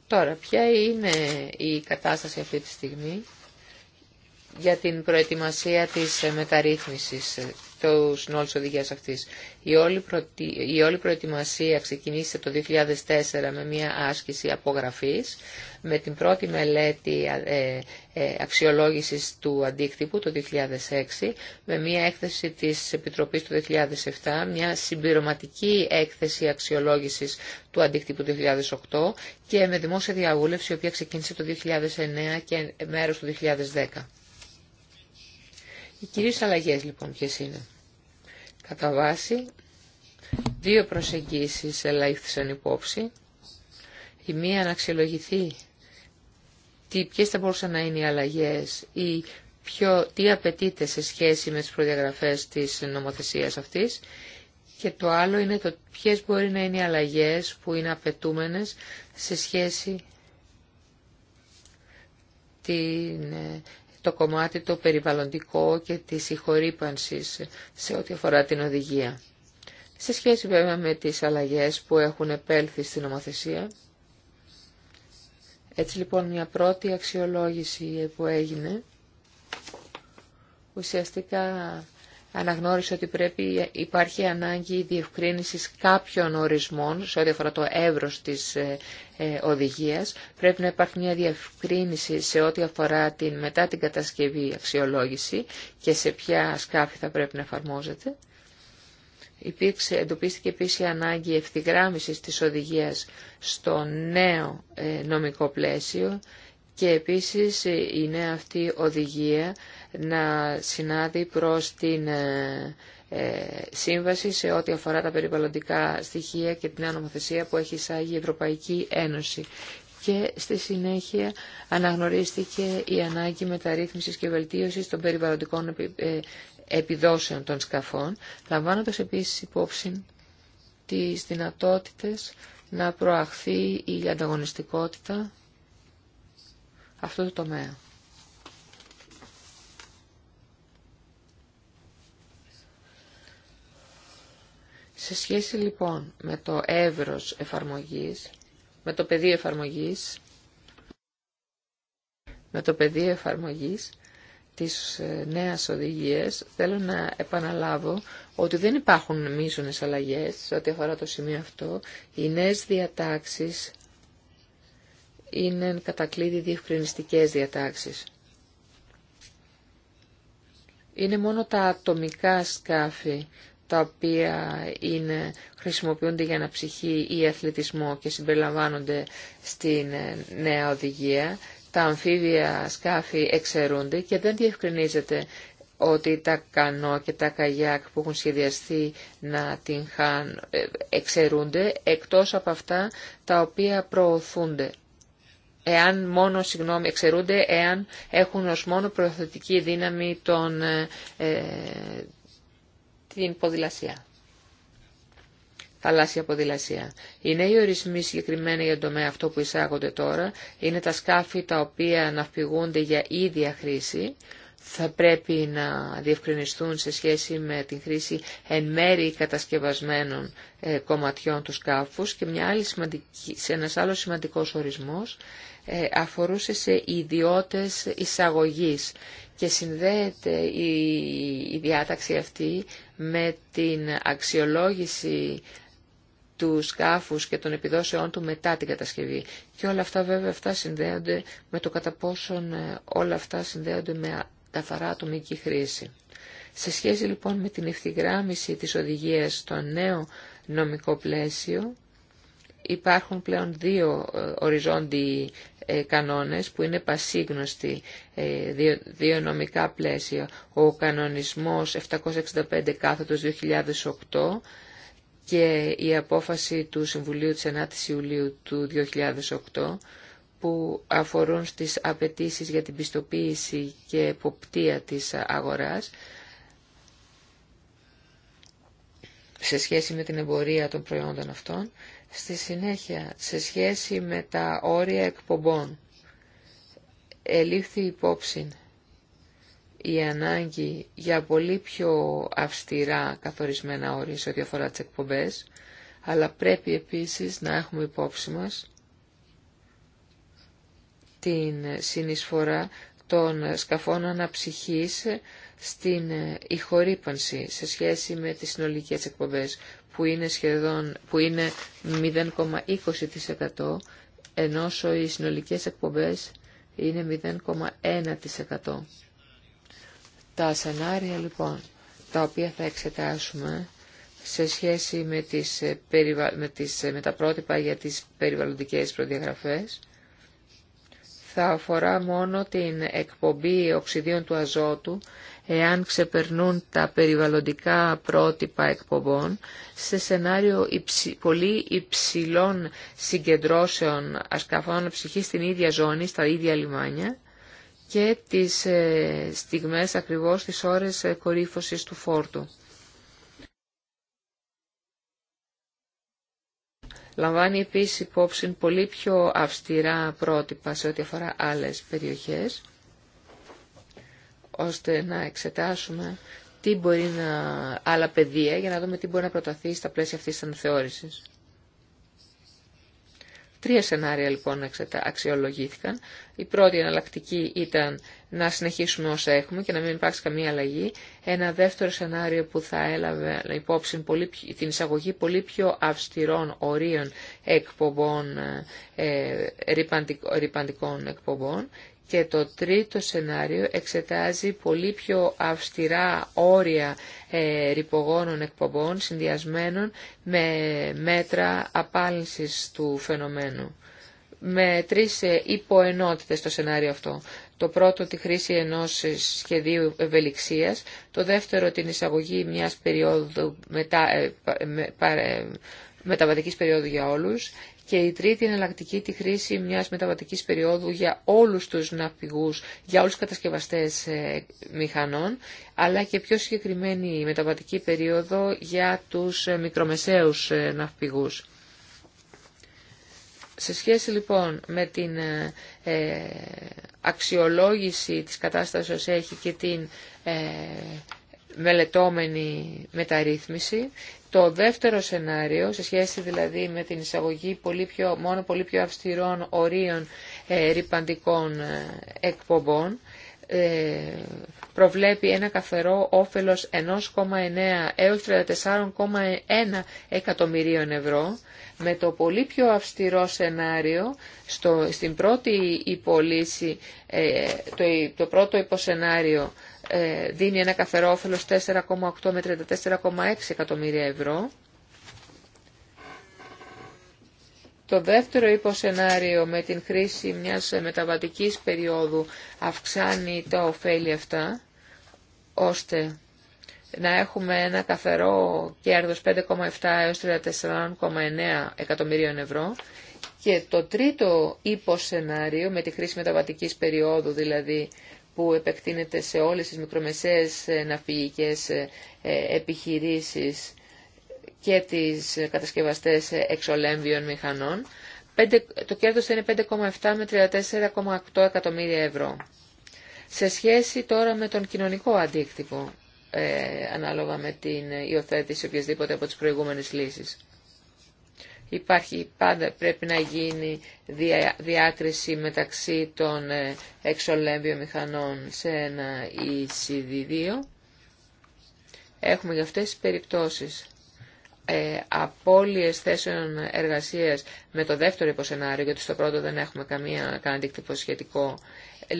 Τώρα, ποια είναι η κατάσταση αυτή τη στιγμή για την προετοιμασία της μεταρρύθμισης τους νόλους οδηγίας αυτής. Η όλη, η όλη προετοιμασία ξεκινήσε το 2004 με μια άσκηση απογραφής, με την πρώτη μελέτη ε, ε, ε, αξιολόγησης του αντίκτυπου το 2006, με μια έκθεση της Επιτροπής του 2007, μια συμπληρωματική έκθεση αξιολόγησης του αντίκτυπου το 2008 και με δημόσια διαβούλευση, η οποία ξεκίνησε το 2009 και μέρος του 2010. Οι κυρίες αλλαγές λοιπόν ποιες είναι. Κατά βάση, δύο προσεγγίσεις ελάφθησαν υπόψη. Η μία να αξιολογηθεί τι, ποιες θα μπορούσαν να είναι οι αλλαγές ή τι απαιτείται σε σχέση με τις προδιαγραφές της νομοθεσίας αυτής και το άλλο είναι το ποιες μπορεί να είναι οι αλλαγές που είναι απαιτούμενες σε σχέση την ε, το κομμάτι το περιβαλλοντικό και τη συγχωρήπανσης σε ό,τι αφορά την οδηγία. Σε σχέση βέβαια με τις αλλαγές που έχουν επέλθει στην νομοθεσία, έτσι λοιπόν μια πρώτη αξιολόγηση που έγινε ουσιαστικά αναγνώρισε ότι πρέπει υπάρχει ανάγκη διευκρίνησης κάποιων ορισμών σε ό,τι αφορά το εύρος της ε, ε, οδηγίας. Πρέπει να υπάρχει μια διευκρίνηση σε ό,τι αφορά την, μετά την κατασκευή αξιολόγηση και σε ποια σκάφη θα πρέπει να εφαρμόζεται. Υπήρξε, εντοπίστηκε επίσης η ανάγκη ευθυγράμμισης της οδηγίας στο νέο ε, νομικό πλαίσιο και επίσης η νέα αυτή οδηγία να συνάδει προς την ε, ε, σύμβαση σε ό,τι αφορά τα περιβαλλοντικά στοιχεία και την ανομοθεσία που έχει εισάγει η Ευρωπαϊκή Ένωση. Και στη συνέχεια αναγνωρίστηκε η ανάγκη μεταρρύθμισης και βελτίωσης των περιβαλλοντικών ε, επιδόσεων των σκαφών, λαμβάνοντας επίσης υπόψη τις δυνατότητες να προαχθεί η ανταγωνιστικότητα αυτού του τομέα. Σε σχέση λοιπόν με το εύρος εφαρμογής, με το πεδίο εφαρμογής, με το πεδίο εφαρμογής της ε, νέας οδηγίας, θέλω να επαναλάβω ότι δεν υπάρχουν μίσονες αλλαγές σε ό,τι αφορά το σημείο αυτό. Οι νέες διατάξεις είναι κατακλείδη διευκρινιστικές διατάξεις. Είναι μόνο τα ατομικά σκάφη τα οποία χρησιμοποιούνται για να αναψυχή ή αθλητισμό και συμπεριλαμβάνονται στην ε, νέα οδηγία. Τα αμφίβια σκάφη εξαιρούνται και δεν διευκρινίζεται ότι τα κανό και τα καγιάκ που έχουν σχεδιαστεί να την χάν ε, εξαιρούνται εκτός από αυτά τα οποία προωθούνται. Εάν μόνο, συγγνώμη, εξαιρούνται εάν έχουν ως μόνο προωθητική δύναμη τον, ε, την ποδηλασία. Θαλάσσια ποδηλασία. Οι νέοι ορισμοί συγκεκριμένοι για τον τομέα αυτό που εισάγονται τώρα είναι τα σκάφη τα οποία ναυπηγούνται για ίδια χρήση, θα πρέπει να διευκρινιστούν σε σχέση με την χρήση εν μέρη κατασκευασμένων ε, κομματιών του σκάφους και μια άλλη σε ένας άλλος σημαντικός ορισμός ε, αφορούσε σε ιδιώτες εισαγωγής και συνδέεται η, διάταξη αυτή με την αξιολόγηση του σκάφους και των επιδόσεών του μετά την κατασκευή. Και όλα αυτά βέβαια αυτά συνδέονται με το κατά πόσον ε, όλα αυτά συνδέονται με καθαρά ατομική χρήση. Σε σχέση λοιπόν με την ευθυγράμμιση της οδηγίας στο νέο νομικό πλαίσιο, υπάρχουν πλέον δύο ε, οριζόντιοι ε, κανόνες που είναι πασίγνωστοι, ε, δύο νομικά πλαίσια. Ο κανονισμός 765 κάθετος 2008 και η απόφαση του Συμβουλίου της 9 η Ιουλίου του 2008 που αφορούν στις απαιτήσει για την πιστοποίηση και εποπτεία της αγοράς σε σχέση με την εμπορία των προϊόντων αυτών Στη συνέχεια, σε σχέση με τα όρια εκπομπών, ελήφθη υπόψη η ανάγκη για πολύ πιο αυστηρά καθορισμένα όρια σε ό,τι αφορά τις εκπομπές, αλλά πρέπει επίσης να έχουμε υπόψη μας την συνεισφορά των σκαφών αναψυχής στην ηχορύπανση σε σχέση με τις συνολικές εκπομπές που είναι, σχεδόν, που είναι 0,20% ενώ οι συνολικές εκπομπές είναι 0,1%. Τα σενάρια λοιπόν τα οποία θα εξετάσουμε σε σχέση με, τις, ε, με, τις, ε, με τα πρότυπα για τις περιβαλλοντικές προδιαγραφές θα αφορά μόνο την εκπομπή οξυδίων του αζότου εάν ξεπερνούν τα περιβαλλοντικά πρότυπα εκπομπών σε σενάριο πολύ υψηλών συγκεντρώσεων ασκαφών ψυχής στην ίδια ζώνη, στα ίδια λιμάνια και τις ε, στιγμές ακριβώς τις ώρες ε, κορύφωσης του φόρτου. Λαμβάνει επίσης υπόψη πολύ πιο αυστηρά πρότυπα σε ό,τι αφορά άλλες περιοχές ώστε να εξετάσουμε τι μπορεί να... άλλα πεδία για να δούμε τι μπορεί να προταθεί στα πλαίσια αυτής της αναθεώρησης. Τρία σενάρια λοιπόν αξιολογήθηκαν. Η πρώτη εναλλακτική ήταν να συνεχίσουμε όσα έχουμε και να μην υπάρξει καμία αλλαγή. Ένα δεύτερο σενάριο που θα έλαβε υπόψη την εισαγωγή πολύ πιο αυστηρών ορίων ε, ε, ρηπαντικών εκπομπών και το τρίτο σενάριο εξετάζει πολύ πιο αυστηρά όρια ε, ρηπογόνων εκπομπών συνδυασμένων με μέτρα απάλυνσης του φαινομένου. Με τρεις ε, υποενότητες το σενάριο αυτό. Το πρώτο τη χρήση ενός σχεδίου ευελιξίας, το δεύτερο την εισαγωγή μιας περίοδου ε, ε, μεταβατικής περίοδου για όλους και η τρίτη εναλλακτική τη χρήση μιας μεταβατικής περίοδου για όλους τους ναυπηγούς, για όλους τους κατασκευαστές ε, μηχανών, αλλά και πιο συγκεκριμένη μεταβατική περίοδο για τους ε, μικρομεσαίους ε, ναυπηγούς. Σε σχέση λοιπόν με την αξιολόγηση της κατάστασης έχει και την ε, μελετώμενη μεταρρύθμιση, το δεύτερο σενάριο, σε σχέση δηλαδή με την εισαγωγή πολύ πιο, μόνο πολύ πιο αυστηρών ορίων ε, ρηπαντικών ε, εκπομπών, ε, προβλέπει ένα καθαρό όφελος 1,9 έως 34,1 εκατομμυρίων ευρώ, με το πολύ πιο αυστηρό σενάριο, στο, στην πρώτη υπολύση, ε, το, το πρώτο υποσενάριο ε, δίνει ένα καθαρό όφελος 4,8 με 34,6 εκατομμύρια ευρώ. Το δεύτερο υποσενάριο με την χρήση μιας μεταβατικής περίοδου αυξάνει τα ωφέλη αυτά, ώστε να έχουμε ένα καθαρό κέρδος 5,7 έως 34,9 εκατομμυρίων ευρώ. Και το τρίτο υποσενάριο με τη χρήση μεταβατικής περίοδου, δηλαδή που επεκτείνεται σε όλες τις μικρομεσαίες ε, ναυπηγικές ε, ε, επιχειρήσεις και τις κατασκευαστές εξολέμβιων μηχανών. Το κέρδος είναι 5,7 με 34,8 εκατομμύρια ευρώ. Σε σχέση τώρα με τον κοινωνικό αντίκτυπο, ε, ανάλογα με την υιοθέτηση οποιασδήποτε από τις προηγούμενες λύσεις. Υπάρχει πάντα πρέπει να γίνει διάκριση μεταξύ των ε, εξολέμβιων μηχανών σε ένα e CD2. Έχουμε για αυτές τις περιπτώσεις ε, απώλειες θέσεων εργασίας με το δεύτερο υποσενάριο, γιατί στο πρώτο δεν έχουμε καμία αντίκτυπο σχετικό,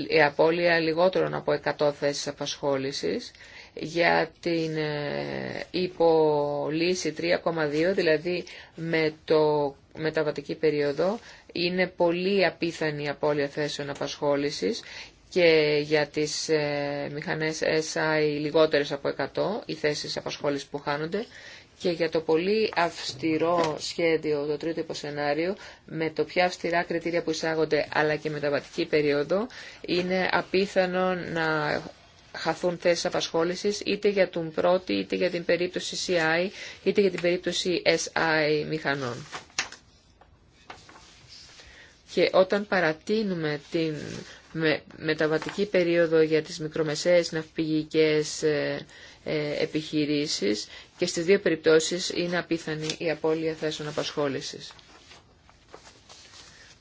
ε, απώλεια λιγότερων από 100 θέσεις απασχόλησης για την ε, υπολύση 3,2, δηλαδή με, το, μεταβατική περίοδο, είναι πολύ απίθανη απώλεια θέσεων απασχόλησης και για τις ε, μηχανές SI λιγότερες από 100 οι θέσεις απασχόλησης που χάνονται και για το πολύ αυστηρό σχέδιο, το τρίτο υποσενάριο, με το πιο αυστηρά κριτήρια που εισάγονται αλλά και μεταβατική περίοδο, είναι απίθανο να χαθούν θέσεις απασχόλησης είτε για τον πρώτη, είτε για την περίπτωση CI, είτε για την περίπτωση SI μηχανών. Και όταν παρατείνουμε την μεταβατική περίοδο για τις μικρομεσαίες ναυπηγικές ε, ε, επιχειρήσεις και στις δύο περιπτώσεις είναι απίθανη η απώλεια θέσεων απασχόλησης.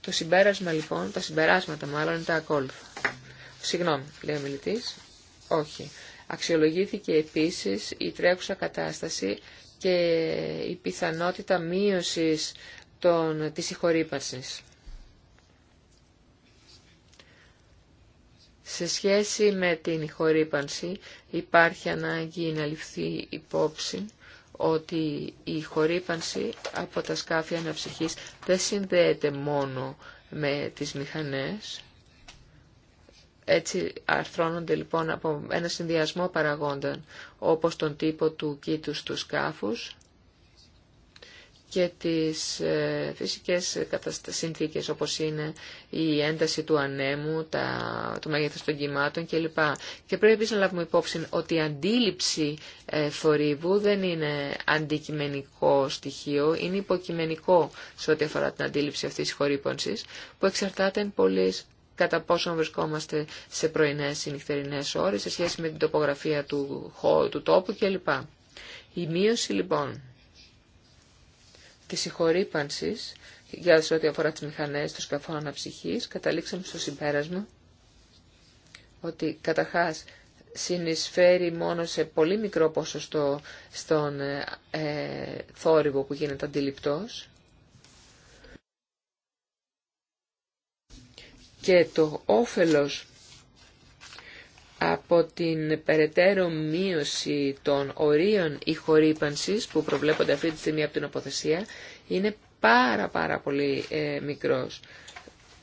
Το συμπέρασμα λοιπόν, τα συμπεράσματα μάλλον είναι τα ακόλουθα. Συγγνώμη, λέει ο όχι. Αξιολογήθηκε επίσης η τρέχουσα κατάσταση και η πιθανότητα μείωσης των, της συγχωρήπασης. Σε σχέση με την χορύπανση υπάρχει ανάγκη να ληφθεί υπόψη ότι η χορύπανση από τα σκάφη αναψυχής δεν συνδέεται μόνο με τις μηχανές, έτσι αρθρώνονται λοιπόν από ένα συνδυασμό παραγόντων, όπως τον τύπο του κήτους του σκάφους και τις ε, φυσικές συνθήκες, όπως είναι η ένταση του ανέμου, τα, το μέγεθος των κυμάτων κλπ. Και πρέπει επίσης να λάβουμε υπόψη ότι η αντίληψη ε, θορύβου δεν είναι αντικειμενικό στοιχείο, είναι υποκειμενικό σε ό,τι αφορά την αντίληψη αυτής της χορύπωνσης, που εξαρτάται πολύ κατά πόσο βρισκόμαστε σε πρωινές ή νυχτερινές ώρες, σε σχέση με την τοπογραφία του, του τόπου κλπ. Η μείωση λοιπόν της συγχωρήπανσης για ό,τι αφορά τις μηχανές των σκαφών αναψυχής, καταλήξαμε στο συμπέρασμα ότι καταχάς συνεισφέρει μόνο σε πολύ μικρό ποσοστό στον ε, ε, θόρυβο που γίνεται αντιληπτός και το όφελος από την περαιτέρω μείωση των ορίων ηχορύπανσης που προβλέπονται αυτή τη στιγμή από την αποθεσία είναι πάρα πάρα πολύ ε, μικρός,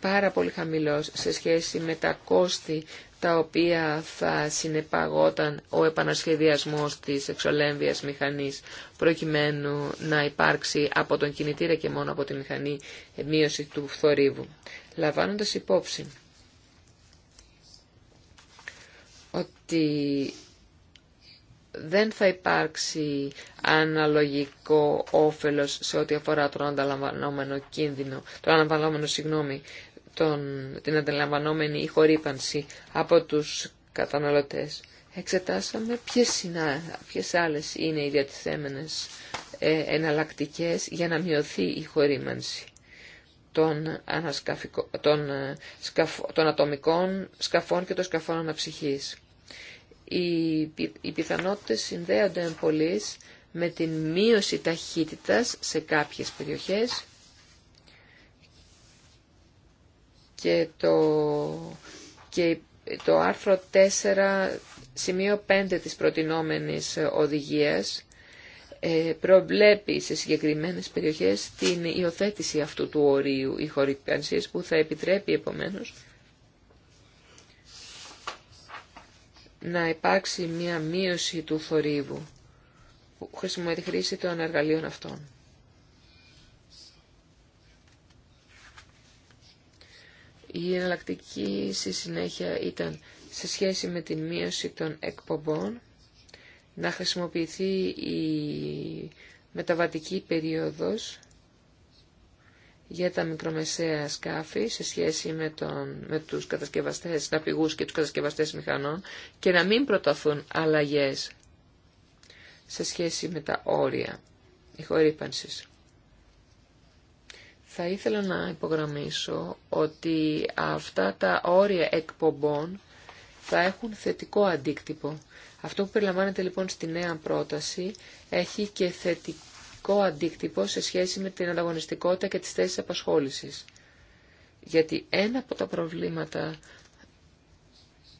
πάρα πολύ χαμηλός σε σχέση με τα κόστη τα οποία θα συνεπαγόταν ο επανασχεδιασμός της εξολέμβιας μηχανής προκειμένου να υπάρξει από τον κινητήρα και μόνο από τη μηχανή μείωση του θορύβου λαμβάνοντας υπόψη ότι δεν θα υπάρξει αναλογικό όφελος σε ό,τι αφορά τον ανταλαμβανόμενο κίνδυνο, τον αναλαμβανόμενο συγγνώμη, τον, την ανταλαμβανόμενη ηχορύπανση από τους καταναλωτές. Εξετάσαμε ποιες, είναι, ποιες άλλες είναι οι διατηθέμενες ε, εναλλακτικές για να μειωθεί η χορήμανση των, των, ε, των ατομικών σκαφών και των σκαφών αναψυχής. Οι, οι πιθανότητες συνδέονται εν με την μείωση ταχύτητας σε κάποιες περιοχές και το, και το άρθρο 4 σημείο 5 της προτινόμενης οδηγίας ε, προβλέπει σε συγκεκριμένες περιοχές την υιοθέτηση αυτού του ορίου η χωρικανσίες που θα επιτρέπει επομένως να υπάρξει μία μείωση του θορύβου που χρησιμοποιεί τη χρήση των εργαλείων αυτών. Η εναλλακτική στη συνέχεια ήταν σε σχέση με την μείωση των εκπομπών να χρησιμοποιηθεί η μεταβατική περίοδος για τα μικρομεσαία σκάφη σε σχέση με, τον, με τους κατασκευαστές ναυπηγούς και τους κατασκευαστές μηχανών και να μην προταθούν αλλαγές σε σχέση με τα όρια ηχορύπανσης. Θα ήθελα να υπογραμμίσω ότι αυτά τα όρια εκπομπών θα έχουν θετικό αντίκτυπο αυτό που περιλαμβάνεται λοιπόν στη νέα πρόταση έχει και θετικό αντίκτυπο σε σχέση με την ανταγωνιστικότητα και τις θέσεις απασχόλησης. Γιατί ένα από τα προβλήματα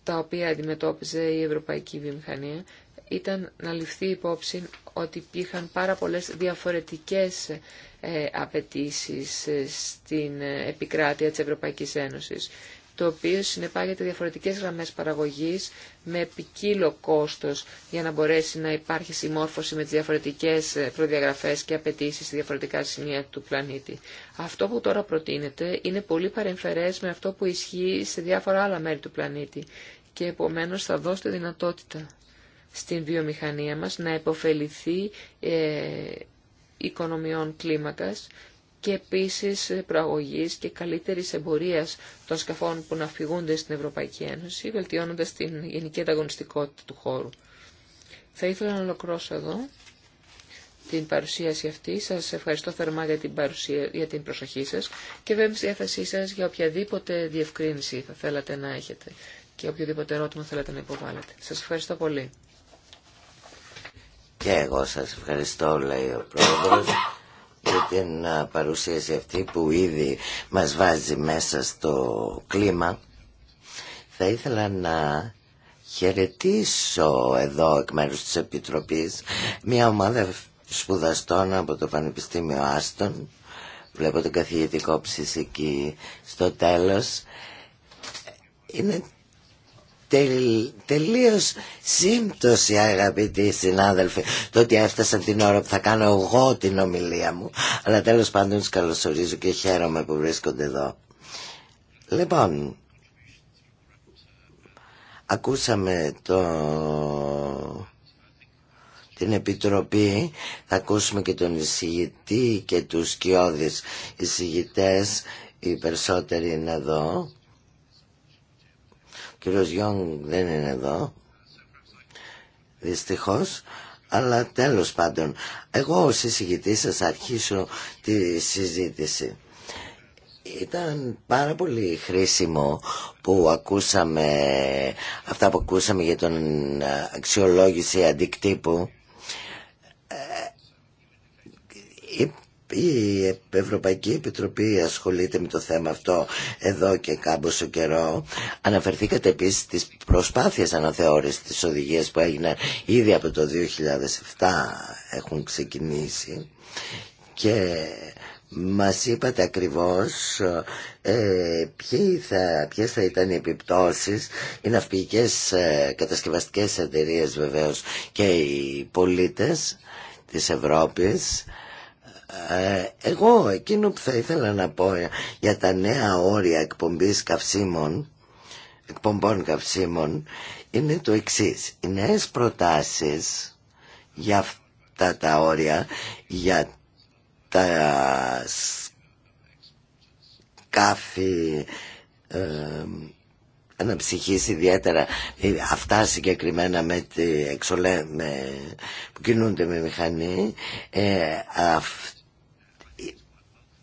τα οποία αντιμετώπιζε η Ευρωπαϊκή Βιομηχανία ήταν να ληφθεί υπόψη ότι υπήρχαν πάρα πολλές διαφορετικές ε, απαιτήσει ε, στην ε, επικράτεια της Ευρωπαϊκής Ένωσης το οποίο συνεπάγεται διαφορετικές γραμμές παραγωγής με ποικίλο κόστος για να μπορέσει να υπάρχει συμμόρφωση με τις διαφορετικές ε, προδιαγραφές και απαιτήσεις σε διαφορετικά σημεία του πλανήτη. Αυτό που τώρα προτείνεται είναι πολύ παρεμφερές με αυτό που ισχύει σε διάφορα άλλα μέρη του πλανήτη και επομένως θα δώσετε δυνατότητα στην βιομηχανία μας να υποφεληθεί ε, οικονομιών κλίμακας και επίσης προαγωγής και καλύτερης εμπορίας των σκαφών που να φυγούνται στην Ευρωπαϊκή Ένωση, βελτιώνοντας την γενική ανταγωνιστικότητα του χώρου. Θα ήθελα να ολοκληρώσω εδώ την παρουσίαση αυτή. Σας ευχαριστώ θερμά για την, παρουσία, για την προσοχή σας και βέβαια στη διάθεσή σας για οποιαδήποτε διευκρίνηση θα θέλατε να έχετε και οποιοδήποτε ερώτημα θέλατε να υποβάλλετε. Σας ευχαριστώ πολύ. Και εγώ σας ευχαριστώ, λέει ο πρόεδρος για την παρουσίαση αυτή που ήδη μας βάζει μέσα στο κλίμα. Θα ήθελα να χαιρετήσω εδώ εκ μέρους της Επιτροπής μια ομάδα σπουδαστών από το Πανεπιστήμιο Άστον. Βλέπω τον καθηγητικό ψησική εκεί στο τέλος. Είναι τελ, τελείως σύμπτωση αγαπητοί συνάδελφοι το ότι έφτασα την ώρα που θα κάνω εγώ την ομιλία μου αλλά τέλος πάντων τους καλωσορίζω και χαίρομαι που βρίσκονται εδώ λοιπόν ακούσαμε το την Επιτροπή θα ακούσουμε και τον εισηγητή και τους σκιώδεις εισηγητές οι περισσότεροι είναι εδώ κύριος Γιόγκ δεν είναι εδώ, δυστυχώς, αλλά τέλος πάντων, εγώ ως εισηγητής σας αρχίσω τη συζήτηση. Ήταν πάρα πολύ χρήσιμο που ακούσαμε αυτά που ακούσαμε για τον αξιολόγηση αντικτύπου ε, η Ευρωπαϊκή Επιτροπή ασχολείται με το θέμα αυτό εδώ και κάμποσο καιρό. Αναφερθήκατε επίσης στις προσπάθειες αναθεώρησης της οδηγίας που έγιναν ήδη από το 2007 έχουν ξεκινήσει και μας είπατε ακριβώς ε, θα, ήταν οι επιπτώσεις οι ναυπηγικές ε, κατασκευαστικές εταιρείε βεβαίως και οι πολίτες της Ευρώπης ε, εγώ εκείνο που θα ήθελα να πω για τα νέα όρια εκπομπής καυσίμων, εκπομπών καυσίμων είναι το εξής. Οι νέες προτάσεις για αυτά τα όρια, για τα σκάφη ε, αναψυχής ιδιαίτερα ε, αυτά συγκεκριμένα με τη εξολέ, με, που κινούνται με μηχανή ε,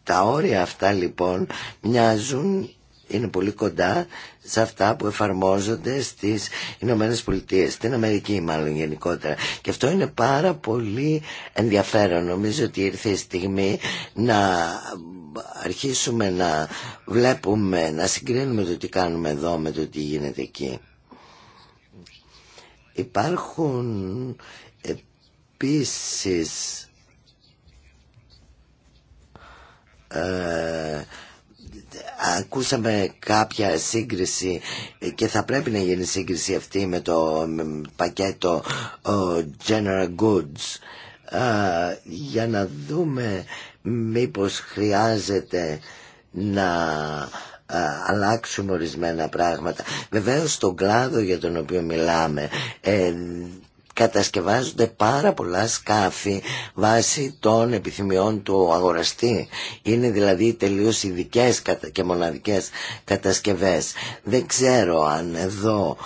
τα όρια αυτά λοιπόν μοιάζουν, είναι πολύ κοντά σε αυτά που εφαρμόζονται στις Ηνωμένε Πολιτείες, στην Αμερική μάλλον γενικότερα. Και αυτό είναι πάρα πολύ ενδιαφέρον. Νομίζω ότι ήρθε η στιγμή να αρχίσουμε να βλέπουμε, να συγκρίνουμε το τι κάνουμε εδώ με το τι γίνεται εκεί. Υπάρχουν επίσης Ε, ακούσαμε κάποια σύγκριση και θα πρέπει να γίνει σύγκριση αυτή με το πακέτο General Goods ε, για να δούμε μήπως χρειάζεται να ε, αλλάξουμε ορισμένα πράγματα. Βεβαίως στον κλάδο για τον οποίο μιλάμε κατασκευάζονται πάρα πολλά σκάφη βάσει των επιθυμιών του αγοραστή. Είναι δηλαδή τελείω ειδικέ και μοναδικές κατασκευές. Δεν ξέρω αν εδώ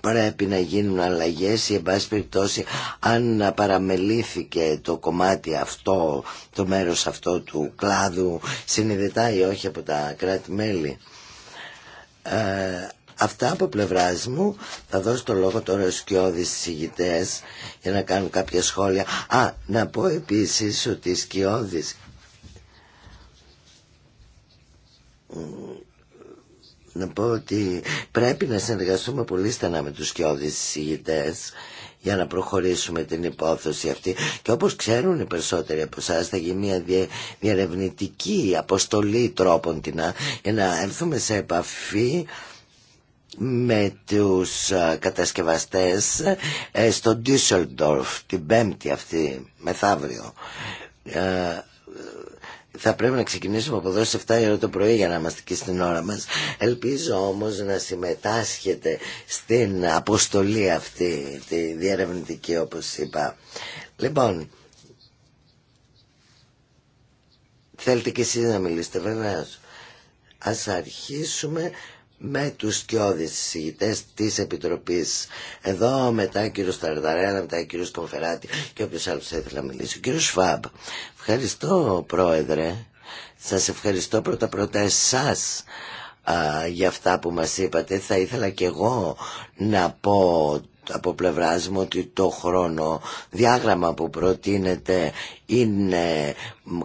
πρέπει να γίνουν αλλαγές ή εν πάση περιπτώσει αν παραμελήθηκε το κομμάτι αυτό, το μέρος αυτό του κλάδου συνειδητά ή όχι από τα κράτη-μέλη. Ε, Αυτά από πλευρά μου. Θα δώσω το λόγο τώρα στους σκιώδεις για να κάνουν κάποια σχόλια. Α, να πω επίσης ότι οι σκιώδεις να πω ότι πρέπει να συνεργαστούμε πολύ στενά με τους σκιώδεις συγητές για να προχωρήσουμε την υπόθεση αυτή και όπως ξέρουν οι περισσότεροι από εσά θα γίνει μια διερευνητική αποστολή τρόπων για να έρθουμε σε επαφή με τους ε, κατασκευαστές ε, στο Düsseldorf την πέμπτη αυτή μεθαύριο ε, θα πρέπει να ξεκινήσουμε από εδώ στις 7 η ώρα το πρωί για να είμαστε και στην ώρα μας. Ελπίζω όμως να συμμετάσχετε στην αποστολή αυτή, τη διαρευνητική όπως είπα. Λοιπόν, θέλετε και εσείς να μιλήσετε βεβαίω. Ας αρχίσουμε με τους σκιώδεις συζητητές της Επιτροπής εδώ μετά κύριο Σταρδαρένα, μετά κύριο κύριος Κομφεράτη και όποιος άλλος θα ήθελε να μιλήσει ο κύριος Φαμπ ευχαριστώ πρόεδρε σας ευχαριστώ πρώτα πρώτα εσάς για αυτά που μας είπατε θα ήθελα και εγώ να πω από πλευράς μου ότι το χρόνο διάγραμμα που προτείνεται είναι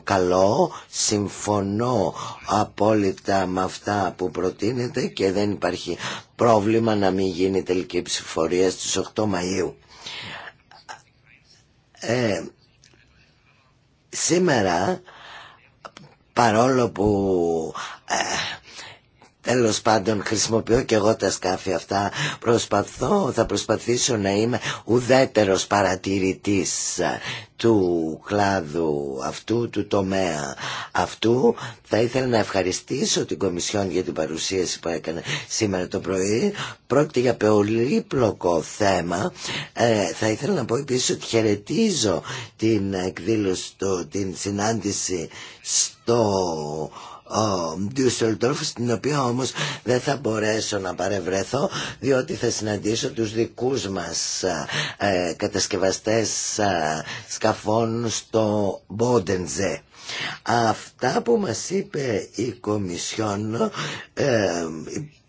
καλό, συμφωνώ απόλυτα με αυτά που προτείνεται και δεν υπάρχει πρόβλημα να μην γίνει τελική ψηφορία στις 8 Μαΐου. Ε, σήμερα παρόλο που ε, Τέλο πάντων χρησιμοποιώ και εγώ τα σκάφη αυτά. Προσπαθώ, θα προσπαθήσω να είμαι ουδέτερος παρατηρητής του κλάδου αυτού, του τομέα αυτού. Θα ήθελα να ευχαριστήσω την Κομισιόν για την παρουσίαση που έκανε σήμερα το πρωί. Πρόκειται για πολύπλοκο θέμα. Ε, θα ήθελα να πω επίση ότι χαιρετίζω την εκδήλωση, την συνάντηση στο Ντιουσελντόρφ στην οποία όμως δεν θα μπορέσω να παρευρεθώ διότι θα συναντήσω τους δικούς μας ε, ε κατασκευαστές ε, σκαφών στο Μπόντενζε. Αυτά που μας είπε η Κομισιόν ε,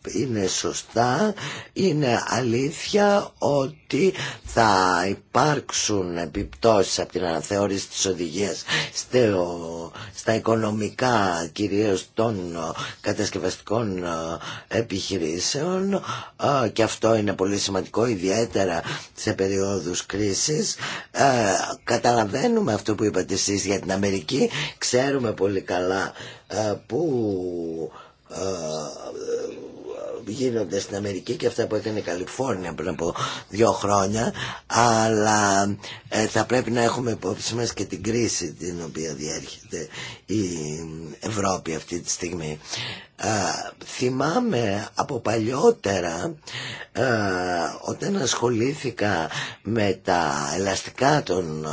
είναι σωστά, είναι αλήθεια ότι θα υπάρξουν επιπτώσεις από την αναθεώρηση της οδηγίας στα οικονομικά κυρίως των κατασκευαστικών επιχειρήσεων και αυτό είναι πολύ σημαντικό ιδιαίτερα σε περίοδους κρίσης. Καταλαβαίνουμε αυτό που είπατε εσείς για την Αμερική, ξέρουμε πολύ καλά που γίνονται στην Αμερική και αυτά που έκανε η Καλιφόρνια πριν από δύο χρόνια αλλά ε, θα πρέπει να έχουμε υπόψη μας και την κρίση την οποία διέρχεται η Ευρώπη αυτή τη στιγμή. Ε, θυμάμαι από παλιότερα ε, όταν ασχολήθηκα με τα ελαστικά των ε,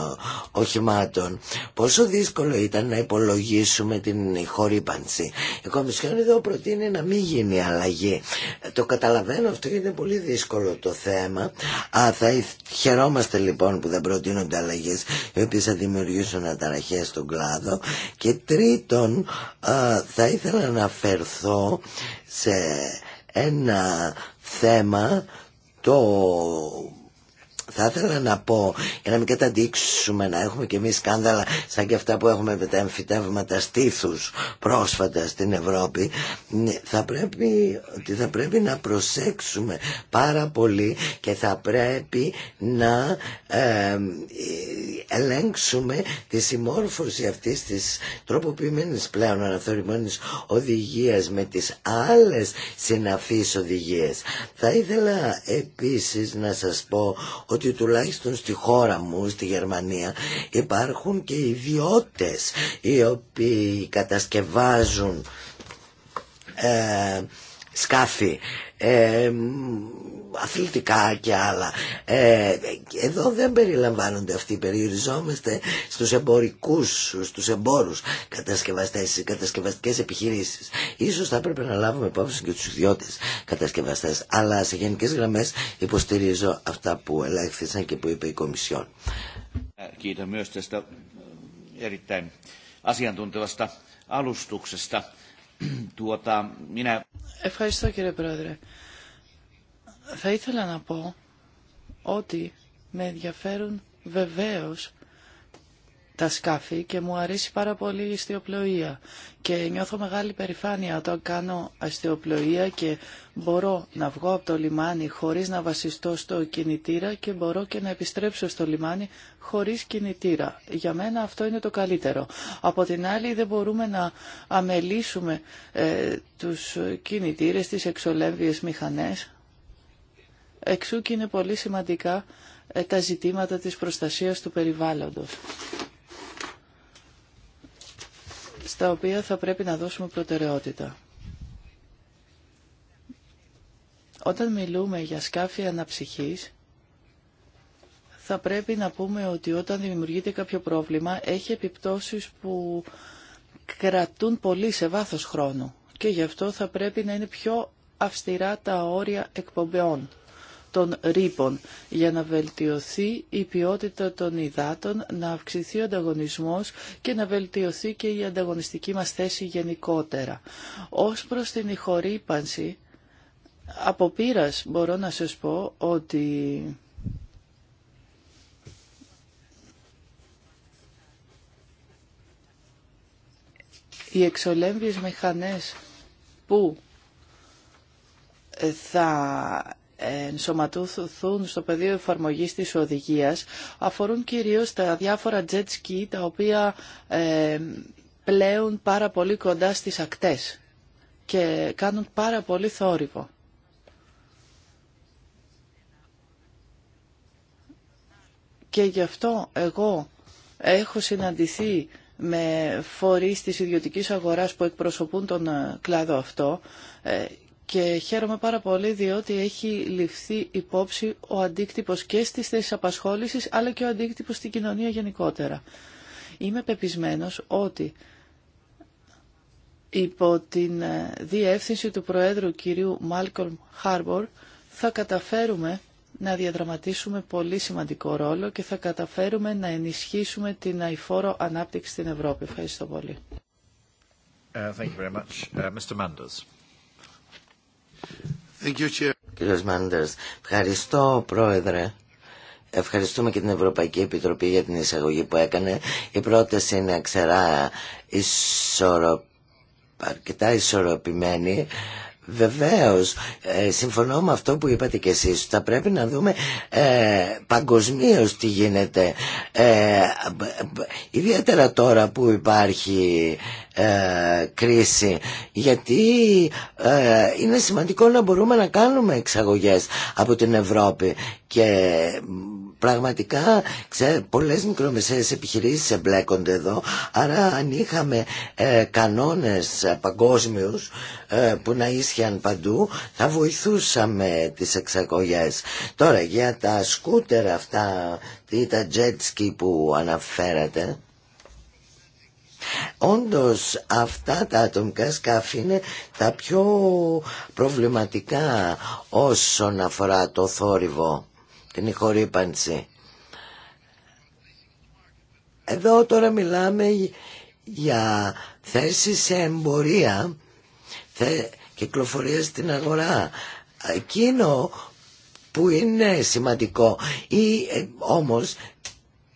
οχημάτων πόσο δύσκολο ήταν να υπολογίσουμε την χορύπανση. Η Κομισιόν εδώ προτείνει να μην γίνει αλλαγή το καταλαβαίνω αυτό γιατί είναι πολύ δύσκολο το θέμα. Α, θα χαιρόμαστε λοιπόν που δεν προτείνονται αλλαγέ οι οποίε θα δημιουργήσουν αταραχέ στον κλάδο. Και τρίτον, α, θα ήθελα να αναφερθώ σε ένα θέμα το θα ήθελα να πω για να μην καταντήξουμε να έχουμε και εμείς σκάνδαλα σαν και αυτά που έχουμε με τα εμφυτεύματα στήθους πρόσφατα στην Ευρώπη ναι, θα πρέπει, ότι θα πρέπει να προσέξουμε πάρα πολύ και θα πρέπει να ελέγξουμε τη συμμόρφωση αυτής της τροποποιημένης πλέον αναθεωρημένης οδηγίας με τις άλλες συναφείς οδηγίες. Θα ήθελα επίσης να σας πω ότι ότι τουλάχιστον στη χώρα μου, στη Γερμανία, υπάρχουν και ιδιώτες οι οποίοι κατασκευάζουν ε, σκάφη. Ε, αθλητικά και άλλα. Ε, εδώ δεν περιλαμβάνονται αυτοί, περιοριζόμαστε στους εμπορικούς, στους εμπόρους κατασκευαστές, κατασκευαστικές επιχειρήσεις. Ίσως θα έπρεπε να λάβουμε υπόψη και τους ιδιώτες κατασκευαστές, αλλά σε γενικές γραμμές υποστηρίζω αυτά που ελέγχθησαν και που είπε η Κομισιόν. Ε, Ευχαριστώ κύριε Πρόεδρε. Θα ήθελα να πω ότι με ενδιαφέρουν βεβαίως τα σκάφη και μου αρέσει πάρα πολύ η αστιοπλοεία και νιώθω μεγάλη περηφάνεια όταν κάνω αστιοπλοεία και μπορώ να βγω από το λιμάνι χωρίς να βασιστώ στο κινητήρα και μπορώ και να επιστρέψω στο λιμάνι χωρίς κινητήρα. Για μένα αυτό είναι το καλύτερο. Από την άλλη δεν μπορούμε να αμελήσουμε ε, τους κινητήρες, τις εξολέμβιες μηχανές Εξού και είναι πολύ σημαντικά ε, τα ζητήματα της προστασίας του περιβάλλοντος στα οποία θα πρέπει να δώσουμε προτεραιότητα. Όταν μιλούμε για σκάφη αναψυχής, θα πρέπει να πούμε ότι όταν δημιουργείται κάποιο πρόβλημα, έχει επιπτώσεις που κρατούν πολύ σε βάθος χρόνου και γι' αυτό θα πρέπει να είναι πιο αυστηρά τα όρια εκπομπεών των ρήπων για να βελτιωθεί η ποιότητα των υδάτων, να αυξηθεί ο ανταγωνισμός και να βελτιωθεί και η ανταγωνιστική μας θέση γενικότερα. Ως προς την ηχορύπανση, από πείρας μπορώ να σας πω ότι οι εξολέμβιες μηχανές που θα ενσωματωθούν στο πεδίο εφαρμογής της οδηγίας αφορούν κυρίως τα διάφορα jet ski τα οποία ε, πλέουν πάρα πολύ κοντά στις ακτές και κάνουν πάρα πολύ θόρυβο. Και γι' αυτό εγώ έχω συναντηθεί με φορείς της ιδιωτικής αγοράς που εκπροσωπούν τον ε, κλάδο αυτό ε, και χαίρομαι πάρα πολύ διότι έχει ληφθεί υπόψη ο αντίκτυπος και στις θέσεις απασχόλησης αλλά και ο αντίκτυπος στην κοινωνία γενικότερα. Είμαι πεπισμένος ότι υπό την ε, διεύθυνση του Προέδρου κυρίου Μάλκολμ Χάρμπορ θα καταφέρουμε να διαδραματίσουμε πολύ σημαντικό ρόλο και θα καταφέρουμε να ενισχύσουμε την αηφόρο ανάπτυξη στην Ευρώπη. Ευχαριστώ πολύ. Uh, thank you very uh, Κύριος Μάντερς, ευχαριστώ πρόεδρε. Ευχαριστούμε και την Ευρωπαϊκή Επιτροπή για την εισαγωγή που έκανε. Η πρόταση είναι ξερά ισορροπ... αρκετά ισορροπημένη. Βεβαίω, ε, συμφωνώ με αυτό που είπατε και εσεί, Θα πρέπει να δούμε ε, παγκοσμίως τι γίνεται. Ε, ιδιαίτερα τώρα που υπάρχει ε, κρίση. Γιατί είναι σημαντικό να μπορούμε να κάνουμε εξαγωγέ από την Ευρώπη. Και Πραγματικά πολλές μικρομεσαίες επιχειρήσεις εμπλέκονται εδώ, άρα αν είχαμε ε, κανόνες παγκόσμιους ε, που να ίσχυαν παντού θα βοηθούσαμε τις εξαγωγές. Τώρα για τα σκούτερ αυτά ή τα jet ski που αναφέρατε, Όντως αυτά τα ατομικά σκάφη είναι τα πιο προβληματικά όσον αφορά το θόρυβο την ηχορύπανση. Εδώ τώρα μιλάμε για θέση σε εμπορία, θε, κυκλοφορία στην αγορά. Εκείνο που είναι σημαντικό ή ε, όμως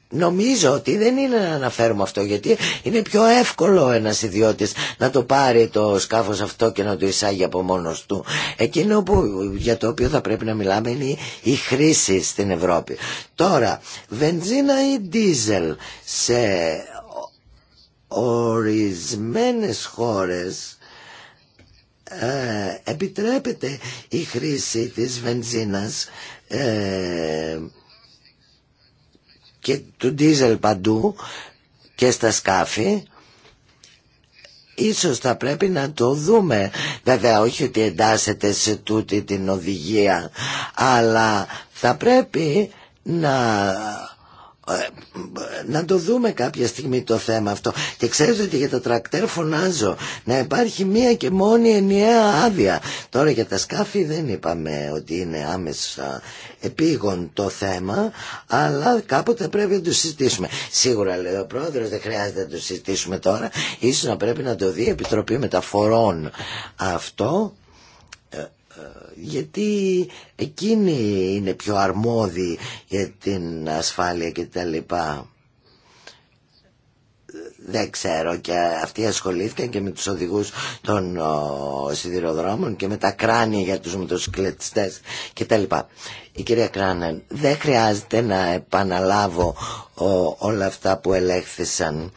Νομίζω ότι δεν είναι να αναφέρουμε αυτό γιατί είναι πιο εύκολο ένας ιδιώτης να το πάρει το σκάφος αυτό και να το εισάγει από μόνος του. Εκείνο που, για το οποίο θα πρέπει να μιλάμε είναι η χρήση στην Ευρώπη. Τώρα, βενζίνα ή ντίζελ σε ορισμένες χώρες ε, επιτρέπεται η διζελ σε της βενζίνας ε, και του ντίζελ παντού και στα σκάφη ίσως θα πρέπει να το δούμε βέβαια όχι ότι εντάσσεται σε τούτη την οδηγία αλλά θα πρέπει να ε, να το δούμε κάποια στιγμή το θέμα αυτό και ξέρετε ότι για τα τρακτέρ φωνάζω να υπάρχει μία και μόνη ενιαία άδεια τώρα για τα σκάφη δεν είπαμε ότι είναι άμεσα επίγον το θέμα αλλά κάποτε πρέπει να το συζητήσουμε σίγουρα λέει ο πρόεδρος δεν χρειάζεται να το συζητήσουμε τώρα ίσως να πρέπει να το δει η Επιτροπή Μεταφορών αυτό γιατί εκείνη είναι πιο αρμόδη για την ασφάλεια και τα λοιπά. Δεν ξέρω και αυτοί ασχολήθηκαν και με τους οδηγούς των σιδηροδρόμων και με τα κράνια για τους μοτοσυκλετιστές και τα λοιπά. Η κυρία Κράνεν, δεν χρειάζεται να επαναλάβω όλα αυτά που ελέγχθησαν.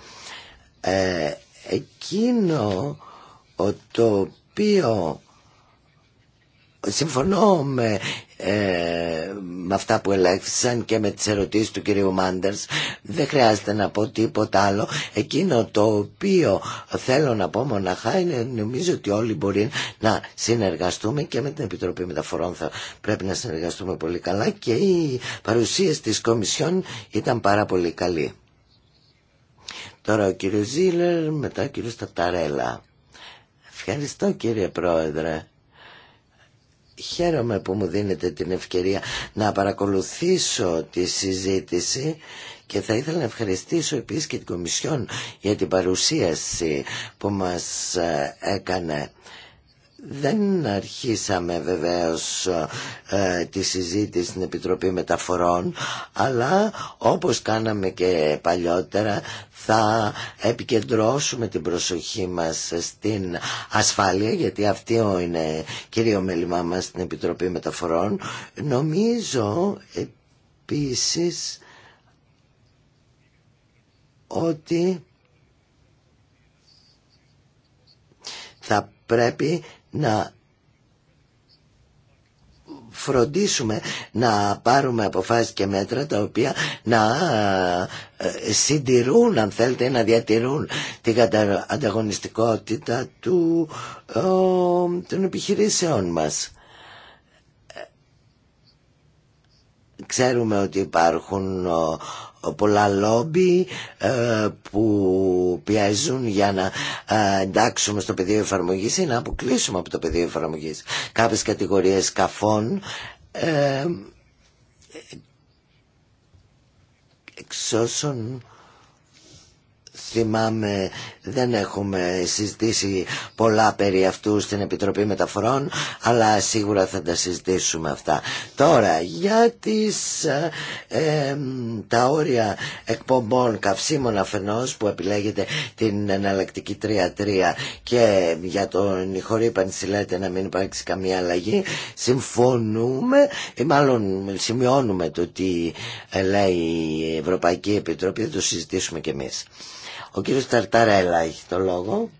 Ε, εκείνο το οποίο συμφωνώ με, ε, με αυτά που ελέγχθησαν και με τις ερωτήσεις του κυρίου Μάντερς δεν χρειάζεται να πω τίποτα άλλο εκείνο το οποίο θέλω να πω μοναχά είναι νομίζω ότι όλοι μπορεί να συνεργαστούμε και με την Επιτροπή Μεταφορών θα πρέπει να συνεργαστούμε πολύ καλά και οι παρουσίες της Κομισιόν ήταν πάρα πολύ καλή τώρα ο κύριος Ζήλερ μετά ο κύριος Ταταρέλα ευχαριστώ κύριε Πρόεδρε χαίρομαι που μου δίνετε την ευκαιρία να παρακολουθήσω τη συζήτηση και θα ήθελα να ευχαριστήσω επίσης και την Κομισιόν για την παρουσίαση που μας ε, έκανε δεν αρχίσαμε βεβαίως ε, τη συζήτηση στην Επιτροπή Μεταφορών αλλά όπως κάναμε και παλιότερα θα επικεντρώσουμε την προσοχή μας στην ασφάλεια γιατί αυτή είναι κύριο μέλημά μας στην Επιτροπή Μεταφορών νομίζω επίσης ότι θα πρέπει να φροντίσουμε να πάρουμε αποφάσεις και μέτρα τα οποία να ε, συντηρούν αν θέλετε να διατηρούν την ανταγωνιστικότητα του, των επιχειρήσεών μας. Ε, ξέρουμε ότι υπάρχουν πολλά λόμπι ε, που πιέζουν για να ε, εντάξουμε στο πεδίο εφαρμογής ή να αποκλείσουμε από το πεδίο εφαρμογής κάποιες κατηγορίες καφών ε, θυμάμαι δεν έχουμε συζητήσει πολλά περί αυτού στην Επιτροπή Μεταφορών αλλά σίγουρα θα τα συζητήσουμε αυτά. Τώρα για τις, ε, τα όρια εκπομπών καυσίμων αφενός που επιλέγεται την εναλλακτική 3-3 και για τον χωρί λέτε να μην υπάρξει καμία αλλαγή συμφωνούμε ή μάλλον σημειώνουμε το τι ε, λέει η Ευρωπαϊκή Επιτροπή θα το συζητήσουμε κι εμείς. Ο κύριος Ταρταρέλα έχει το λόγο.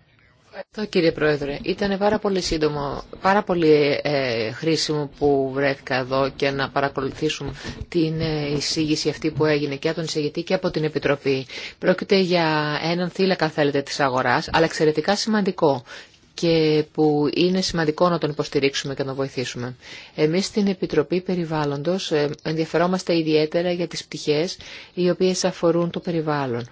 Ευχαριστώ κύριε Πρόεδρε. Ήταν πάρα πολύ σύντομο, πάρα πολύ ε, χρήσιμο που βρέθηκα εδώ και να παρακολουθήσουμε την ε, εισήγηση αυτή που έγινε και από τον εισηγητή και από την Επιτροπή. Πρόκειται για έναν θύλακα θέλετε της αγοράς, αλλά εξαιρετικά σημαντικό και που είναι σημαντικό να τον υποστηρίξουμε και να τον βοηθήσουμε. Εμείς στην Επιτροπή Περιβάλλοντος ε, ενδιαφερόμαστε ιδιαίτερα για τις πτυχές οι οποίες αφορούν το περιβάλλον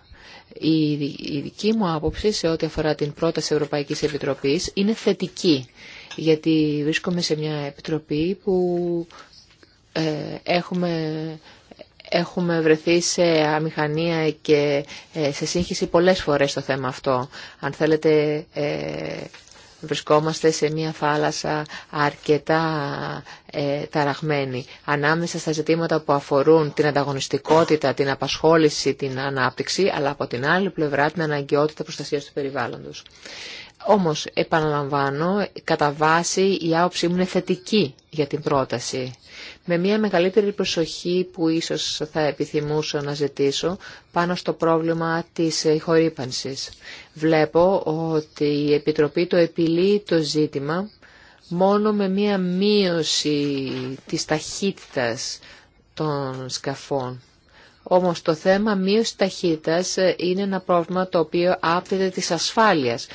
η δική μου άποψη σε ό,τι αφορά την πρόταση Ευρωπαϊκής Επιτροπής είναι θετική, γιατί βρίσκομαι σε μια επιτροπή που ε, έχουμε, έχουμε βρεθεί σε αμηχανία και ε, σε σύγχυση πολλές φορές στο θέμα αυτό. Αν θέλετε, ε, βρισκόμαστε σε μια θάλασσα αρκετά ε, ταραγμένη ανάμεσα στα ζητήματα που αφορούν την ανταγωνιστικότητα, την απασχόληση, την ανάπτυξη, αλλά από την άλλη πλευρά την αναγκαιότητα προστασίας του περιβάλλοντος. Όμως, επαναλαμβάνω, κατά βάση η άποψή μου είναι θετική για την πρόταση. Με μια μεγαλύτερη προσοχή που ίσως θα επιθυμούσα να ζητήσω πάνω στο πρόβλημα της χορύπανσης. Βλέπω ότι η Επιτροπή το επιλύει το ζήτημα μόνο με μια μείωση της ταχύτητας των σκαφών. Όμως το θέμα μείωση ταχύτητας είναι ένα πρόβλημα το οποίο άπτεται της ασφάλειας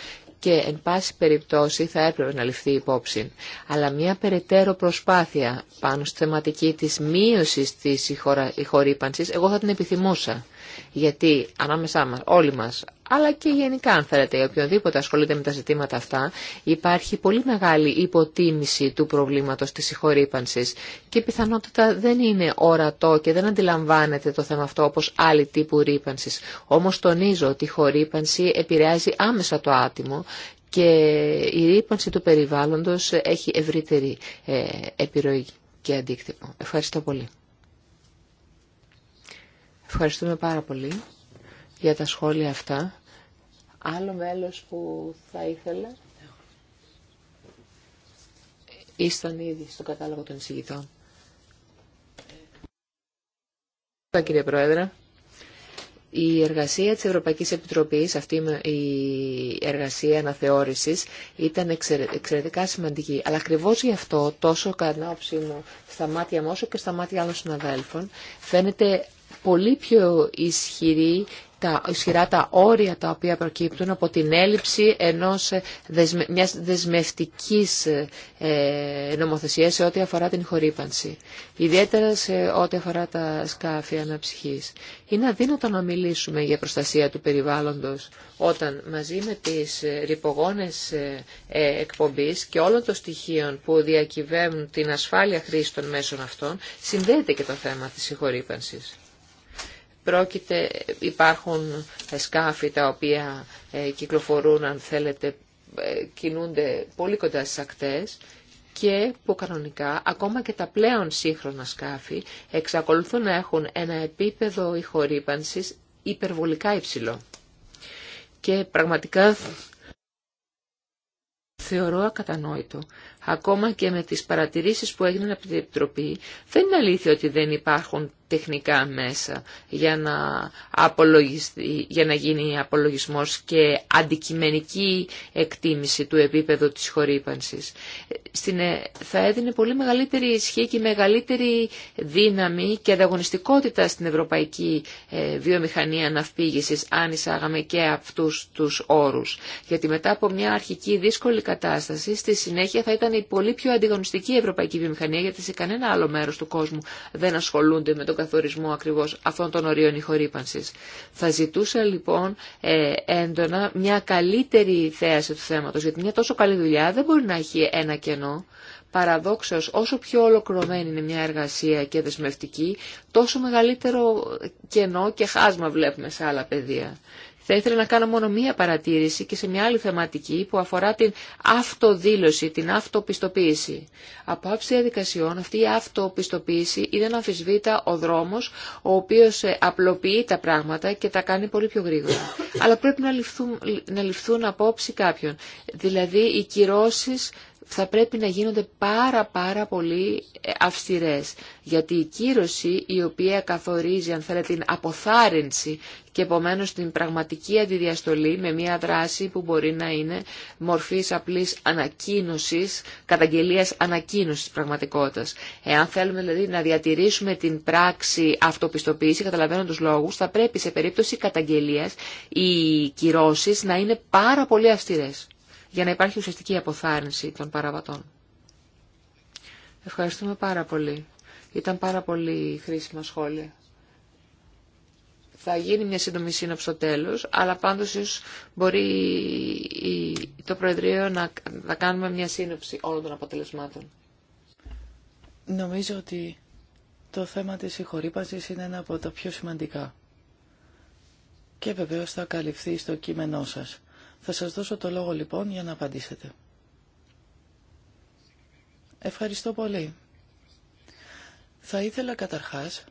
και εν πάση περιπτώσει θα έπρεπε να ληφθεί υπόψη. Αλλά μια περαιτέρω προσπάθεια πάνω στη θεματική της μείωσης της ηχορύπανσης, εγώ θα την επιθυμούσα. Γιατί ανάμεσά μας, όλοι μας, αλλά και γενικά αν θέλετε, οποιοδήποτε ασχολείται με τα ζητήματα αυτά, υπάρχει πολύ μεγάλη υποτίμηση του προβλήματος της συγχωρήπανσης και πιθανότητα δεν είναι ορατό και δεν αντιλαμβάνεται το θέμα αυτό όπως άλλοι τύπου ρήπανσης. Όμως τονίζω ότι η χωρήπανση επηρεάζει άμεσα το άτιμο και η ρήπανση του περιβάλλοντος έχει ευρύτερη ε, επιρροή και αντίκτυπο. Ευχαριστώ πολύ. Ευχαριστούμε πάρα πολύ για τα σχόλια αυτά. Άλλο μέλος που θα ήθελα ήσταν ήδη στο κατάλογο των εισηγητών. Κύριε Πρόεδρε, η εργασία της Ευρωπαϊκής Επιτροπής, αυτή η εργασία αναθεώρησης, ήταν εξαιρετικά σημαντική. Αλλά ακριβώ γι' αυτό, τόσο κατά στα μάτια μου όσο και στα μάτια άλλων συναδέλφων, φαίνεται πολύ πιο ισχυρή τα, ισχυρά τα όρια τα οποία προκύπτουν από την έλλειψη ενός, ε, δεσμε, μιας δεσμευτικής ε, ε, νομοθεσίας σε ό,τι αφορά την χορύπανση. Ιδιαίτερα σε ό,τι αφορά τα σκάφη αναψυχής. Είναι αδύνατο να μιλήσουμε για προστασία του περιβάλλοντος όταν μαζί με τις ρηπογόνες εκπομπής και όλων των στοιχείων που διακυβεύουν την ασφάλεια χρήση των μέσων αυτών συνδέεται και το θέμα της Πρόκειται, υπάρχουν σκάφη τα οποία ε, κυκλοφορούν, αν θέλετε, ε, κινούνται πολύ κοντά στις ακτές και που κανονικά ακόμα και τα πλέον σύγχρονα σκάφη εξακολουθούν να έχουν ένα επίπεδο ηχορύπανσης υπερβολικά υψηλό. Και πραγματικά θεωρώ ακατανόητο. Ακόμα και με τις παρατηρήσεις που έγιναν από την Επιτροπή, δεν είναι αλήθεια ότι δεν υπάρχουν τεχνικά μέσα για να, για να γίνει απολογισμός και αντικειμενική εκτίμηση του επίπεδου της χορύπανσης. Στην, ε, θα έδινε πολύ μεγαλύτερη ισχύ και μεγαλύτερη δύναμη και ανταγωνιστικότητα στην ευρωπαϊκή ε, βιομηχανία ναυπήγησης αν εισάγαμε και αυτούς τους όρους. Γιατί μετά από μια αρχική δύσκολη κατάσταση στη συνέχεια θα ήταν η πολύ πιο αντιγωνιστική ευρωπαϊκή βιομηχανία γιατί σε κανένα άλλο μέρος του κόσμου δεν ασχολούνται με το καθορισμού καθορισμό ακριβώς αυτών των ορίων ηχορύπανσης. Θα ζητούσα λοιπόν ε, έντονα μια καλύτερη θέαση του θέματος, γιατί μια τόσο καλή δουλειά δεν μπορεί να έχει ένα κενό. Παραδόξως, όσο πιο ολοκληρωμένη είναι μια εργασία και δεσμευτική, τόσο μεγαλύτερο κενό και χάσμα βλέπουμε σε άλλα πεδία. Θα ήθελα να κάνω μόνο μία παρατήρηση και σε μια άλλη θεματική που αφορά την αυτοδήλωση, την αυτοπιστοποίηση. Από άψη διαδικασιών αυτή η αυτοπιστοποίηση είναι να αμφισβήτα ο δρόμος ο οποίος ε, απλοποιεί τα πράγματα και τα κάνει πολύ πιο γρήγορα. Αλλά πρέπει να ληφθούν, να ληφθούν απόψη κάποιον. Δηλαδή οι κυρώσεις θα πρέπει να γίνονται πάρα πάρα πολύ ε, αυστηρές. Γιατί η κύρωση η οποία καθορίζει αν θέλετε την αποθάρρυνση και επομένως την πραγματική αντιδιαστολή με μια δράση που μπορεί να είναι μορφής απλής ανακοίνωσης, καταγγελίας ανακοίνωσης πραγματικότητας. Εάν θέλουμε δηλαδή να διατηρήσουμε την πράξη αυτοπιστοποίηση, καταλαβαίνω τους λόγους, θα πρέπει σε περίπτωση καταγγελίας οι κυρώσεις να είναι πάρα πολύ αυστηρές για να υπάρχει ουσιαστική αποθάρρυνση των παραβατών. Ευχαριστούμε πάρα πολύ. Ήταν πάρα πολύ χρήσιμα σχόλια. Θα γίνει μια σύντομη σύνοψη στο τέλος, αλλά πάντως μπορεί το Προεδρείο να, να κάνουμε μια σύνοψη όλων των αποτελεσμάτων. Νομίζω ότι το θέμα της συγχωρήπασης είναι ένα από τα πιο σημαντικά. Και βεβαίως θα καλυφθεί στο κείμενό σας. Θα σας δώσω το λόγο λοιπόν για να απαντήσετε. Ευχαριστώ πολύ. Θα ήθελα καταρχάς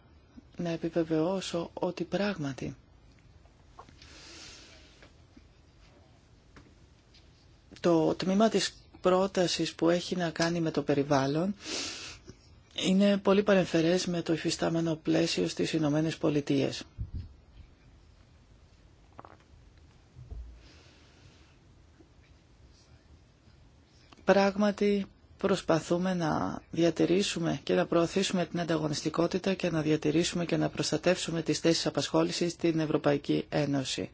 να επιβεβαιώσω ότι πράγματι το τμήμα της πρότασης που έχει να κάνει με το περιβάλλον είναι πολύ παρεμφερές με το υφιστάμενο πλαίσιο στις Ηνωμένε Πολιτείες. Πράγματι προσπαθούμε να διατηρήσουμε και να προωθήσουμε την ανταγωνιστικότητα και να διατηρήσουμε και να προστατεύσουμε τις θέσεις απασχόλησης στην Ευρωπαϊκή Ένωση.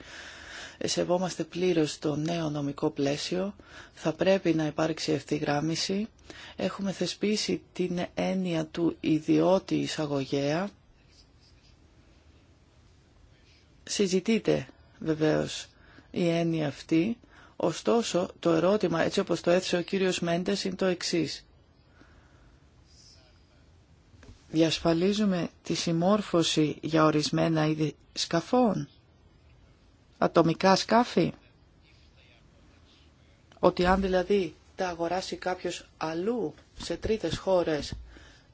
Σεβόμαστε πλήρως το νέο νομικό πλαίσιο, θα πρέπει να υπάρξει ευθυγράμμιση. Έχουμε θεσπίσει την έννοια του ιδιώτη εισαγωγέα. Συζητείτε βεβαίως η έννοια αυτή Ωστόσο, το ερώτημα, έτσι όπως το έθεσε ο κύριος Μέντες, είναι το εξής. Διασφαλίζουμε τη συμμόρφωση για ορισμένα είδη σκαφών, ατομικά σκάφη, ότι αν δηλαδή τα αγοράσει κάποιος αλλού σε τρίτες χώρες,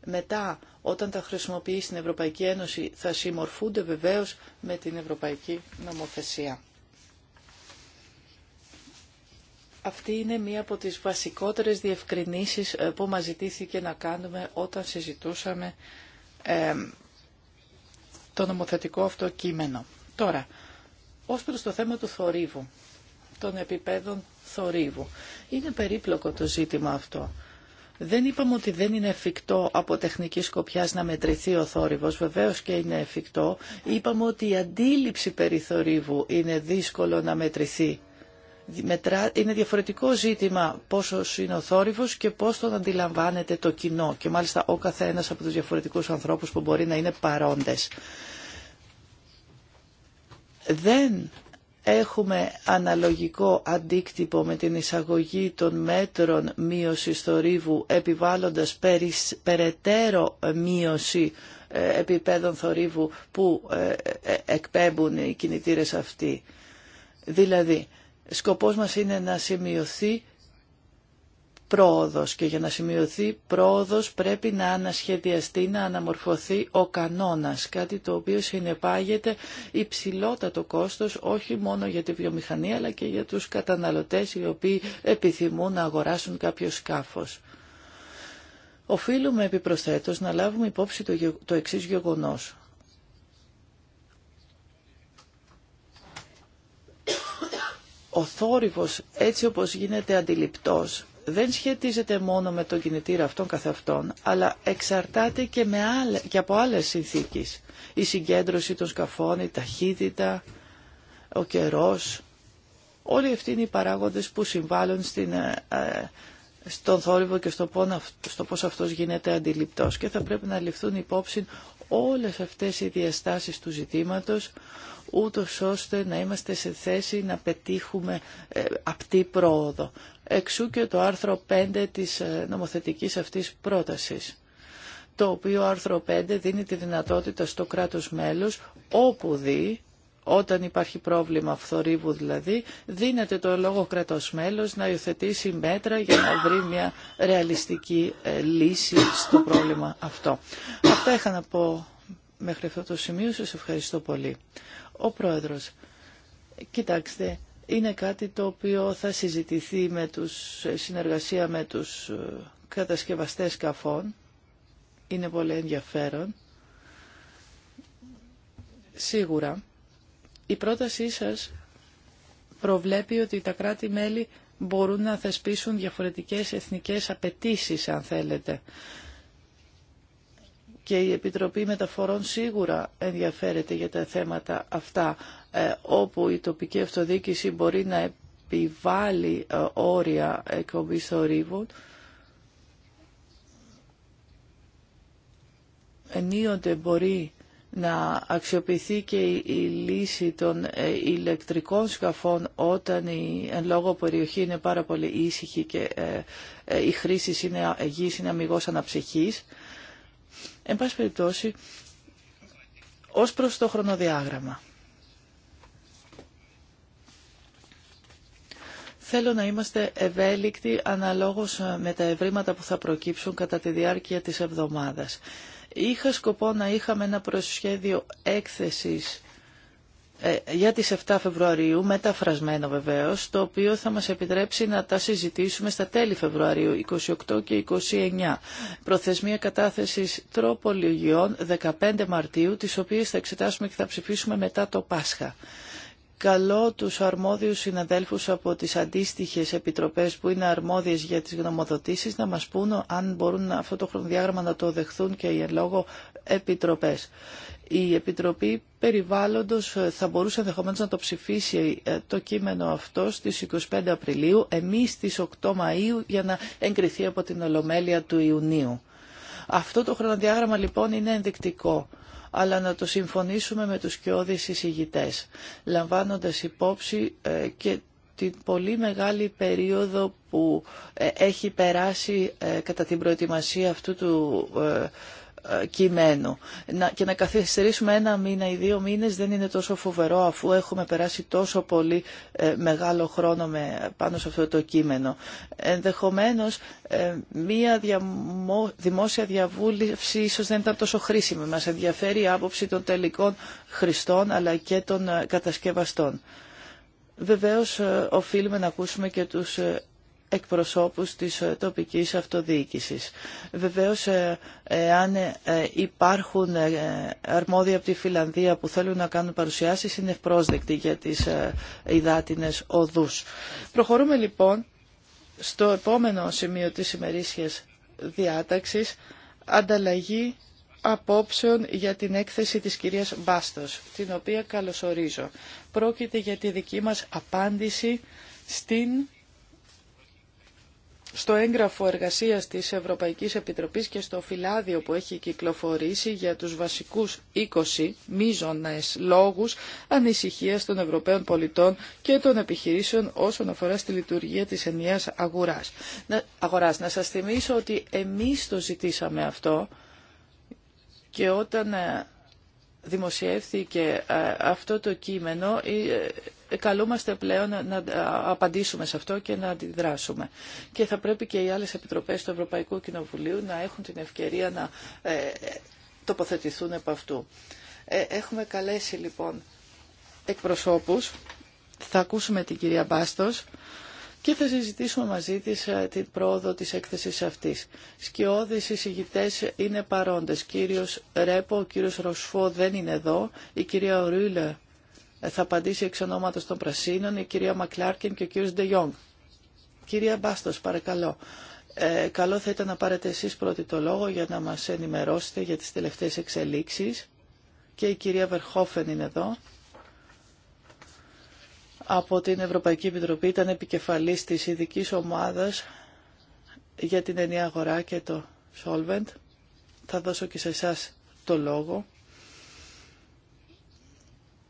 μετά όταν τα χρησιμοποιεί στην Ευρωπαϊκή Ένωση θα συμμορφούνται βεβαίως με την Ευρωπαϊκή Νομοθεσία. Αυτή είναι μία από τις βασικότερες διευκρινήσεις ε, που μας ζητήθηκε να κάνουμε όταν συζητούσαμε ε, το νομοθετικό αυτό κείμενο. Τώρα, ως προς το θέμα του θορύβου, των επιπέδων θορύβου, είναι περίπλοκο το ζήτημα αυτό. Δεν είπαμε ότι δεν είναι εφικτό από τεχνική σκοπιά να μετρηθεί ο θόρυβο, βεβαίω και είναι εφικτό. Είπαμε ότι η αντίληψη περί θορύβου είναι δύσκολο να μετρηθεί είναι διαφορετικό ζήτημα πόσο είναι ο θόρυβος και πώς τον αντιλαμβάνεται το κοινό και μάλιστα ο καθένας από τους διαφορετικούς ανθρώπους που μπορεί να είναι παρόντες. Δεν έχουμε αναλογικό αντίκτυπο με την εισαγωγή των μέτρων μείωσης θορύβου επιβάλλοντας περαιτέρω μείωση ε, επιπέδων θορύβου που ε, ε, εκπέμπουν οι κινητήρες αυτοί. Δηλαδή, Σκοπός μας είναι να σημειωθεί πρόοδος και για να σημειωθεί πρόοδος πρέπει να ανασχεδιαστεί, να αναμορφωθεί ο κανόνας, κάτι το οποίο συνεπάγεται υψηλότατο κόστος όχι μόνο για τη βιομηχανία αλλά και για τους καταναλωτές οι οποίοι επιθυμούν να αγοράσουν κάποιο σκάφος. Οφείλουμε επιπροσθέτως να λάβουμε υπόψη το, το εξής γεγονός Ο θόρυβος έτσι όπως γίνεται αντιληπτός δεν σχετίζεται μόνο με τον κινητήρα αυτών καθ' αυτόν, αλλά εξαρτάται και, με άλλε, και από άλλες συνθήκες. Η συγκέντρωση των σκαφών, η ταχύτητα, ο καιρός. Όλοι αυτοί είναι οι παράγοντες που συμβάλλουν στην, ε, ε, στον θόρυβο και στο, πόνο, στο πώς αυτός γίνεται αντιληπτός. Και θα πρέπει να ληφθούν υπόψη όλες αυτές οι διαστάσεις του ζητήματος ούτως ώστε να είμαστε σε θέση να πετύχουμε ε, απτή πρόοδο. Εξού και το άρθρο 5 της ε, νομοθετικής αυτής πρότασης το οποίο άρθρο 5 δίνει τη δυνατότητα στο κράτος μέλος όπου δει όταν υπάρχει πρόβλημα φθορύβου δηλαδή, δίνεται το λόγο κρατός μέλος να υιοθετήσει μέτρα για να βρει μια ρεαλιστική ε, λύση στο πρόβλημα αυτό. Αυτά είχα να πω μέχρι αυτό το σημείο. Σας ευχαριστώ πολύ. Ο Πρόεδρος, κοιτάξτε, είναι κάτι το οποίο θα συζητηθεί με τους, συνεργασία με τους ε, κατασκευαστές καφών. Είναι πολύ ενδιαφέρον. Σίγουρα, η πρότασή σας προβλέπει ότι τα κράτη-μέλη μπορούν να θεσπίσουν διαφορετικές εθνικές απαιτήσεις, αν θέλετε και η Επιτροπή Μεταφορών σίγουρα ενδιαφέρεται για τα θέματα αυτά ε, όπου η τοπική αυτοδιοίκηση μπορεί να επιβάλλει ε, όρια εκπομπή θορύβων. Ενίοτε μπορεί να αξιοποιηθεί και η λύση των ε, ηλεκτρικών σκαφών όταν η εν λόγω περιοχή είναι πάρα πολύ ήσυχη και η χρήση είναι, γης είναι αμυγός αναψυχής. Εν πάση περιπτώσει, ως προς το χρονοδιάγραμμα. Θέλω να είμαστε ευέλικτοι αναλόγως με τα ευρήματα που θα προκύψουν κατά τη διάρκεια της εβδομάδας. Είχα σκοπό να είχαμε ένα προσχέδιο έκθεσης ε, για τις 7 Φεβρουαρίου, μεταφρασμένο βεβαίως, το οποίο θα μας επιτρέψει να τα συζητήσουμε στα τέλη Φεβρουαρίου, 28 και 29. Προθεσμία κατάθεσης τροπολογιών 15 Μαρτίου, τις οποίες θα εξετάσουμε και θα ψηφίσουμε μετά το Πάσχα. Καλώ τους αρμόδιους συναδέλφους από τις αντίστοιχες επιτροπές που είναι αρμόδιες για τις γνωμοδοτήσεις να μας πούν αν μπορούν αυτό το χρονοδιάγραμμα να το δεχθούν και οι εν λόγω επιτροπές. Η Επιτροπή Περιβάλλοντος ε, θα μπορούσε ενδεχομένω να το ψηφίσει ε, το κείμενο αυτό στις 25 Απριλίου, εμείς στις 8 Μαΐου για να εγκριθεί από την Ολομέλεια του Ιουνίου. Αυτό το χρονοδιάγραμμα λοιπόν είναι ενδεικτικό αλλά να το συμφωνήσουμε με τους κοιόδης εισηγητές, λαμβάνοντας υπόψη ε, και την πολύ μεγάλη περίοδο που έχει περάσει κατά την προετοιμασία αυτού του και να καθυστερήσουμε ένα μήνα ή δύο μήνες δεν είναι τόσο φοβερό αφού έχουμε περάσει τόσο πολύ ε, μεγάλο χρόνο με, πάνω σε αυτό το κείμενο. Ενδεχομένως ε, μία δημόσια διαβούλευση ίσως δεν ήταν τόσο χρήσιμη. Μας ενδιαφέρει η άποψη των τελικών χρηστών αλλά και των ε, κατασκευαστών. Βεβαίως οφείλουμε να ακούσουμε και τους εκπροσώπους της ε, τοπικής αυτοδιοίκησης. Βεβαίως, ε, ε, αν υπάρχουν αρμόδια από τη Φιλανδία που θέλουν να κάνουν παρουσιάσεις, είναι ευπρόσδεκτοι για τις υδάτινες οδούς. Προχωρούμε λοιπόν στο επόμενο σημείο της ημερήσιας διάταξης, ανταλλαγή απόψεων για την έκθεση της κυρίας Μπάστος, την οποία καλωσορίζω. Πρόκειται για τη δική μας απάντηση στην στο έγγραφο εργασίας της Ευρωπαϊκής Επιτροπής και στο φυλάδιο που έχει κυκλοφορήσει για τους βασικούς 20 μίζωνες λόγους ανησυχίας των Ευρωπαίων πολιτών και των επιχειρήσεων όσον αφορά στη λειτουργία της ενιαίας αγοράς. Να, αγοράς. Να σας θυμίσω ότι εμείς το ζητήσαμε αυτό και όταν ε, δημοσιεύθηκε ε, αυτό το κείμενο, ε, ε, καλούμαστε πλέον να απαντήσουμε σε αυτό και να αντιδράσουμε. Και θα πρέπει και οι άλλες επιτροπές του Ευρωπαϊκού Κοινοβουλίου να έχουν την ευκαιρία να τοποθετηθούν από αυτού. Έχουμε καλέσει λοιπόν εκπροσώπους. Θα ακούσουμε την κυρία Μπάστος και θα συζητήσουμε μαζί της ε, την πρόοδο της έκθεσης αυτής. οι εισηγητές είναι παρόντες. Κύριος Ρέπο, ο κύριος Ροσφό δεν είναι εδώ. Η κυρία Ρούλε ε, θα απαντήσει εξ ονόματος των Πρασίνων, η κυρία Μακλάρκιν και ο κύριος Ντεγιόγκ. Κυρία Μπάστος, παρακαλώ. Ε, καλό θα ήταν να πάρετε εσείς πρώτη το λόγο για να μας ενημερώσετε για τις τελευταίες εξελίξεις. Και η κυρία Βερχόφεν είναι εδώ από την Ευρωπαϊκή Επιτροπή ήταν επικεφαλής της ειδική ομάδας για την ενιαία αγορά και το Solvent. Θα δώσω και σε εσά το λόγο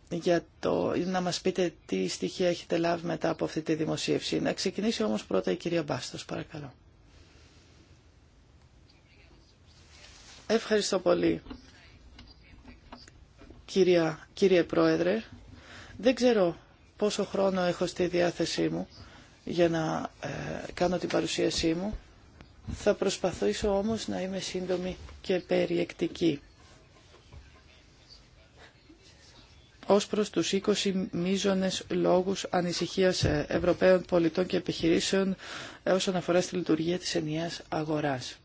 για το, να μας πείτε τι στοιχεία έχετε λάβει μετά από αυτή τη δημοσίευση. Να ξεκινήσει όμως πρώτα η κυρία Μπάστος, παρακαλώ. Ευχαριστώ πολύ, κυρία, κύριε Πρόεδρε. Δεν ξέρω πόσο χρόνο έχω στη διάθεσή μου για να ε, κάνω την παρουσίασή μου. Θα προσπαθήσω όμως να είμαι σύντομη και περιεκτική. ως προς τους 20 μίζωνες λόγους ανησυχίας ε, Ευρωπαίων πολιτών και επιχειρήσεων ε, όσον αφορά στη λειτουργία της ενιαίας αγοράς.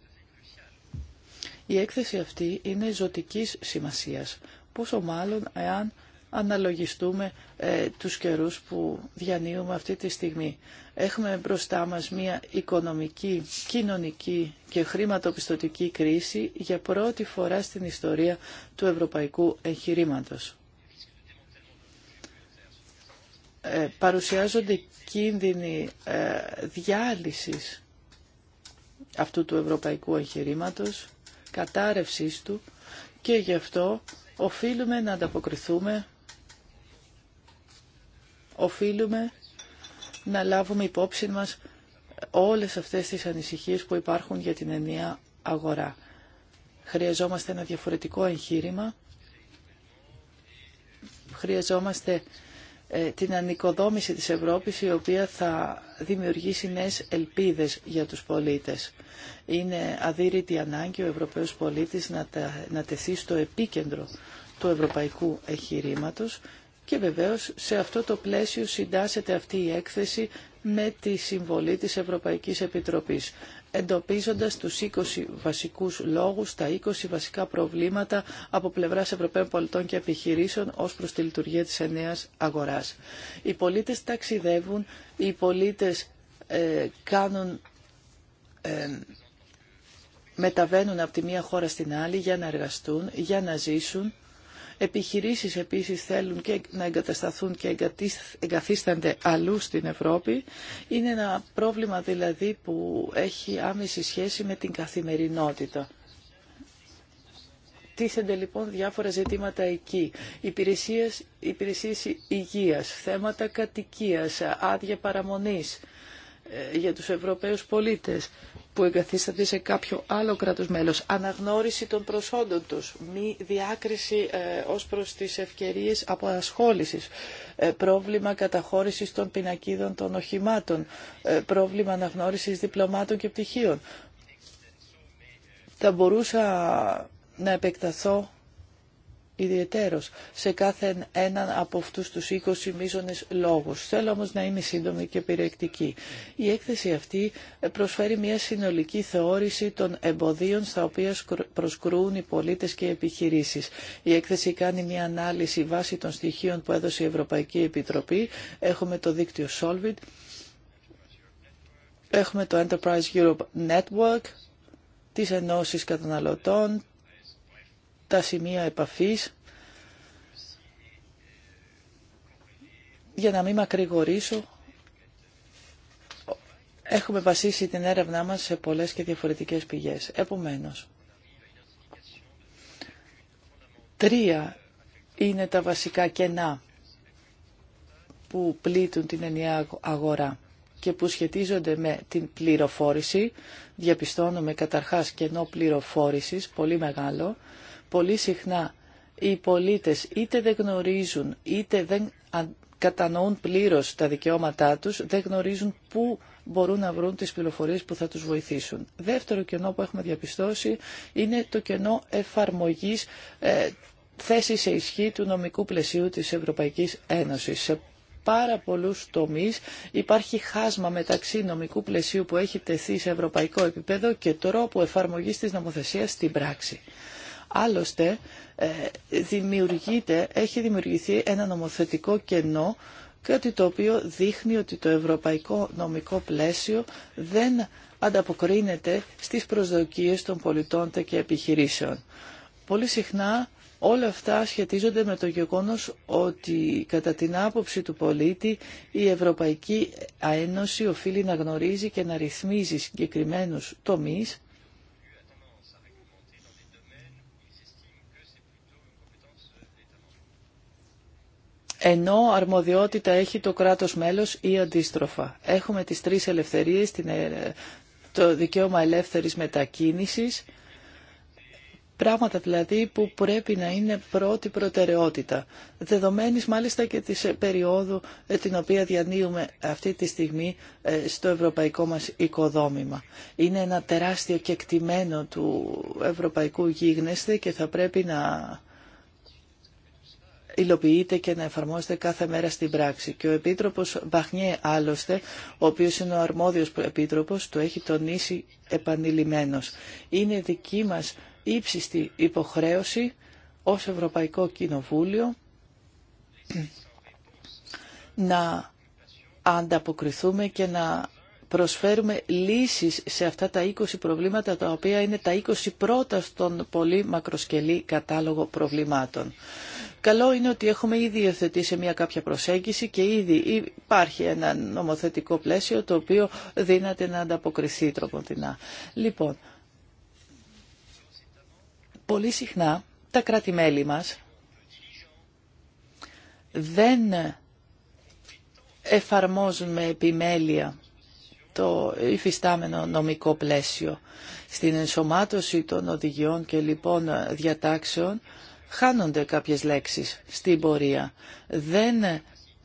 Η έκθεση αυτή είναι ζωτικής σημασίας, πόσο μάλλον εάν αναλογιστούμε ε, τους καιρούς που διανύουμε αυτή τη στιγμή. Έχουμε μπροστά μας μια οικονομική, κοινωνική και χρηματοπιστωτική κρίση για πρώτη φορά στην ιστορία του ευρωπαϊκού εγχειρήματος. Ε, παρουσιάζονται κίνδυνοι ε, διάλυσης αυτού του ευρωπαϊκού εγχειρήματος, κατάρρευσής του και γι' αυτό οφείλουμε να ανταποκριθούμε οφείλουμε να λάβουμε υπόψη μας όλες αυτές τις ανησυχίες που υπάρχουν για την ενία αγορά. Χρειαζόμαστε ένα διαφορετικό εγχείρημα, χρειαζόμαστε ε, την ανοικοδόμηση της Ευρώπης η οποία θα δημιουργήσει νέες ελπίδες για τους πολίτες. Είναι αδύρυτη ανάγκη ο Ευρωπαίος πολίτης να, να τεθεί στο επίκεντρο του ευρωπαϊκού εγχειρήματος και βεβαίως σε αυτό το πλαίσιο συντάσσεται αυτή η έκθεση με τη συμβολή της Ευρωπαϊκής Επιτροπής, εντοπίζοντας τους 20 βασικούς λόγους, τα 20 βασικά προβλήματα από πλευράς Ευρωπαίων πολιτών και επιχειρήσεων ως προς τη λειτουργία της ενέας αγοράς. Οι πολίτες ταξιδεύουν, οι πολίτες ε, κάνουν... Ε, μεταβαίνουν από τη μία χώρα στην άλλη για να εργαστούν, για να ζήσουν Επιχειρήσεις επίσης θέλουν και να εγκατασταθούν και εγκαθίστανται αλλού στην Ευρώπη. Είναι ένα πρόβλημα δηλαδή που έχει άμεση σχέση με την καθημερινότητα. Τίθενται λοιπόν διάφορα ζητήματα εκεί. Υπηρεσίες, υπηρεσίες υγείας, θέματα κατοικίας, άδεια παραμονής. Ε, για τους Ευρωπαίους πολίτες που εγκαθίσταται σε κάποιο άλλο κράτος μέλος, αναγνώριση των προσόντων τους, μη διάκριση ε, ως προς τις ευκαιρίες απασχόλησης, ε, πρόβλημα καταχώρησης των πινακίδων των οχημάτων, ε, πρόβλημα αναγνώρισης διπλωμάτων και πτυχίων. Θα μπορούσα να επεκταθώ ιδιαιτέρως σε κάθε έναν από αυτούς τους 20 μείζονες λόγους. Θέλω όμως να είμαι σύντομη και περιεκτική. Η έκθεση αυτή προσφέρει μια συνολική θεώρηση των εμποδίων στα οποία προσκρούν οι πολίτες και οι επιχειρήσεις. Η έκθεση κάνει μια ανάλυση βάσει των στοιχείων που έδωσε η Ευρωπαϊκή Επιτροπή. Έχουμε το δίκτυο Solvit, έχουμε το Enterprise Europe Network, τις ενώσεις καταναλωτών, τα σημεία επαφής για να μην μακρηγορήσω. Έχουμε βασίσει την έρευνά μας σε πολλές και διαφορετικές πηγές. Επομένως, τρία είναι τα βασικά κενά που πλήττουν την ενιαία αγορά και που σχετίζονται με την πληροφόρηση. Διαπιστώνουμε καταρχάς κενό πληροφόρησης, πολύ μεγάλο. Πολύ συχνά οι πολίτες είτε δεν γνωρίζουν είτε δεν κατανοούν πλήρως τα δικαιώματά τους, δεν γνωρίζουν πού μπορούν να βρουν τις πληροφορίες που θα τους βοηθήσουν. Δεύτερο κενό που έχουμε διαπιστώσει είναι το κενό εφαρμογής ε, θέση σε ισχύ του νομικού πλαισίου της Ευρωπαϊκής Ένωσης. Σε πάρα πολλούς τομείς υπάρχει χάσμα μεταξύ νομικού πλαισίου που έχει τεθεί σε ευρωπαϊκό επίπεδο και τρόπου εφαρμογής της νομοθεσίας στην πράξη. Άλλωστε, ε, δημιουργείται, έχει δημιουργηθεί ένα νομοθετικό κενό κάτι το οποίο δείχνει ότι το ευρωπαϊκό νομικό πλαίσιο δεν ανταποκρίνεται στις προσδοκίες των πολιτών και επιχειρήσεων. Πολύ συχνά όλα αυτά σχετίζονται με το γεγονός ότι κατά την άποψη του πολίτη η Ευρωπαϊκή Ένωση οφείλει να γνωρίζει και να ρυθμίζει συγκεκριμένους τομείς ενώ αρμοδιότητα έχει το κράτος μέλος ή αντίστροφα. Έχουμε τις τρεις ελευθερίες, ε, το δικαίωμα ελεύθερης μετακίνησης, πράγματα δηλαδή που πρέπει να είναι πρώτη προτεραιότητα, δεδομένης μάλιστα και της ε, περίοδου ε, την οποία διανύουμε αυτή τη στιγμή στο ευρωπαϊκό μας οικοδόμημα. Είναι ένα τεράστιο κεκτημένο του ευρωπαϊκού γίγνεσθε και θα πρέπει να υλοποιείται και να εφαρμόζεται κάθε μέρα στην πράξη. Και ο Επίτροπος Μπαχνιέ άλλωστε, ο οποίος είναι ο αρμόδιος Επίτροπος, το έχει τονίσει επανειλημμένος. Είναι δική μας ύψιστη υποχρέωση ως Ευρωπαϊκό Κοινοβούλιο να ανταποκριθούμε και να προσφέρουμε λύσεις σε αυτά τα 20 προβλήματα τα οποία είναι τα 20 πρώτα στον πολύ μακροσκελή κατάλογο προβλημάτων. Καλό είναι ότι έχουμε ήδη υιοθετήσει μια κάποια προσέγγιση και ήδη υπάρχει ένα νομοθετικό πλαίσιο το οποίο δύναται να ανταποκριθεί τροποντινά. Λοιπόν, πολύ συχνά τα κράτη-μέλη μας δεν εφαρμόζουν με επιμέλεια το υφιστάμενο νομικό πλαίσιο. Στην ενσωμάτωση των οδηγιών και λοιπόν διατάξεων χάνονται κάποιες λέξεις στην πορεία. Δεν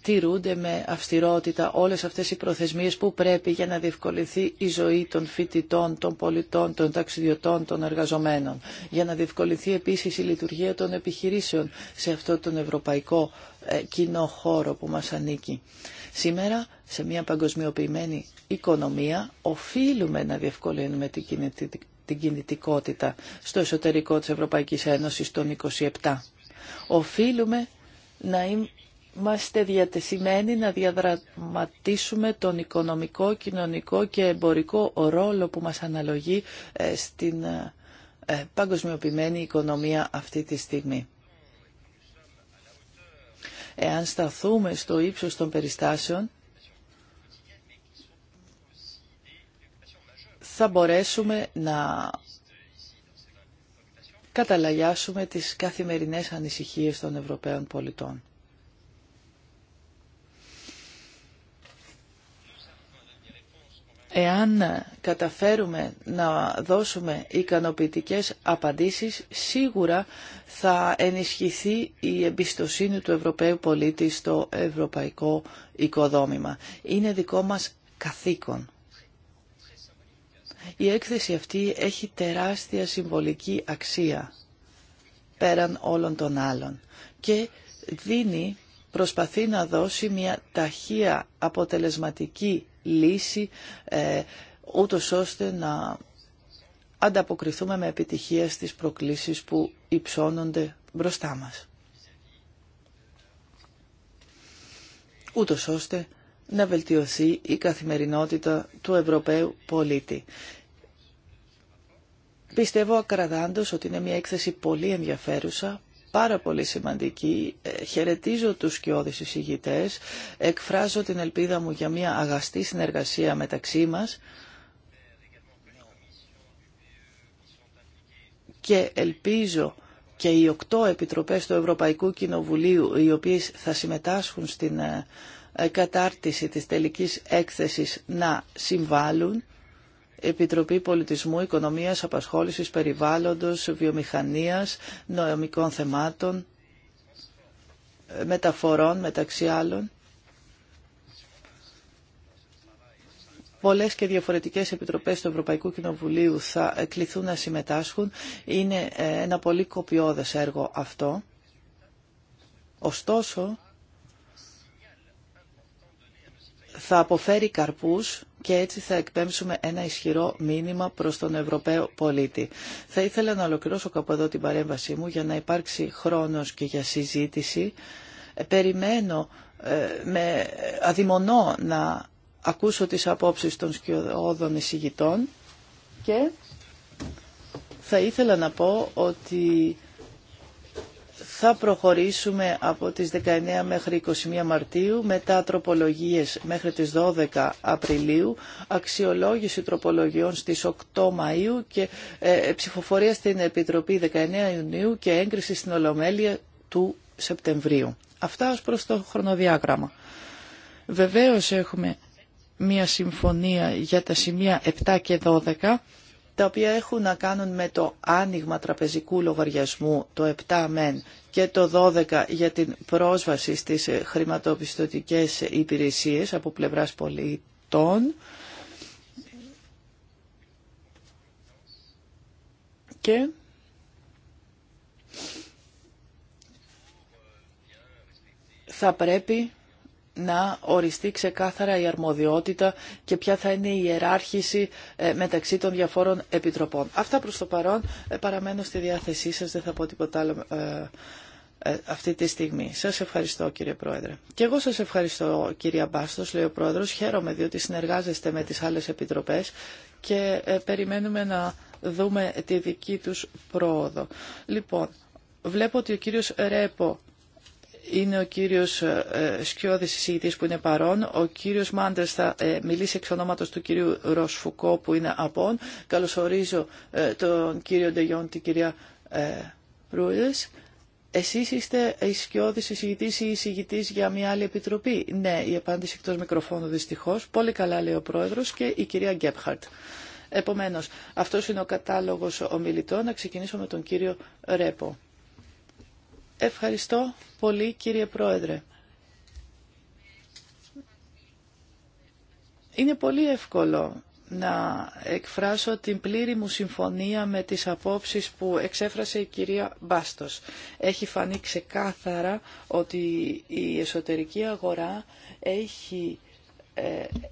τηρούνται με αυστηρότητα όλες αυτές οι προθεσμίες που πρέπει για να διευκολυνθεί η ζωή των φοιτητών, των πολιτών, των ταξιδιωτών, των εργαζομένων. Για να διευκολυνθεί επίσης η λειτουργία των επιχειρήσεων σε αυτό τον ευρωπαϊκό ε, κοινό χώρο που μας ανήκει. Σήμερα, σε μια παγκοσμιοποιημένη οικονομία, οφείλουμε να διευκολύνουμε την την κινητικότητα στο εσωτερικό της Ευρωπαϊκής Ένωσης των 27. Οφείλουμε να είμαστε διατεθειμένοι να διαδραματίσουμε τον οικονομικό, κοινωνικό και εμπορικό ρόλο που μας αναλογεί ε, στην ε, ε, παγκοσμιοποιημένη οικονομία αυτή τη στιγμή. Εάν σταθούμε στο ύψος των περιστάσεων, θα μπορέσουμε να καταλαγιάσουμε τις καθημερινές ανησυχίες των Ευρωπαίων πολιτών. Εάν καταφέρουμε να δώσουμε ικανοποιητικές απαντήσεις, σίγουρα θα ενισχυθεί η εμπιστοσύνη του Ευρωπαίου πολίτη στο ευρωπαϊκό οικοδόμημα. Είναι δικό μας καθήκον η έκθεση αυτή έχει τεράστια συμβολική αξία πέραν όλων των άλλων και δίνει, προσπαθεί να δώσει μια ταχεία αποτελεσματική λύση ε, ούτως ώστε να ανταποκριθούμε με επιτυχία στις προκλήσεις που υψώνονται μπροστά μας. Ούτως ώστε να βελτιωθεί η καθημερινότητα του Ευρωπαίου πολίτη. Πιστεύω ακραδάντως ότι είναι μια έκθεση πολύ ενδιαφέρουσα, πάρα πολύ σημαντική. Ε, χαιρετίζω τους σκιώδεις εισηγητές, εκφράζω την ελπίδα μου για μια αγαστή συνεργασία μεταξύ μας και ελπίζω και οι οκτώ επιτροπές του Ευρωπαϊκού Κοινοβουλίου, οι οποίες θα συμμετάσχουν στην ε, ε, κατάρτιση της τελικής έκθεσης να συμβάλλουν Επιτροπή Πολιτισμού, Οικονομίας, Απασχόλησης, Περιβάλλοντος, Βιομηχανίας, Νοεμικών Θεμάτων, ε, Μεταφορών μεταξύ άλλων. πολλές και διαφορετικές επιτροπές του Ευρωπαϊκού Κοινοβουλίου θα ε, κληθούν να συμμετάσχουν. Είναι ένα πολύ κοπιώδες έργο αυτό. Ωστόσο, θα αποφέρει καρπούς και έτσι θα εκπέμψουμε ένα ισχυρό μήνυμα προς τον Ευρωπαίο πολίτη. Θα ήθελα να ολοκληρώσω κάπου εδώ την παρέμβασή μου για να υπάρξει χρόνος και για συζήτηση. Ε, περιμένω, ε, με αδειμονώ να ακούσω τις απόψεις των σκιωδών εισηγητών και θα ήθελα να πω ότι θα προχωρήσουμε από τις 19 μέχρι 21 Μαρτίου, μετά τροπολογίες μέχρι τις 12 Απριλίου, αξιολόγηση τροπολογιών στις 8 Μαΐου και ε, ε, ψηφοφορία στην Επιτροπή 19 Ιουνίου και έγκριση στην Ολομέλεια του Σεπτεμβρίου. Αυτά ως προς το χρονοδιάγραμμα. Βεβαίως έχουμε μία συμφωνία για τα σημεία 7 και 12 τα οποία έχουν να κάνουν με το άνοιγμα τραπεζικού λογαριασμού, το 7 μεν και το 12 για την πρόσβαση στις χρηματοπιστωτικές υπηρεσίες από πλευράς πολιτών και θα πρέπει να οριστεί ξεκάθαρα η αρμοδιότητα και ποια θα είναι η ιεράρχηση ε, μεταξύ των διαφόρων επιτροπών. Αυτά προς το παρόν ε, παραμένω στη διάθεσή σας, δεν θα πω τίποτα άλλο ε, αυτή τη στιγμή. Σας ευχαριστώ κύριε Πρόεδρε. Και εγώ σας ευχαριστώ κύριε Μπάστος, λέει ο Πρόεδρος. Χαίρομαι διότι συνεργάζεστε με τις άλλες επιτροπές και περιμένουμε να δούμε τη δική τους πρόοδο. Λοιπόν, βλέπω ότι ο κύριος Ρέπο είναι ο κύριος ε, Σκιώδης που είναι παρόν. Ο κύριος Μάντερς θα ε, μιλήσει εξ ονόματος του κύριου Ροσφουκό που είναι απόν. Καλωσορίζω ε, τον κύριο Ντεγιόν, την κυρία ε, Εσείς είστε σκιώδης εισηγητής ή εισηγητής για μια άλλη επιτροπή. Ναι, η απάντηση εκτός μικροφώνου δυστυχώς. Πολύ καλά λέει ο πρόεδρος και η κυρία Γκέπχαρτ. Επομένως, αυτός είναι ο κατάλογος ομιλητών. Να ξεκινήσω με τον κύριο Ρέπο. Ευχαριστώ πολύ κύριε Πρόεδρε. Είναι πολύ εύκολο να εκφράσω την πλήρη μου συμφωνία με τις απόψεις που εξέφρασε η κυρία Μπάστος. Έχει φανεί ξεκάθαρα ότι η εσωτερική αγορά έχει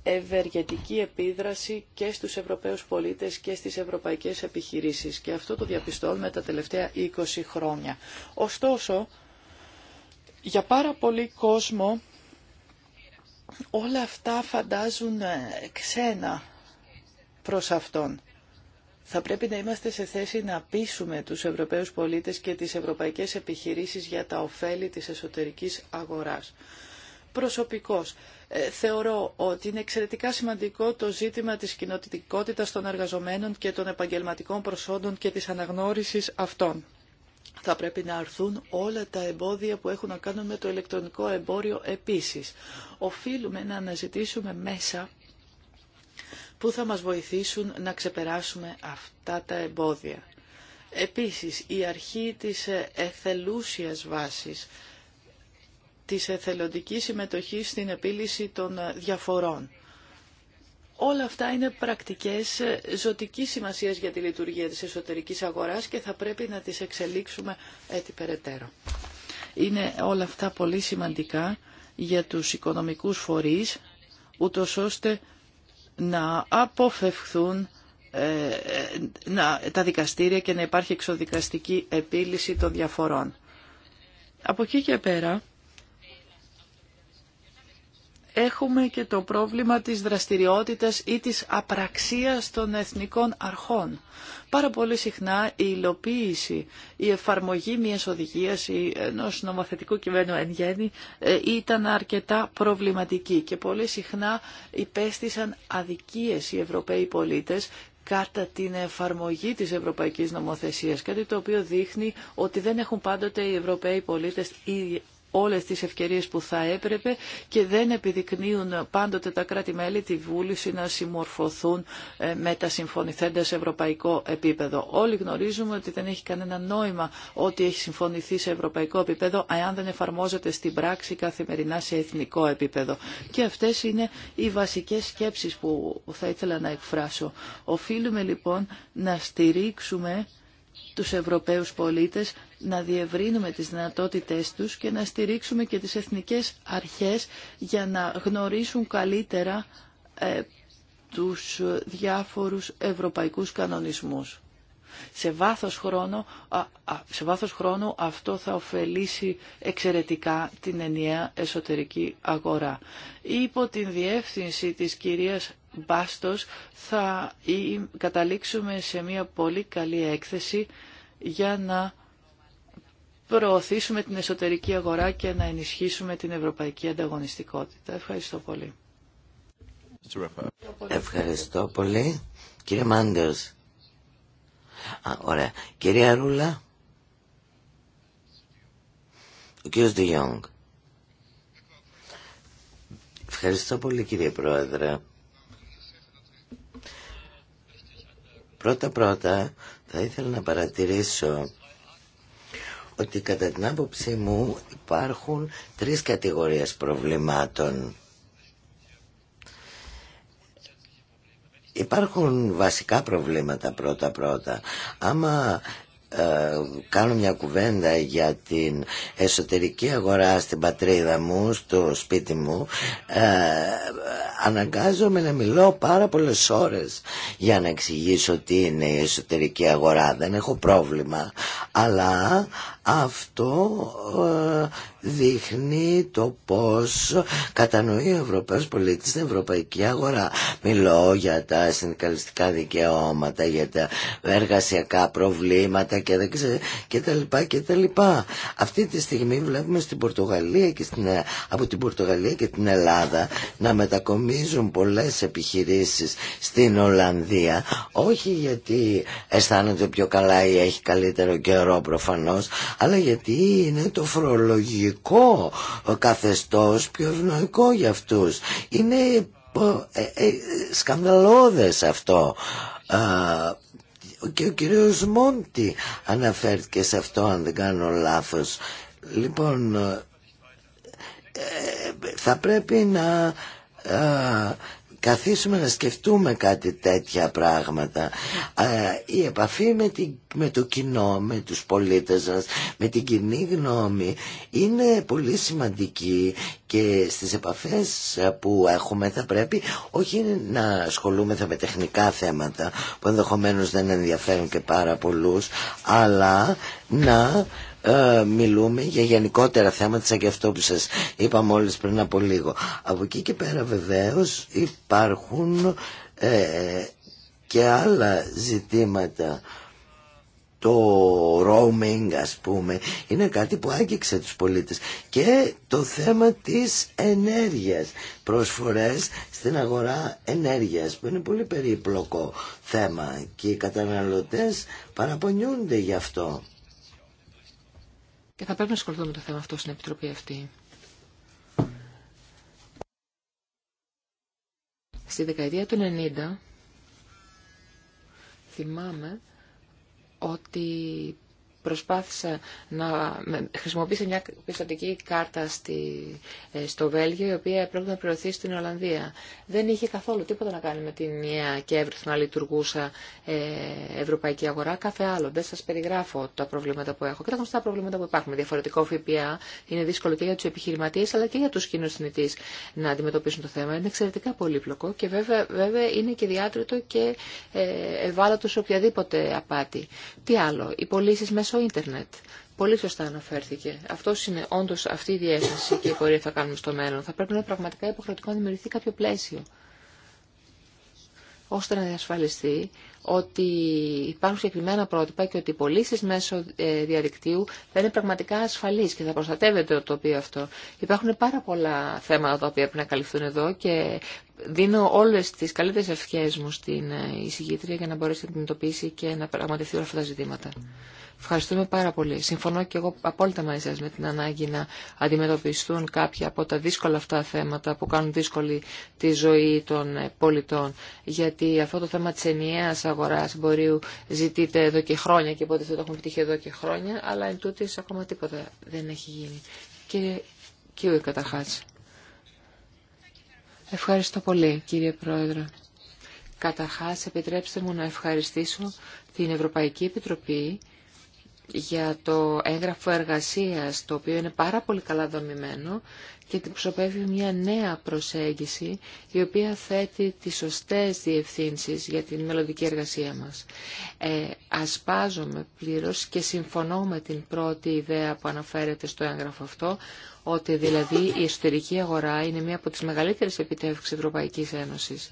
ευεργετική επίδραση και στους Ευρωπαίους πολίτες και στις ευρωπαϊκές επιχειρήσεις. Και αυτό το διαπιστώνουμε τα τελευταία 20 χρόνια. Ωστόσο, για πάρα πολύ κόσμο όλα αυτά φαντάζουν ε, ξένα προς αυτόν. Θα πρέπει να είμαστε σε θέση να πείσουμε τους Ευρωπαίους πολίτες και τις ευρωπαϊκές επιχειρήσεις για τα ωφέλη της εσωτερικής αγοράς. Προσωπικός. Ε, θεωρώ ότι είναι εξαιρετικά σημαντικό το ζήτημα της κοινοτικότητας των εργαζομένων και των επαγγελματικών προσόντων και της αναγνώρισης αυτών. Θα πρέπει να αρθούν όλα τα εμπόδια που έχουν να κάνουν με το ηλεκτρονικό εμπόριο επίσης. Οφείλουμε να αναζητήσουμε μέσα που θα μας βοηθήσουν να ξεπεράσουμε αυτά τα εμπόδια. Επίσης, η αρχή της ε, εθελούσιας βάσης της εθελοντικής συμμετοχής στην επίλυση των διαφορών. Όλα αυτά είναι πρακτικές ζωτικής σημασίας για τη λειτουργία της εσωτερικής αγοράς και θα πρέπει να τις εξελίξουμε έτσι περαιτέρω. Είναι όλα αυτά πολύ σημαντικά για τους οικονομικούς φορείς, ούτως ώστε να αποφευχθούν ε, να, τα δικαστήρια και να υπάρχει εξοδικαστική επίλυση των διαφορών. Από εκεί και πέρα έχουμε και το πρόβλημα της δραστηριότητας ή της απραξίας των εθνικών αρχών. Πάρα πολύ συχνά η υλοποίηση, η εφαρμογή μιας οδηγίας ή ενός νομοθετικού κειμένου εν γέννη ε, ήταν αρκετά προβληματική και πολύ συχνά υπέστησαν αδικίες οι Ευρωπαίοι πολίτες κατά την εφαρμογή της ευρωπαϊκής νομοθεσίας, κάτι το οποίο δείχνει ότι δεν έχουν πάντοτε οι Ευρωπαίοι πολίτες όλες τις ευκαιρίες που θα έπρεπε και δεν επιδεικνύουν πάντοτε τα κράτη-μέλη τη βούληση να συμμορφωθούν ε, με τα συμφωνηθέντα σε ευρωπαϊκό επίπεδο. Όλοι γνωρίζουμε ότι δεν έχει κανένα νόημα ότι έχει συμφωνηθεί σε ευρωπαϊκό επίπεδο εάν δεν εφαρμόζεται στην πράξη καθημερινά σε εθνικό επίπεδο. Και αυτές είναι οι βασικές σκέψεις που θα ήθελα να εκφράσω. Οφείλουμε λοιπόν να στηρίξουμε τους Ευρωπαίους πολίτες, να διευρύνουμε τις δυνατότητές τους και να στηρίξουμε και τις εθνικές αρχές για να γνωρίσουν καλύτερα ε, τους διάφορους ευρωπαϊκούς κανονισμούς. Σε βάθος, χρόνο, σε βάθος χρόνου αυτό θα ωφελήσει εξαιρετικά την ενιαία εσωτερική αγορά. Υπό την διεύθυνση της κυρίας Μπάστος θα καταλήξουμε σε μια πολύ καλή έκθεση για να προωθήσουμε την εσωτερική αγορά και να ενισχύσουμε την ευρωπαϊκή ανταγωνιστικότητα. Ευχαριστώ πολύ. Ευχαριστώ πολύ. Κύριε Μάντερς. Α, ωραία. Κυρία Ρούλα. Ο κύριος Ντιγιόγκ. Ευχαριστώ πολύ κύριε Πρόεδρε. Πρώτα-πρώτα θα ήθελα να παρατηρήσω ότι κατά την άποψή μου υπάρχουν τρεις κατηγορίες προβλημάτων. Υπάρχουν βασικά προβλήματα πρώτα-πρώτα. Άμα ε, κάνω μια κουβέντα για την εσωτερική αγορά στην πατρίδα μου, στο σπίτι μου ε, αναγκάζομαι να μιλώ πάρα πολλές ώρες για να εξηγήσω τι είναι η εσωτερική αγορά δεν έχω πρόβλημα αλλά αυτό ε, δείχνει το πώς κατανοεί ο Ευρωπαίος πολίτης στην ευρωπαϊκή αγορά. Μιλώ για τα συνδικαλιστικά δικαιώματα, για τα εργασιακά προβλήματα και, και τα λοιπά και τα Αυτή τη στιγμή βλέπουμε στην Πορτογαλία και στην... από την Πορτογαλία και την Ελλάδα να μετακομίζουν πολλές επιχειρήσεις στην Ολλανδία όχι γιατί αισθάνονται πιο καλά ή έχει καλύτερο καιρό προφανώς αλλά γιατί είναι το φορολογικό ε, καθεστώς πιο ευνοϊκό για αυτούς. Είναι ε, ε, σκανδαλώδες αυτό και ο κύριος Μόντι αναφέρθηκε σε αυτό αν δεν κάνω λάθος λοιπόν θα πρέπει να καθίσουμε να σκεφτούμε κάτι τέτοια πράγματα. Η επαφή με, το κοινό, με τους πολίτες μας, με την κοινή γνώμη είναι πολύ σημαντική και στις επαφές που έχουμε θα πρέπει όχι να ασχολούμεθα με τεχνικά θέματα που ενδεχομένως δεν ενδιαφέρουν και πάρα πολλούς αλλά να ε, μιλούμε για γενικότερα θέματα σαν και αυτό που σας είπα μόλις πριν από λίγο. Από εκεί και πέρα βεβαίως υπάρχουν ε, και άλλα ζητήματα το roaming ας πούμε είναι κάτι που άγγιξε τους πολίτες και το θέμα της ενέργειας προσφορές στην αγορά ενέργειας που είναι πολύ περίπλοκο θέμα και οι καταναλωτές παραπονιούνται γι' αυτό θα πρέπει να ασχοληθούμε με το θέμα αυτό στην Επιτροπή αυτή. Στη δεκαετία του 90 θυμάμαι ότι προσπάθησα να χρησιμοποιήσω μια πιστοτική κάρτα στη, ε, στο Βέλγιο, η οποία πρέπει να πληρωθεί στην Ολλανδία. Δεν είχε καθόλου τίποτα να κάνει με την νέα και εύρυθμα λειτουργούσα ε, ευρωπαϊκή αγορά. Κάθε άλλο. Δεν σα περιγράφω τα προβλήματα που έχω και τα γνωστά προβλήματα που υπάρχουν. διαφορετικό ΦΠΑ είναι δύσκολο και για του επιχειρηματίε αλλά και για του κοινού θνητή να αντιμετωπίσουν το θέμα. Είναι εξαιρετικά πολύπλοκο και βέβαια, βέβαια είναι και διάτριτο και ε, ευάλωτο σε οποιαδήποτε απάτη. Τι άλλο, οι πωλήσει μέσω μέσω ίντερνετ. Πολύ σωστά αναφέρθηκε. Αυτό είναι όντω αυτή η διεύθυνση και η πορεία θα κάνουμε στο μέλλον. Θα πρέπει να είναι πραγματικά υποχρεωτικό να δημιουργηθεί κάποιο πλαίσιο ώστε να διασφαλιστεί ότι υπάρχουν συγκεκριμένα πρότυπα και ότι οι πωλήσει μέσω ε, διαδικτύου θα είναι πραγματικά ασφαλεί και θα προστατεύεται το τοπίο αυτό. Υπάρχουν πάρα πολλά θέματα τα οποία πρέπει να καλυφθούν εδώ και δίνω όλε τι καλύτερε ευχέ μου στην ε, εισηγήτρια για να μπορέσει να αντιμετωπίσει και να πραγματευτεί όλα αυτά τα ζητήματα. Ευχαριστούμε πάρα πολύ. Συμφωνώ και εγώ απόλυτα μαζί σας με την ανάγκη να αντιμετωπιστούν κάποια από τα δύσκολα αυτά θέματα που κάνουν δύσκολη τη ζωή των πολιτών. Γιατί αυτό το θέμα της ενιαίας αγοράς μπορεί ζητείται εδώ και χρόνια και ποτέ θα το έχουμε πετύχει εδώ και χρόνια, αλλά εν τούτης ακόμα τίποτα δεν έχει γίνει. Κύριε Κιούι καταρχάς. Ευχαριστώ πολύ κύριε Πρόεδρε. Καταρχά επιτρέψτε μου να ευχαριστήσω την Ευρωπαϊκή Επιτροπή για το έγγραφο εργασίας, το οποίο είναι πάρα πολύ καλά δομημένο και προσωπεύει μια νέα προσέγγιση, η οποία θέτει τις σωστές διευθύνσεις για την μελλοντική εργασία μας. Ε, ασπάζομαι πλήρως και συμφωνώ με την πρώτη ιδέα που αναφέρεται στο έγγραφο αυτό, ότι δηλαδή η εσωτερική αγορά είναι μία από τις μεγαλύτερες επιτεύξεις Ευρωπαϊκής Ένωσης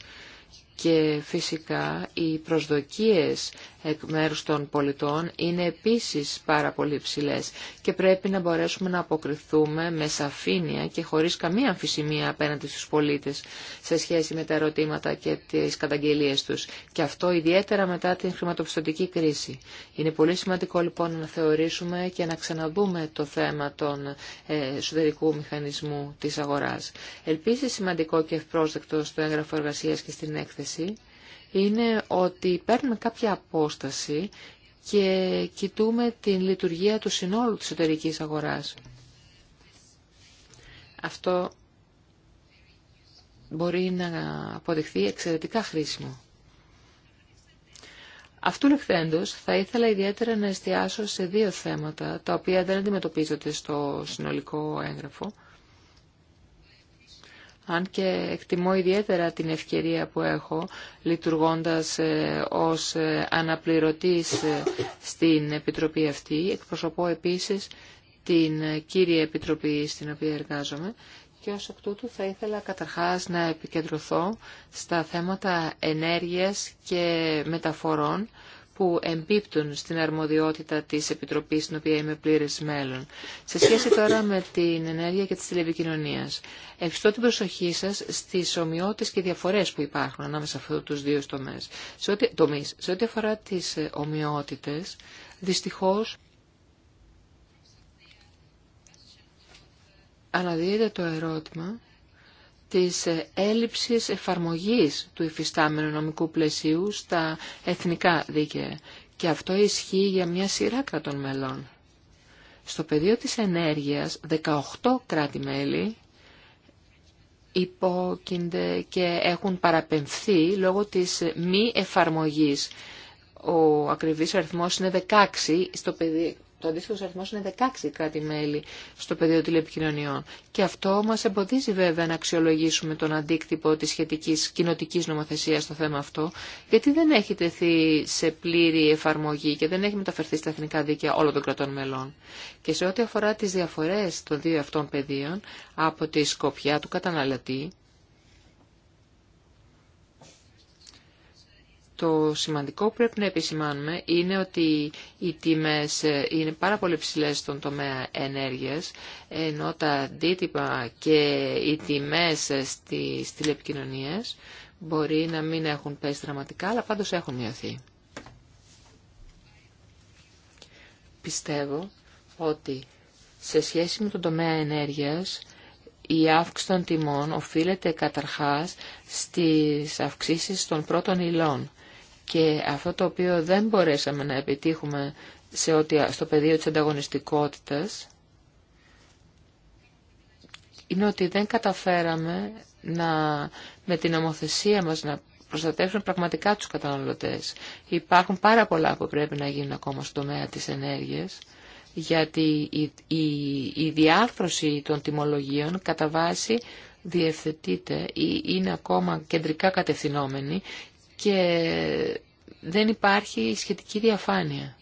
και φυσικά οι προσδοκίες εκ μέρους των πολιτών είναι επίσης πάρα πολύ ψηλές και πρέπει να μπορέσουμε να αποκριθούμε με σαφήνεια και χωρίς καμία αμφισημία απέναντι στους πολίτες σε σχέση με τα ερωτήματα και τις καταγγελίες τους. Και αυτό ιδιαίτερα μετά την χρηματοπιστωτική κρίση. Είναι πολύ σημαντικό λοιπόν να θεωρήσουμε και να ξαναδούμε το θέμα των ε, εσωτερικού μηχανισμού της αγοράς. Ελπίζει σημαντικό και ευπρόσδεκτο στο έγγραφο εργασίας και στην έκθεση είναι ότι παίρνουμε κάποια απόσταση και κοιτούμε την λειτουργία του συνόλου της εταιρική αγοράς. Αυτό μπορεί να αποδειχθεί εξαιρετικά χρήσιμο. Αυτού θα ήθελα ιδιαίτερα να εστιάσω σε δύο θέματα, τα οποία δεν αντιμετωπίζονται στο συνολικό έγγραφο, αν και εκτιμώ ιδιαίτερα την ευκαιρία που έχω λειτουργώντας ε, ως ε, αναπληρωτής ε, στην Επιτροπή αυτή. Εκπροσωπώ επίσης την κύρια Επιτροπή στην οποία εργάζομαι και ως εκ τούτου θα ήθελα καταρχάς να επικεντρωθώ στα θέματα ενέργειας και μεταφορών που εμπίπτουν στην αρμοδιότητα της Επιτροπής, στην οποία είμαι πλήρε μέλλον. Σε σχέση τώρα με την ενέργεια και τις τηλεπικοινωνίες, ευχαριστώ την προσοχή σας στις ομοιότητες και διαφορές που υπάρχουν ανάμεσα σε τους δύο τομείς. Σε ό,τι, τομείς. Σε ό,τι αφορά τις ε, ομοιότητες, δυστυχώς αναδύεται το ερώτημα της έλλειψης εφαρμογής του υφιστάμενου νομικού πλαισίου στα εθνικά δίκαια. Και αυτό ισχύει για μια σειρά κρατών μελών. Στο πεδίο της ενέργειας, 18 κράτη-μέλη υπόκεινται και έχουν παραπεμφθεί λόγω της μη εφαρμογής. Ο ακριβής αριθμός είναι 16 στο πεδίο το αντίστοιχο αριθμό είναι 16 κράτη-μέλη στο πεδίο τηλεπικοινωνιών. Και αυτό μα εμποδίζει βέβαια να αξιολογήσουμε τον αντίκτυπο τη σχετική κοινοτική νομοθεσία στο θέμα αυτό, γιατί δεν έχει τεθεί σε πλήρη εφαρμογή και δεν έχει μεταφερθεί στα εθνικά δίκαια όλων των κρατών μελών. Και σε ό,τι αφορά τι διαφορέ των δύο αυτών πεδίων από τη σκοπιά του καταναλωτή, Το σημαντικό που πρέπει να επισημάνουμε είναι ότι οι τιμές είναι πάρα πολύ ψηλές στον τομέα ενέργειας, ενώ τα αντίτυπα και οι τιμές στις τηλεπικοινωνίες μπορεί να μην έχουν πέσει δραματικά, αλλά πάντως έχουν μειωθεί. Πιστεύω ότι σε σχέση με τον τομέα ενέργειας, η αύξηση των τιμών οφείλεται καταρχάς στις αυξήσεις των πρώτων υλών. Και αυτό το οποίο δεν μπορέσαμε να επιτύχουμε σε ό,τι στο πεδίο της ανταγωνιστικότητας είναι ότι δεν καταφέραμε να, με την ομοθεσία μας να προστατεύσουμε πραγματικά τους καταναλωτές. Υπάρχουν πάρα πολλά που πρέπει να γίνουν ακόμα στο τομέα της ενέργειας γιατί η, η, η διάρθρωση των τιμολογίων κατά βάση διευθετείται ή είναι ακόμα κεντρικά κατευθυνόμενη και δεν υπάρχει σχετική διαφάνεια.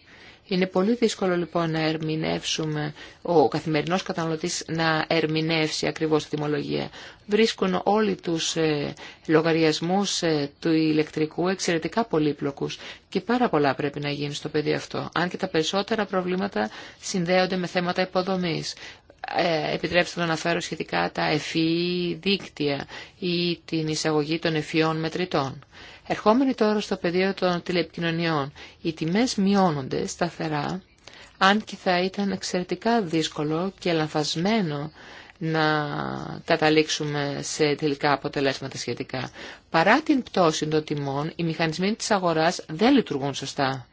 Είναι πολύ δύσκολο λοιπόν να ερμηνεύσουμε, ο καθημερινός καταναλωτής να ερμηνεύσει ακριβώς τη τιμολογία. Βρίσκουν όλοι τους ε, λογαριασμούς ε, του ηλεκτρικού εξαιρετικά πολύπλοκους και πάρα πολλά πρέπει να γίνει στο πεδίο αυτό, αν και τα περισσότερα προβλήματα συνδέονται με θέματα υποδομής. Ε, επιτρέψτε να αναφέρω σχετικά τα εφή δίκτυα ή την εισαγωγή των εφιών μετρητών. Ερχόμενοι τώρα στο πεδίο των τηλεπικοινωνιών, οι τιμές μειώνονται σταθερά, αν και θα ήταν εξαιρετικά δύσκολο και λανθασμένο να καταλήξουμε σε τελικά αποτελέσματα σχετικά. Παρά την πτώση των τιμών, οι μηχανισμοί της αγοράς δεν λειτουργούν σωστά.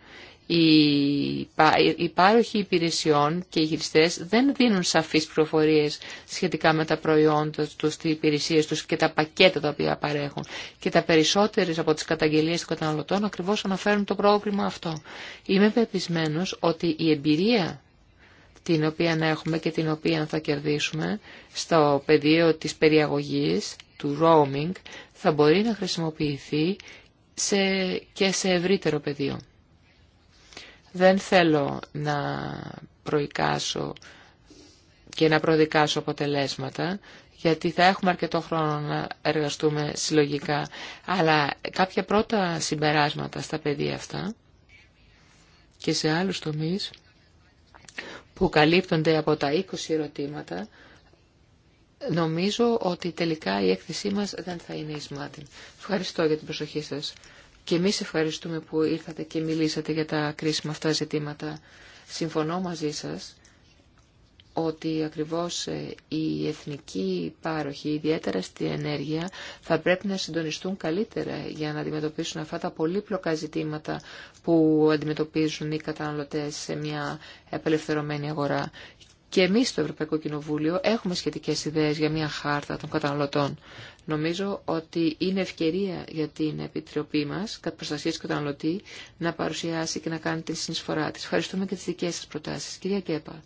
Οι πάροχοι υπηρεσιών και οι χειριστές δεν δίνουν σαφείς προφορίες σχετικά με τα προϊόντα τους, τις υπηρεσίες τους και τα πακέτα τα οποία παρέχουν. Και τα περισσότερες από τις καταγγελίες των καταναλωτών ακριβώς αναφέρουν το πρόβλημα αυτό. Είμαι πεπισμένος ότι η εμπειρία την οποία έχουμε και την οποία θα κερδίσουμε στο πεδίο της περιαγωγής, του roaming, θα μπορεί να χρησιμοποιηθεί σε, και σε ευρύτερο πεδίο. Δεν θέλω να προικάσω και να προδικάσω αποτελέσματα, γιατί θα έχουμε αρκετό χρόνο να εργαστούμε συλλογικά. Αλλά κάποια πρώτα συμπεράσματα στα παιδιά αυτά και σε άλλους τομείς που καλύπτονται από τα 20 ερωτήματα, νομίζω ότι τελικά η έκθεσή μας δεν θα είναι ισμάτη. Ευχαριστώ για την προσοχή σας. Και εμείς ευχαριστούμε που ήρθατε και μιλήσατε για τα κρίσιμα αυτά ζητήματα. Συμφωνώ μαζί σας ότι ακριβώς ε, οι εθνικοί πάροχοι, ιδιαίτερα στη ενέργεια, θα πρέπει να συντονιστούν καλύτερα για να αντιμετωπίσουν αυτά τα πολύπλοκα ζητήματα που αντιμετωπίζουν οι καταναλωτές σε μια απελευθερωμένη αγορά. Και εμείς στο Ευρωπαϊκό Κοινοβούλιο έχουμε σχετικές ιδέες για μια χάρτα των καταναλωτών. Νομίζω ότι είναι ευκαιρία για την Επιτροπή μας, κατά προστασία του καταναλωτή, να παρουσιάσει και να κάνει την συνεισφορά της. Ευχαριστούμε και τις δικές σας προτάσεις. Κυρία Κέπα.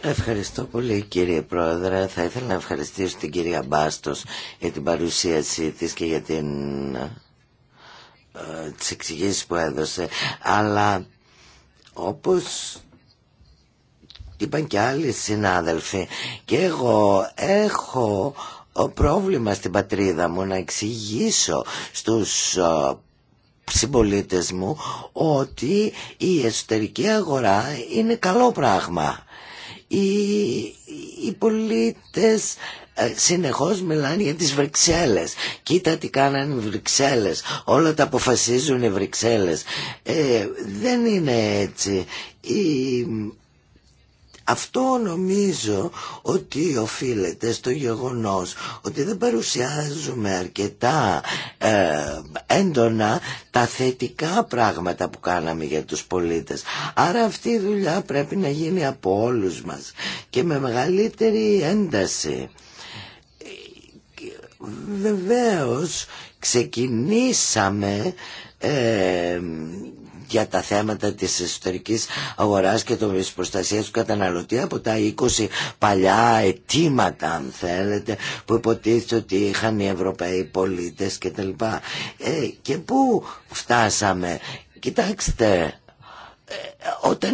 Ευχαριστώ πολύ κύριε Πρόεδρε. Θα ήθελα να ευχαριστήσω την κυρία Μπάστος για την παρουσίασή της και για την... Ε, τις εξηγήσεις που έδωσε. Αλλά όπως είπαν και άλλοι συνάδελφοι και εγώ έχω ε, πρόβλημα στην πατρίδα μου να εξηγήσω στους ε, συμπολίτε μου ότι η εσωτερική αγορά είναι καλό πράγμα. Οι, οι πολίτες ε, συνεχώς μιλάνε για τις Βρυξέλλες κοίτα τι κάνανε οι Βρυξέλλες όλα τα αποφασίζουν οι Βρυξέλλες δεν είναι έτσι η, αυτό νομίζω ότι οφείλεται στο γεγονός ότι δεν παρουσιάζουμε αρκετά ε, έντονα τα θετικά πράγματα που κάναμε για τους πολίτες. Άρα αυτή η δουλειά πρέπει να γίνει από όλους μας και με μεγαλύτερη ένταση. Βεβαίως ξεκινήσαμε ε, για τα θέματα της εσωτερικής αγοράς και της προστασία του καταναλωτή από τα 20 παλιά αιτήματα αν θέλετε που υποτίθεται ότι είχαν οι Ευρωπαίοι πολίτες κτλ. Και, ε, και πού φτάσαμε. Κοιτάξτε, όταν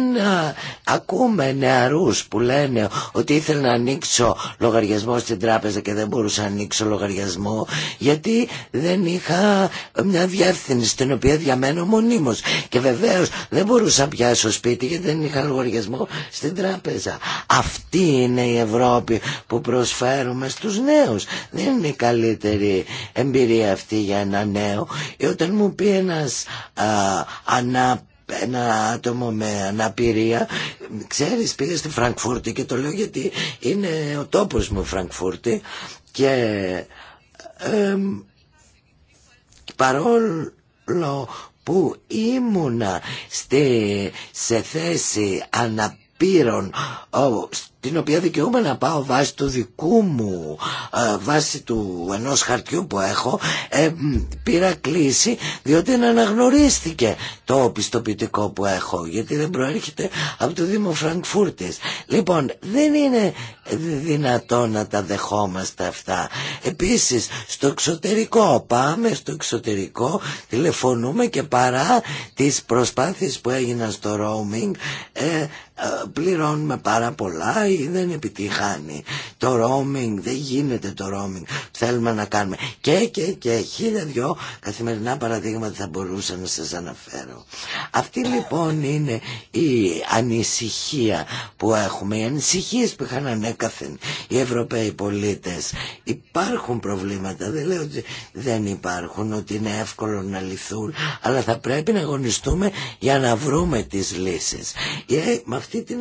ακούμε νεαρούς που λένε ότι ήθελα να ανοίξω λογαριασμό στην τράπεζα και δεν μπορούσα να ανοίξω λογαριασμό γιατί δεν είχα μια διεύθυνση στην οποία διαμένω μονίμως και βεβαίως δεν μπορούσα να πιάσω σπίτι γιατί δεν είχα λογαριασμό στην τράπεζα αυτή είναι η Ευρώπη που προσφέρουμε στους νέους δεν είναι η καλύτερη εμπειρία αυτή για ένα νέο όταν μου πει ένας α, ένα άτομο με αναπηρία ξέρεις πήγα στη Φραγκφούρτη και το λέω γιατί είναι ο τόπος μου Φραγκφούρτη και παρόλο που ήμουνα στη, σε θέση αναπήρων την οποία δικαιούμαι να πάω βάσει του δικού μου, βάσει του ενός χαρτιού που έχω, ε, πήρα κλίση διότι δεν αναγνωρίστηκε το πιστοποιητικό που έχω, γιατί δεν προέρχεται από το Δήμο Φραγκφούρτης. Λοιπόν, δεν είναι δυνατό να τα δεχόμαστε αυτά. Επίσης, στο εξωτερικό, πάμε στο εξωτερικό, τηλεφωνούμε και παρά τις προσπάθειες που έγιναν στο roaming, ε, ε, πληρώνουμε πάρα πολλά δεν επιτυχάνει το roaming, δεν γίνεται το roaming θέλουμε να κάνουμε και και και χίλια δυο καθημερινά παραδείγματα θα μπορούσα να σας αναφέρω αυτή λοιπόν είναι η ανησυχία που έχουμε οι ανησυχίε που είχαν ανέκαθεν οι Ευρωπαίοι πολίτες υπάρχουν προβλήματα δεν λέω ότι δεν υπάρχουν ότι είναι εύκολο να λυθούν αλλά θα πρέπει να αγωνιστούμε για να βρούμε τις λύσεις με αυτή την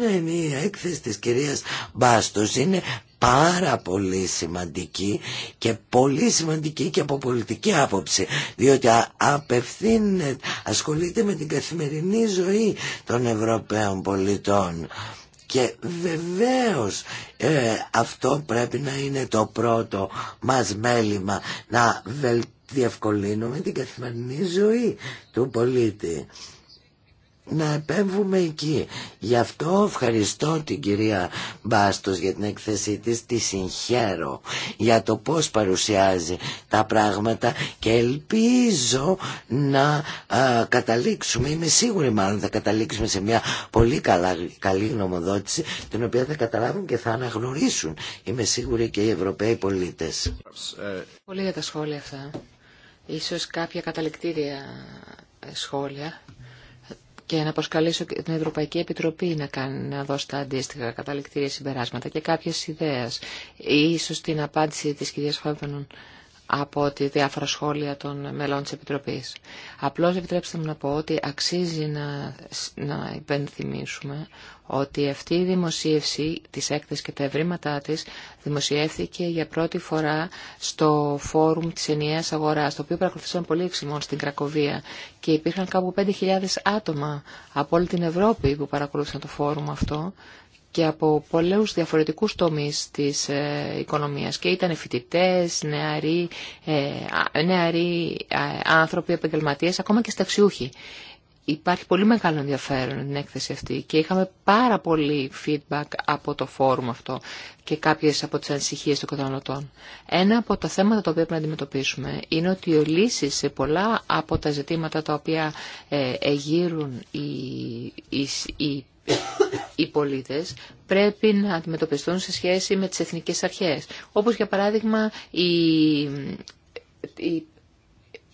έκθεση της κυρία βάστως είναι πάρα πολύ σημαντική και πολύ σημαντική και από πολιτική άποψη διότι απευθύνεται ασχολείται με την καθημερινή ζωή των Ευρωπαίων πολιτών και βεβαίως ε, αυτό πρέπει να είναι το πρώτο μας μέλημα να διευκολύνουμε την καθημερινή ζωή του πολίτη να επέμβουμε εκεί. Γι' αυτό ευχαριστώ την κυρία Μπάστος για την έκθεσή της, τη συγχαίρω για το πώς παρουσιάζει τα πράγματα και ελπίζω να καταλήξουμε, είμαι σίγουρη μάλλον θα καταλήξουμε σε μια πολύ καλή γνωμοδότηση την οποία θα καταλάβουν και θα αναγνωρίσουν. Είμαι σίγουρη και οι Ευρωπαίοι πολίτες. Πολύ για τα σχόλια αυτά. Ίσως κάποια καταληκτήρια σχόλια και να προσκαλέσω την Ευρωπαϊκή Επιτροπή να, κάνει, να δώσει τα αντίστοιχα καταληκτήρια συμπεράσματα και κάποιες ιδέες. Ίσως την απάντηση της κυρίας Φόβενον από τη διάφορα σχόλια των μελών της Επιτροπής. Απλώς επιτρέψτε μου να πω ότι αξίζει να, να υπενθυμίσουμε ότι αυτή η δημοσίευση της έκθεσης και τα ευρήματά της δημοσιεύθηκε για πρώτη φορά στο φόρουμ της ενιαίας αγοράς, το οποίο παρακολουθήσαμε πολύ εξημών στην Κρακοβία και υπήρχαν κάπου 5.000 άτομα από όλη την Ευρώπη που παρακολούθησαν το φόρουμ αυτό και από πολλούς διαφορετικούς τομείς της ε, οικονομίας και ήταν φοιτητέ, νεαροί, ε, ε, άνθρωποι, επαγγελματίες, ακόμα και σταξιούχοι. Υπάρχει πολύ μεγάλο ενδιαφέρον την έκθεση αυτή και είχαμε πάρα πολύ feedback από το φόρουμ αυτό και κάποιες από τις ανησυχίες των καταναλωτών. Ένα από τα θέματα τα οποία πρέπει να αντιμετωπίσουμε είναι ότι οι λύσεις σε πολλά από τα ζητήματα τα οποία ε, εγείρουν οι, οι, οι πολίτες πρέπει να αντιμετωπιστούν σε σχέση με τις εθνικές αρχές. Όπως για παράδειγμα η, η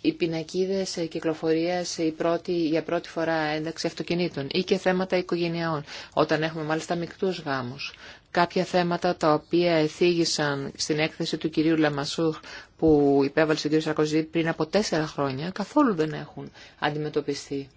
οι πινακίδες κυκλοφορίας η πρώτη, για πρώτη φορά ένταξη αυτοκινήτων ή και θέματα οικογενειών, όταν έχουμε μάλιστα μικτούς γάμους. Κάποια θέματα τα οποία εθίγησαν στην έκθεση του κυρίου Λαμασούχ που υπέβαλε στον κύριο Σαρκοζή πριν από τέσσερα χρόνια, καθόλου δεν έχουν αντιμετωπιστεί.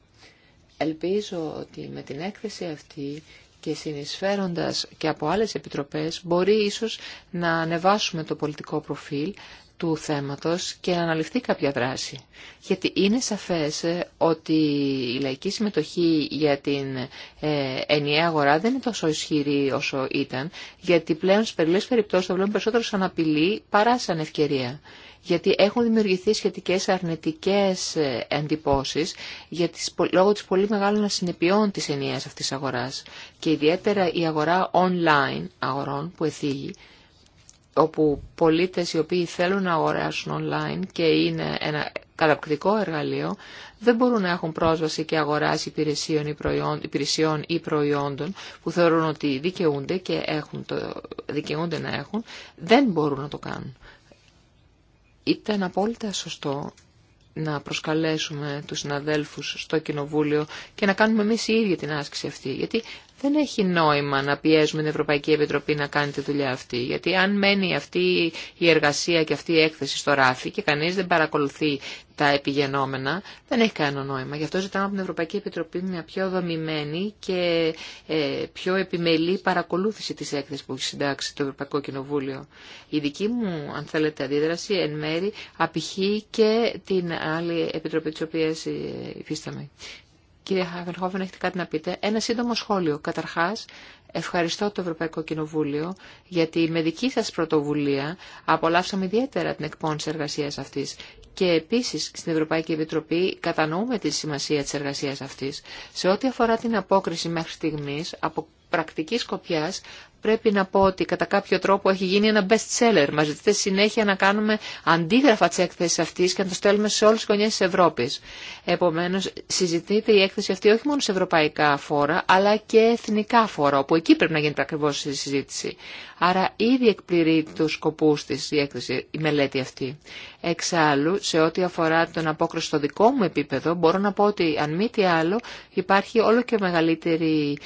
Ελπίζω ότι με την έκθεση αυτή και συνεισφέροντας και από άλλες επιτροπές μπορεί ίσως να ανεβάσουμε το πολιτικό προφίλ, του θέματος και να αναλυφθεί κάποια δράση. Γιατί είναι σαφές ε, ότι η λαϊκή συμμετοχή για την ε, ενιαία αγορά δεν είναι τόσο ισχυρή όσο ήταν, γιατί πλέον στις περιλές περιπτώσεις το βλέπουμε περισσότερο σαν απειλή παρά σαν ευκαιρία. Γιατί έχουν δημιουργηθεί σχετικές αρνητικές ε, εντυπώσεις για τις, λόγω της πολύ μεγάλων ασυνεπιών της ενιαίας αυτής αγοράς. Και ιδιαίτερα η αγορά online αγορών που εθίγει, όπου πολίτες οι οποίοι θέλουν να αγοράσουν online και είναι ένα καταπληκτικό εργαλείο, δεν μπορούν να έχουν πρόσβαση και αγοράση υπηρεσιών ή, υπηρεσιών ή προϊόντων που θεωρούν ότι δικαιούνται και έχουν το, δικαιούνται να έχουν, δεν μπορούν να το κάνουν. Ήταν απόλυτα σωστό να προσκαλέσουμε τους συναδέλφους στο Κοινοβούλιο και να κάνουμε εμείς οι ίδιοι την άσκηση αυτή. Γιατί δεν έχει νόημα να πιέζουμε την Ευρωπαϊκή Επιτροπή να κάνει τη δουλειά αυτή. Γιατί αν μένει αυτή η εργασία και αυτή η έκθεση στο ράφι και κανείς δεν παρακολουθεί τα επιγενόμενα, δεν έχει κανένα νόημα. Γι' αυτό ζητάμε από την Ευρωπαϊκή Επιτροπή μια πιο δομημένη και ε, πιο επιμελή παρακολούθηση της έκθεσης που έχει συντάξει το Ευρωπαϊκό Κοινοβούλιο. Η δική μου, αν θέλετε, αντίδραση εν μέρη απηχεί και την άλλη Επιτροπή της οποίας ε, υφίσταμε. Κύριε Χαβελχόβεν, έχετε κάτι να πείτε. Ένα σύντομο σχόλιο. Καταρχάς, ευχαριστώ το Ευρωπαϊκό Κοινοβούλιο, γιατί με δική σα πρωτοβουλία απολαύσαμε ιδιαίτερα την εκπόνηση εργασία αυτής. Και επίσης στην Ευρωπαϊκή Επιτροπή κατανοούμε τη σημασία της εργασίας αυτής. Σε ό,τι αφορά την απόκριση μέχρι στιγμή από πρακτική σκοπιά, πρέπει να πω ότι κατά κάποιο τρόπο έχει γίνει ένα best seller. Μα ζητείτε συνέχεια να κάνουμε αντίγραφα τη έκθεση αυτή και να το στέλνουμε σε όλε τι γωνιές τη Ευρώπη. Επομένω, συζητείται η έκθεση αυτή όχι μόνο σε ευρωπαϊκά φόρα, αλλά και εθνικά φόρα, όπου εκεί πρέπει να γίνεται ακριβώ η συζήτηση. Άρα ήδη εκπληρεί του σκοπού τη η, έκθεση, η μελέτη αυτή. Εξάλλου, σε ό,τι αφορά τον απόκριση στο δικό μου επίπεδο, μπορώ να πω ότι αν μη τι άλλο υπάρχει όλο και μεγαλύτερη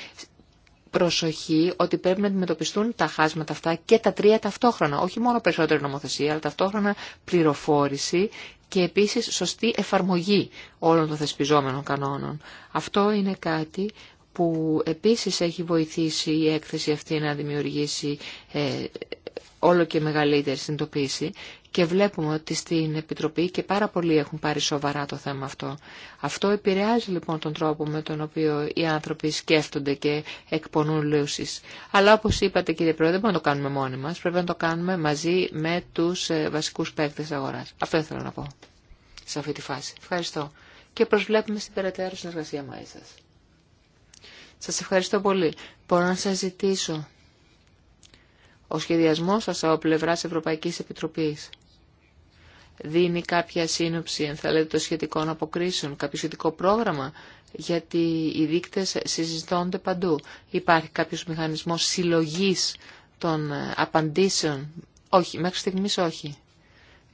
προσοχή ότι πρέπει να αντιμετωπιστούν τα χάσματα αυτά και τα τρία ταυτόχρονα. Όχι μόνο περισσότερη νομοθεσία, αλλά ταυτόχρονα πληροφόρηση και επίσης σωστή εφαρμογή όλων των θεσπιζόμενων κανόνων. Αυτό είναι κάτι που επίσης έχει βοηθήσει η έκθεση αυτή να δημιουργήσει ε, όλο και μεγαλύτερη συνειδητοποίηση και βλέπουμε ότι στην Επιτροπή και πάρα πολλοί έχουν πάρει σοβαρά το θέμα αυτό. Αυτό επηρεάζει λοιπόν τον τρόπο με τον οποίο οι άνθρωποι σκέφτονται και εκπονούν λύσεις. Αλλά όπως είπατε κύριε Πρόεδρε, δεν μπορούμε να το κάνουμε μόνοι μας, πρέπει να το κάνουμε μαζί με τους ε, βασικούς παίκτες αγοράς. Αυτό ήθελα να πω σε αυτή τη φάση. Ευχαριστώ. Και προσβλέπουμε στην περαιτέρω συνεργασία μαζί σας. Σας ευχαριστώ πολύ. Μπορώ να σας ζητήσω ο σχεδιασμός σας από πλευράς Ευρωπαϊκής Επιτροπής δίνει κάποια σύνοψη, αν θέλετε, των σχετικών αποκρίσεων, κάποιο σχετικό πρόγραμμα, γιατί οι δείκτες συζητώνται παντού. Υπάρχει κάποιος μηχανισμός συλλογής των ε, απαντήσεων. Όχι, μέχρι στιγμής όχι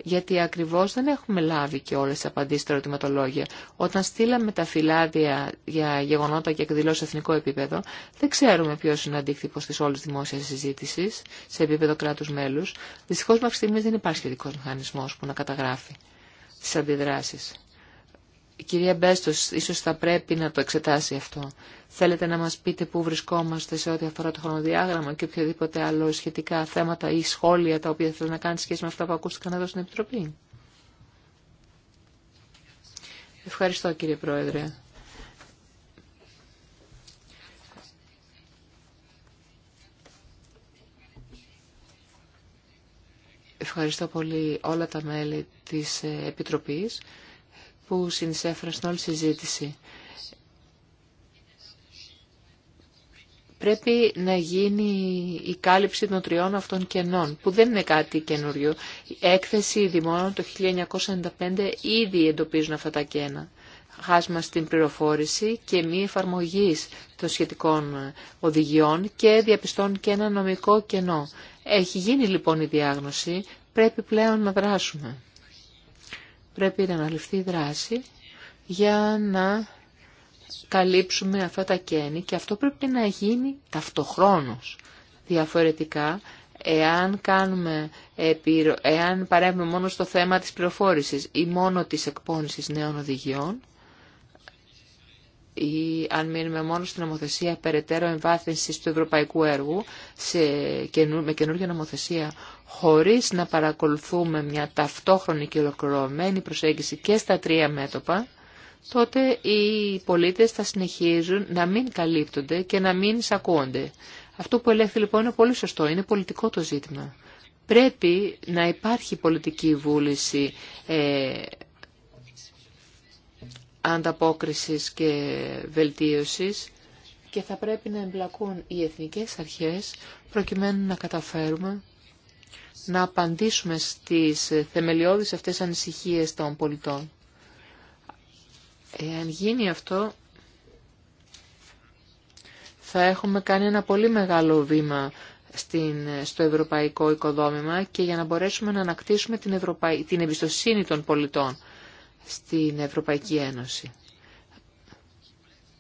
γιατί ακριβώς δεν έχουμε λάβει και όλες τις απαντήσεις στα ερωτηματολόγια. Όταν στείλαμε τα φυλάδια για γεγονότα και εκδηλώσει σε εθνικό επίπεδο, δεν ξέρουμε ποιο είναι ο αντίκτυπος της όλης συζήτηση, συζήτησης σε επίπεδο κράτους μέλους. Δυστυχώ μέχρι στιγμή δεν υπάρχει σχετικό μηχανισμός που να καταγράφει τι αντιδράσει κυρία Μπέστος ίσως θα πρέπει να το εξετάσει αυτό. Θέλετε να μας πείτε πού βρισκόμαστε σε ό,τι αφορά το χρονοδιάγραμμα και οποιοδήποτε άλλο σχετικά θέματα ή σχόλια τα οποία θέλετε να κάνετε σχέση με αυτά που ακούστηκαν εδώ στην Επιτροπή. Ευχαριστώ κύριε Πρόεδρε. Ευχαριστώ πολύ όλα τα μέλη της ε, Επιτροπής που συνεισέφεραν στην όλη συζήτηση. πρέπει να γίνει η κάλυψη των τριών αυτών κενών, που δεν είναι κάτι καινούριο. Η έκθεση δημόνων το 1995 ήδη εντοπίζουν αυτά τα κένα. Χάσμα στην πληροφόρηση και μη εφαρμογή των σχετικών οδηγιών και διαπιστών και ένα νομικό κενό. Έχει γίνει λοιπόν η διάγνωση, πρέπει πλέον να δράσουμε πρέπει να αναλυφθεί δράση για να καλύψουμε αυτά τα κέννη. και αυτό πρέπει να γίνει ταυτοχρόνως. Διαφορετικά, εάν, κάνουμε, εάν παρέμβουμε μόνο στο θέμα της πληροφόρησης ή μόνο της εκπόνησης νέων οδηγιών, ή αν μείνουμε μόνο στην νομοθεσία περαιτέρω εμβάθυνση του ευρωπαϊκού έργου με καινούργια νομοθεσία χωρίς να παρακολουθούμε μια ταυτόχρονη και ολοκληρωμένη προσέγγιση και στα τρία μέτωπα, τότε οι πολίτες θα συνεχίζουν να μην καλύπτονται και να μην εισακούονται. Αυτό που ελέγχθη λοιπόν είναι πολύ σωστό, είναι πολιτικό το ζήτημα. Πρέπει να υπάρχει πολιτική βούληση ε, ανταπόκρισης και βελτίωσης και θα πρέπει να εμπλακούν οι εθνικές αρχές προκειμένου να καταφέρουμε να απαντήσουμε στις θεμελιώδεις αυτές ανησυχίες των πολιτών. Εάν γίνει αυτό, θα έχουμε κάνει ένα πολύ μεγάλο βήμα στην, στο ευρωπαϊκό οικοδόμημα και για να μπορέσουμε να ανακτήσουμε την, την εμπιστοσύνη των πολιτών στην Ευρωπαϊκή Ένωση.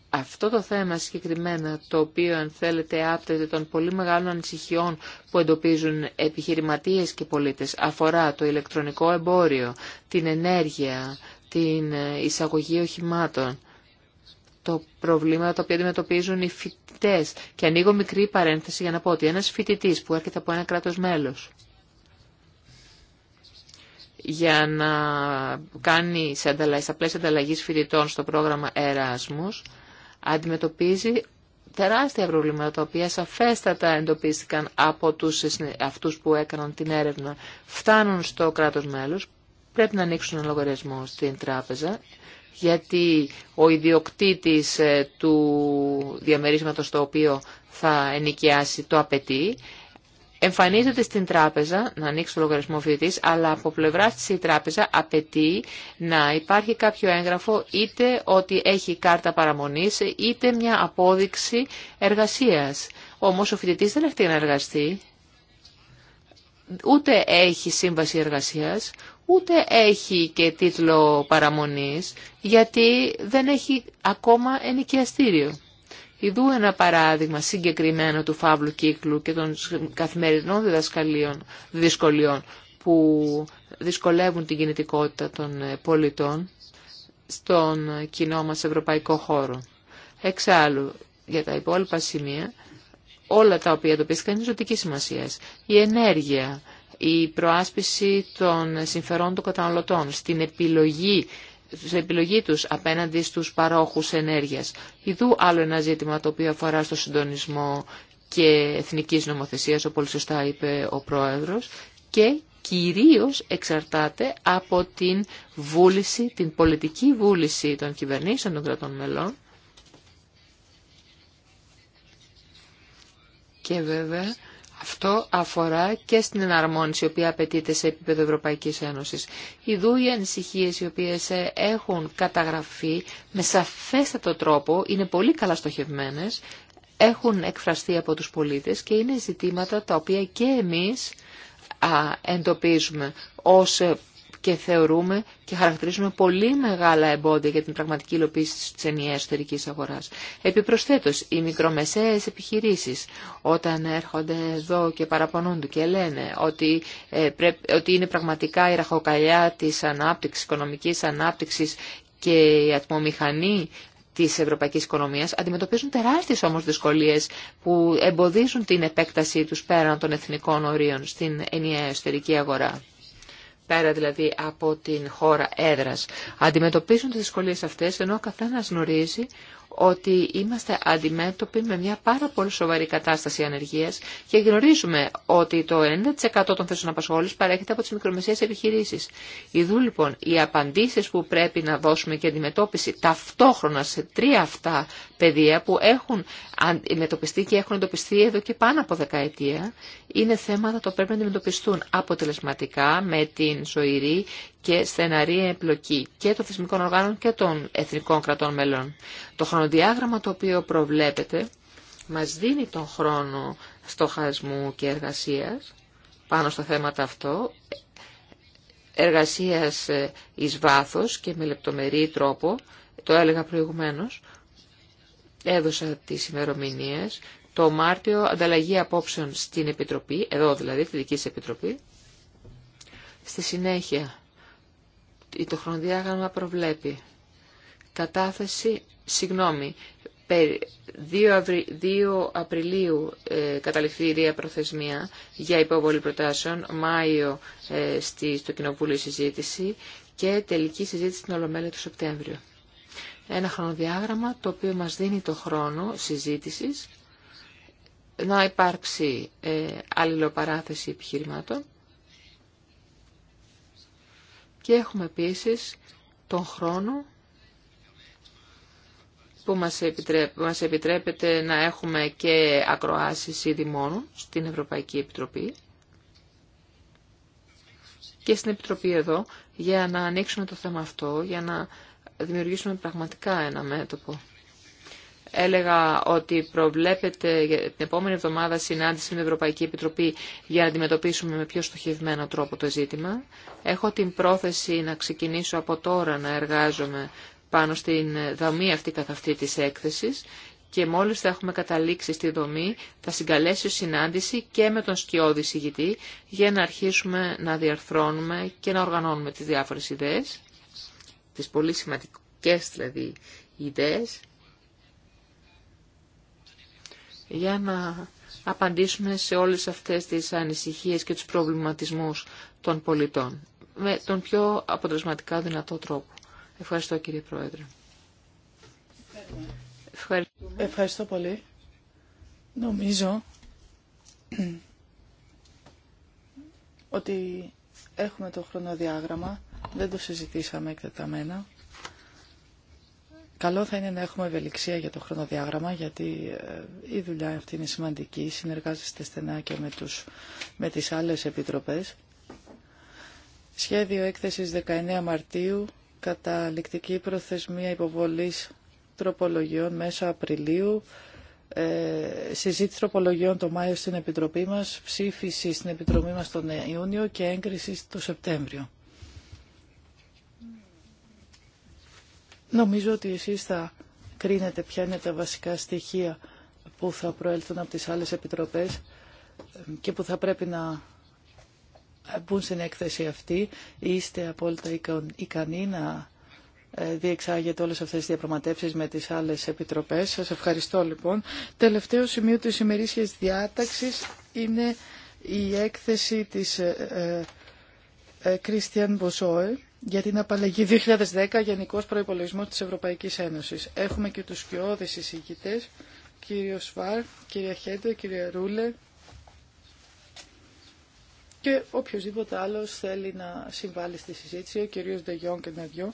Αυτό το θέμα συγκεκριμένα, το οποίο αν θέλετε άπτεται των πολύ μεγάλων ανησυχιών που εντοπίζουν επιχειρηματίες και πολίτες, αφορά το ηλεκτρονικό εμπόριο, την ενέργεια, την εισαγωγή οχημάτων, το προβλήμα το οποίο αντιμετωπίζουν οι φοιτητέ. Και ανοίγω μικρή παρένθεση για να πω ότι ένας φοιτητή που έρχεται από ένα κράτος μέλος για να κάνει σε ανταλλαγή, στα πλαίσια ανταλλαγή φοιτητών στο πρόγραμμα Εράσμους αντιμετωπίζει τεράστια προβλήματα τα οποία σαφέστατα εντοπίστηκαν από τους, αυτούς που έκαναν την έρευνα φτάνουν στο κράτος μέλος πρέπει να ανοίξουν ένα λογαριασμό στην τράπεζα γιατί ο ιδιοκτήτης ε, του διαμερίσματος το οποίο θα ενοικιάσει το απαιτεί εμφανίζεται στην τράπεζα να ανοίξει το λογαριασμό φοιτητή, αλλά από πλευρά τη η τράπεζα απαιτεί να υπάρχει κάποιο έγγραφο είτε ότι έχει κάρτα παραμονή είτε μια απόδειξη εργασία. Όμω ο φοιτητή δεν έχει να εργαστεί, ούτε έχει σύμβαση εργασία, ούτε έχει και τίτλο παραμονής, γιατί δεν έχει ακόμα ενοικιαστήριο. Ιδού ένα παράδειγμα συγκεκριμένο του φαύλου κύκλου και των καθημερινών διδασκαλίων δυσκολιών που δυσκολεύουν την κινητικότητα των ε, πολιτών στον ε, κοινό μας ευρωπαϊκό χώρο. Εξάλλου, για τα υπόλοιπα σημεία, όλα τα οποία εντοπίστηκαν είναι ζωτική σημασία. Η ενέργεια, η προάσπιση των συμφερών των καταναλωτών, στην επιλογή σε επιλογή τους απέναντι στους παρόχους ενέργειας. Ιδού άλλο ένα ζήτημα το οποίο αφορά στο συντονισμό και εθνικής νομοθεσίας, όπως πολύ σωστά είπε ο Πρόεδρος, και κυρίως εξαρτάται από την βούληση, την πολιτική βούληση των κυβερνήσεων των κρατών μελών και βέβαια αυτό αφορά και στην εναρμόνιση η οποία απαιτείται σε επίπεδο Ευρωπαϊκής Ένωσης. Ιδού οι ανησυχίες οι οποίες ε, έχουν καταγραφεί με σαφέστατο τρόπο, είναι πολύ καλά στοχευμένες, έχουν εκφραστεί από τους πολίτες και είναι ζητήματα τα οποία και εμείς α, εντοπίζουμε ως και θεωρούμε και χαρακτηρίζουμε πολύ μεγάλα εμπόδια για την πραγματική υλοποίηση της ενιαίας εσωτερική αγοράς. Επιπροσθέτως, οι μικρομεσαίες επιχειρήσεις όταν έρχονται εδώ και παραπονούνται και λένε ότι, ε, πρέπει, ότι είναι πραγματικά η ραχοκαλιά της ανάπτυξης, οικονομικής ανάπτυξης και η ατμομηχανή τη ευρωπαϊκή οικονομία αντιμετωπίζουν τεράστιε όμω δυσκολίε που εμποδίζουν την επέκτασή του πέραν των εθνικών ορίων στην ενιαία εσωτερική αγορά πέρα δηλαδή από την χώρα έδρας, αντιμετωπίζουν τις δυσκολίες αυτές ενώ ο καθένας γνωρίζει ότι είμαστε αντιμέτωποι με μια πάρα πολύ σοβαρή κατάσταση ανεργίας και γνωρίζουμε ότι το 90% των θέσεων απασχόλησης παρέχεται από τις μικρομεσαίες επιχειρήσεις. Ιδού λοιπόν οι απαντήσεις που πρέπει να δώσουμε και αντιμετώπιση ταυτόχρονα σε τρία αυτά πεδία που έχουν αντιμετωπιστεί και έχουν εντοπιστεί εδώ και πάνω από δεκαετία είναι θέματα που πρέπει να αντιμετωπιστούν αποτελεσματικά με την ζωηρή και στεναρή εμπλοκή και των θεσμικών οργάνων και των εθνικών κρατών μελών. Το χρονοδιάγραμμα το οποίο προβλέπεται μας δίνει τον χρόνο στοχασμού και εργασίας πάνω στα θέματα αυτό, εργασίας ε, εις βάθος και με λεπτομερή τρόπο, το έλεγα προηγουμένως, έδωσα τις ημερομηνίε. Το Μάρτιο ανταλλαγή απόψεων στην Επιτροπή, εδώ δηλαδή, τη δική Επιτροπή. Στη συνέχεια το χρονοδιάγραμμα προβλέπει κατάθεση, συγγνώμη, 2 Απριλίου ε, προθεσμία για υποβολή προτάσεων, Μάιο ε, στη, στο Κοινοβούλιο συζήτηση και τελική συζήτηση την Ολομέλεια του Σεπτέμβριο. Ένα χρονοδιάγραμμα το οποίο μας δίνει το χρόνο συζήτησης να υπάρξει ε, αλληλοπαράθεση επιχειρημάτων και έχουμε επίσης τον χρόνο που μας, επιτρέπεται να έχουμε και ακροάσεις ήδη μόνο στην Ευρωπαϊκή Επιτροπή και στην Επιτροπή εδώ για να ανοίξουμε το θέμα αυτό, για να δημιουργήσουμε πραγματικά ένα μέτωπο έλεγα ότι προβλέπεται την επόμενη εβδομάδα συνάντηση με την Ευρωπαϊκή Επιτροπή για να αντιμετωπίσουμε με πιο στοχευμένο τρόπο το ζήτημα. Έχω την πρόθεση να ξεκινήσω από τώρα να εργάζομαι πάνω στην δομή αυτή καθ' αυτή της έκθεσης και μόλις θα έχουμε καταλήξει στη δομή θα συγκαλέσω συνάντηση και με τον σκιώδη συγητή για να αρχίσουμε να διαρθρώνουμε και να οργανώνουμε τις διάφορες ιδέες, τις πολύ σημαντικές δηλαδή ιδέες για να απαντήσουμε σε όλες αυτές τις ανησυχίες και τους προβληματισμούς των πολιτών με τον πιο αποτελεσματικά δυνατό τρόπο. Ευχαριστώ κύριε Πρόεδρε. Ευχαριστώ πολύ. Νομίζω ότι έχουμε το χρονοδιάγραμμα, δεν το συζητήσαμε εκτεταμένα. Καλό θα είναι να έχουμε ευελιξία για το χρονοδιάγραμμα, γιατί ε, η δουλειά αυτή είναι σημαντική. Συνεργάζεστε στενά και με, τους, με τις άλλες επιτροπές. Σχέδιο έκθεσης 19 Μαρτίου, καταληκτική προθεσμία υποβολής τροπολογιών μέσα Απριλίου, ε, συζήτηση τροπολογιών το Μάιο στην Επιτροπή μας, ψήφιση στην Επιτροπή μας τον Ιούνιο και έγκριση το Σεπτέμβριο. Νομίζω ότι εσείς θα κρίνετε ποια είναι τα βασικά στοιχεία που θα προέλθουν από τις άλλες επιτροπές και που θα πρέπει να μπουν στην έκθεση αυτή. Είστε απόλυτα ικανοί να ε, διεξάγετε όλες αυτές τις διαπραγματεύσεις με τις άλλες επιτροπές. Σας ευχαριστώ λοιπόν. Τελευταίο σημείο της ημερήσιας διάταξης είναι η έκθεση της Κριστιαν Μποσόε. Ε, ε, για την απαλλαγή 2010 Γενικός Προϋπολογισμός της Ευρωπαϊκής Ένωσης. Έχουμε και τους πιο εισηγητές, κύριο Σβάρ, κυρία Χέντε, κύριε Ρούλε και οποιοδήποτε άλλος θέλει να συμβάλλει στη συζήτηση, ο κύριος Ντεγιόν και Ναδιό.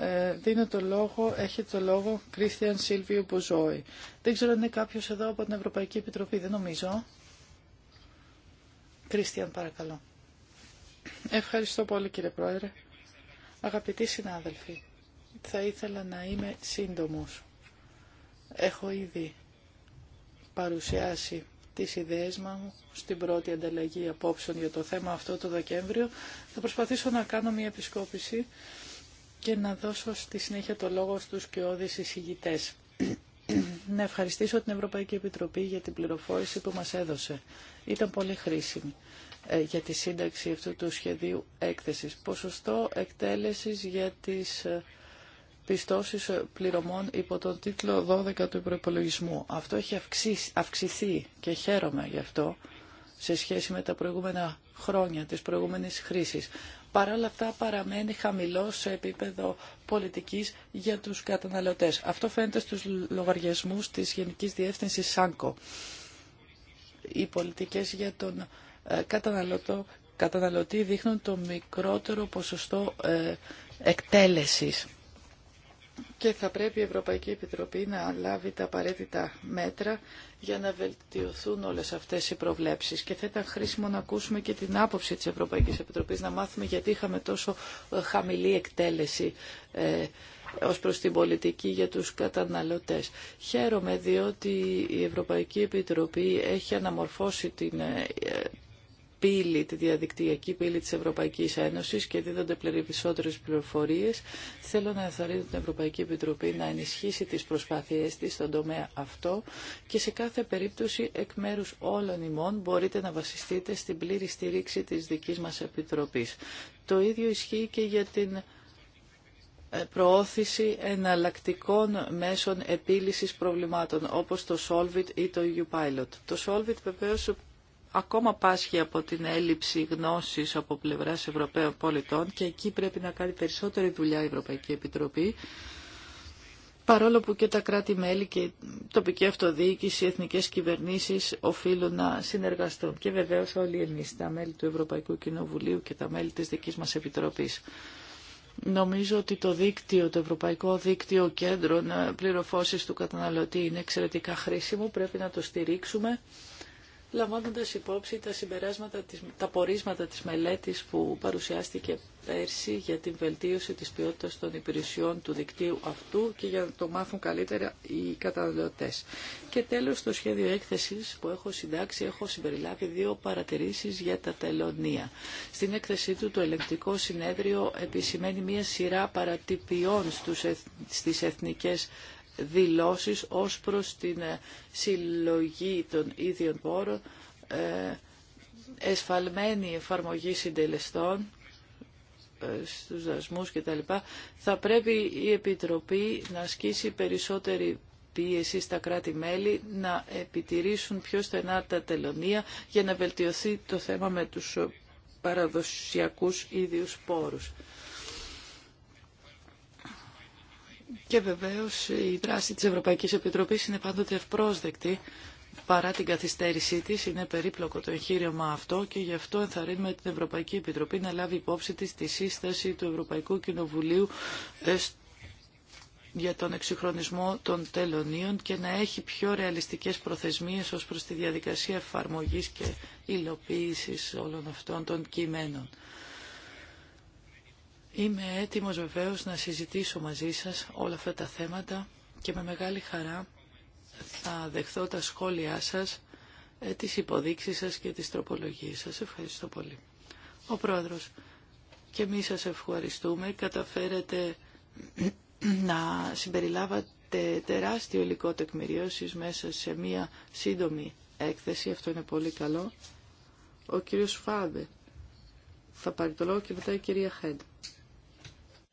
Ε, δίνω το λόγο, έχει το λόγο Κρίστιαν Σίλβιο Μποζόη. Δεν ξέρω αν είναι κάποιος εδώ από την Ευρωπαϊκή Επιτροπή, δεν νομίζω. Κρίστιαν παρακαλώ. Ευχαριστώ πολύ κύριε Πρόεδρε. Αγαπητοί συνάδελφοι, θα ήθελα να είμαι σύντομος. Έχω ήδη παρουσιάσει τις ιδέες μου στην πρώτη ανταλλαγή απόψεων για το θέμα αυτό το Δεκέμβριο. Θα προσπαθήσω να κάνω μια επισκόπηση και να δώσω στη συνέχεια το λόγο στους όδης εισηγητές. να ευχαριστήσω την Ευρωπαϊκή Επιτροπή για την πληροφόρηση που μας έδωσε. Ήταν πολύ χρήσιμη. Ε, για τη σύνταξη αυτού του σχεδίου έκθεσης. Ποσοστό εκτέλεσης για τις ε, πιστώσεις ε, πληρωμών υπό τον τίτλο 12 του προπολογισμού. Αυτό έχει αυξηθεί και χαίρομαι γι' αυτό σε σχέση με τα προηγούμενα χρόνια της προηγούμενης χρήσης. Παρ' όλα αυτά παραμένει χαμηλό σε επίπεδο πολιτικής για τους καταναλωτές. Αυτό φαίνεται στους λογαριασμούς της Γενικής Διεύθυνσης ΣΑΝΚΟ. Οι πολιτικές για τον ε, καταναλωτή δείχνουν το μικρότερο ποσοστό ε, εκτέλεσης. Και θα πρέπει η Ευρωπαϊκή Επιτροπή να λάβει τα απαραίτητα μέτρα για να βελτιωθούν όλες αυτές οι προβλέψεις. Και θα ήταν χρήσιμο να ακούσουμε και την άποψη της Ευρωπαϊκής Επιτροπής, να μάθουμε γιατί είχαμε τόσο ε, χαμηλή εκτέλεση ως προς την πολιτική για τους καταναλωτές. Χαίρομαι διότι η Ευρωπαϊκή Επιτροπή έχει αναμορφώσει την πύλη, τη διαδικτυακή πύλη της Ευρωπαϊκής Ένωσης και δίδονται περισσότερες πληροφορίες. Θέλω να ενθαρρύνω την Ευρωπαϊκή Επιτροπή να ενισχύσει τις προσπάθειές της στον τομέα αυτό και σε κάθε περίπτωση εκ μέρους όλων ημών μπορείτε να βασιστείτε στην πλήρη στηρίξη της δικής μας Επιτροπής. Το ίδιο ισχύει και για την ε, προώθηση εναλλακτικών μέσων επίλυσης προβλημάτων όπως το Solvit ή το EU Pilot. Το Solvit βεβαίως ακόμα πάσχει από την έλλειψη γνώσης από πλευράς Ευρωπαίων πολιτών και εκεί πρέπει να κάνει περισσότερη δουλειά η Ευρωπαϊκή Επιτροπή παρόλο που και τα κράτη-μέλη και η τοπική αυτοδιοίκηση, οι εθνικές κυβερνήσεις οφείλουν να συνεργαστούν. Και βεβαίως όλοι εμείς, τα μέλη του Ευρωπαϊκού Κοινοβουλίου και τα μέλη της δικής μας Επιτροπής. Νομίζω ότι το δίκτυο, το Ευρωπαϊκό Δίκτυο Κέντρων Πληροφόρησης του Καταναλωτή είναι εξαιρετικά χρήσιμο, πρέπει να το στηρίξουμε λαμβάνοντας υπόψη τα συμπεράσματα, τα πορίσματα της μελέτης που παρουσιάστηκε πέρσι για την βελτίωση της ποιότητας των υπηρεσιών του δικτύου αυτού και για να το μάθουν καλύτερα οι καταναλωτές. Και τέλος, στο σχέδιο έκθεσης που έχω συντάξει, έχω συμπεριλάβει δύο παρατηρήσεις για τα τελωνία. Στην έκθεσή του, το ελεγκτικό συνέδριο επισημαίνει μία σειρά παρατυπιών στους, στις εθνικές δηλώσεις ως προς την ε, συλλογή των ίδιων πόρων, ε, εσφαλμένη εφαρμογή συντελεστών ε, στους δασμούς κτλ. Θα πρέπει η Επιτροπή να ασκήσει περισσότερη πίεση στα κράτη-μέλη να επιτηρήσουν πιο στενά τα τελωνία για να βελτιωθεί το θέμα με τους παραδοσιακούς ίδιους πόρους. Και βεβαίως η δράση της Ευρωπαϊκής Επιτροπής είναι πάντοτε ευπρόσδεκτη παρά την καθυστέρησή της. Είναι περίπλοκο το εγχείρημα αυτό και γι' αυτό ενθαρρύνουμε την Ευρωπαϊκή Επιτροπή να λάβει υπόψη της τη σύσταση του Ευρωπαϊκού Κοινοβουλίου ε, για τον εξυγχρονισμό των τελωνίων και να έχει πιο ρεαλιστικές προθεσμίες ως προς τη διαδικασία εφαρμογής και υλοποίησης όλων αυτών των κειμένων. Είμαι έτοιμος βεβαίως να συζητήσω μαζί σας όλα αυτά τα θέματα και με μεγάλη χαρά θα δεχθώ τα σχόλιά σας, ε, τις υποδείξεις σας και τις τροπολογίες σας. Ευχαριστώ πολύ. Ο Πρόεδρος, και εμείς σας ευχαριστούμε. Καταφέρετε να συμπεριλάβατε τεράστιο υλικό τεκμηρίωσης μέσα σε μία σύντομη έκθεση. Αυτό είναι πολύ καλό. Ο κύριος Φάβε θα πάρει το λόγο και μετά η κυρία Χέντ.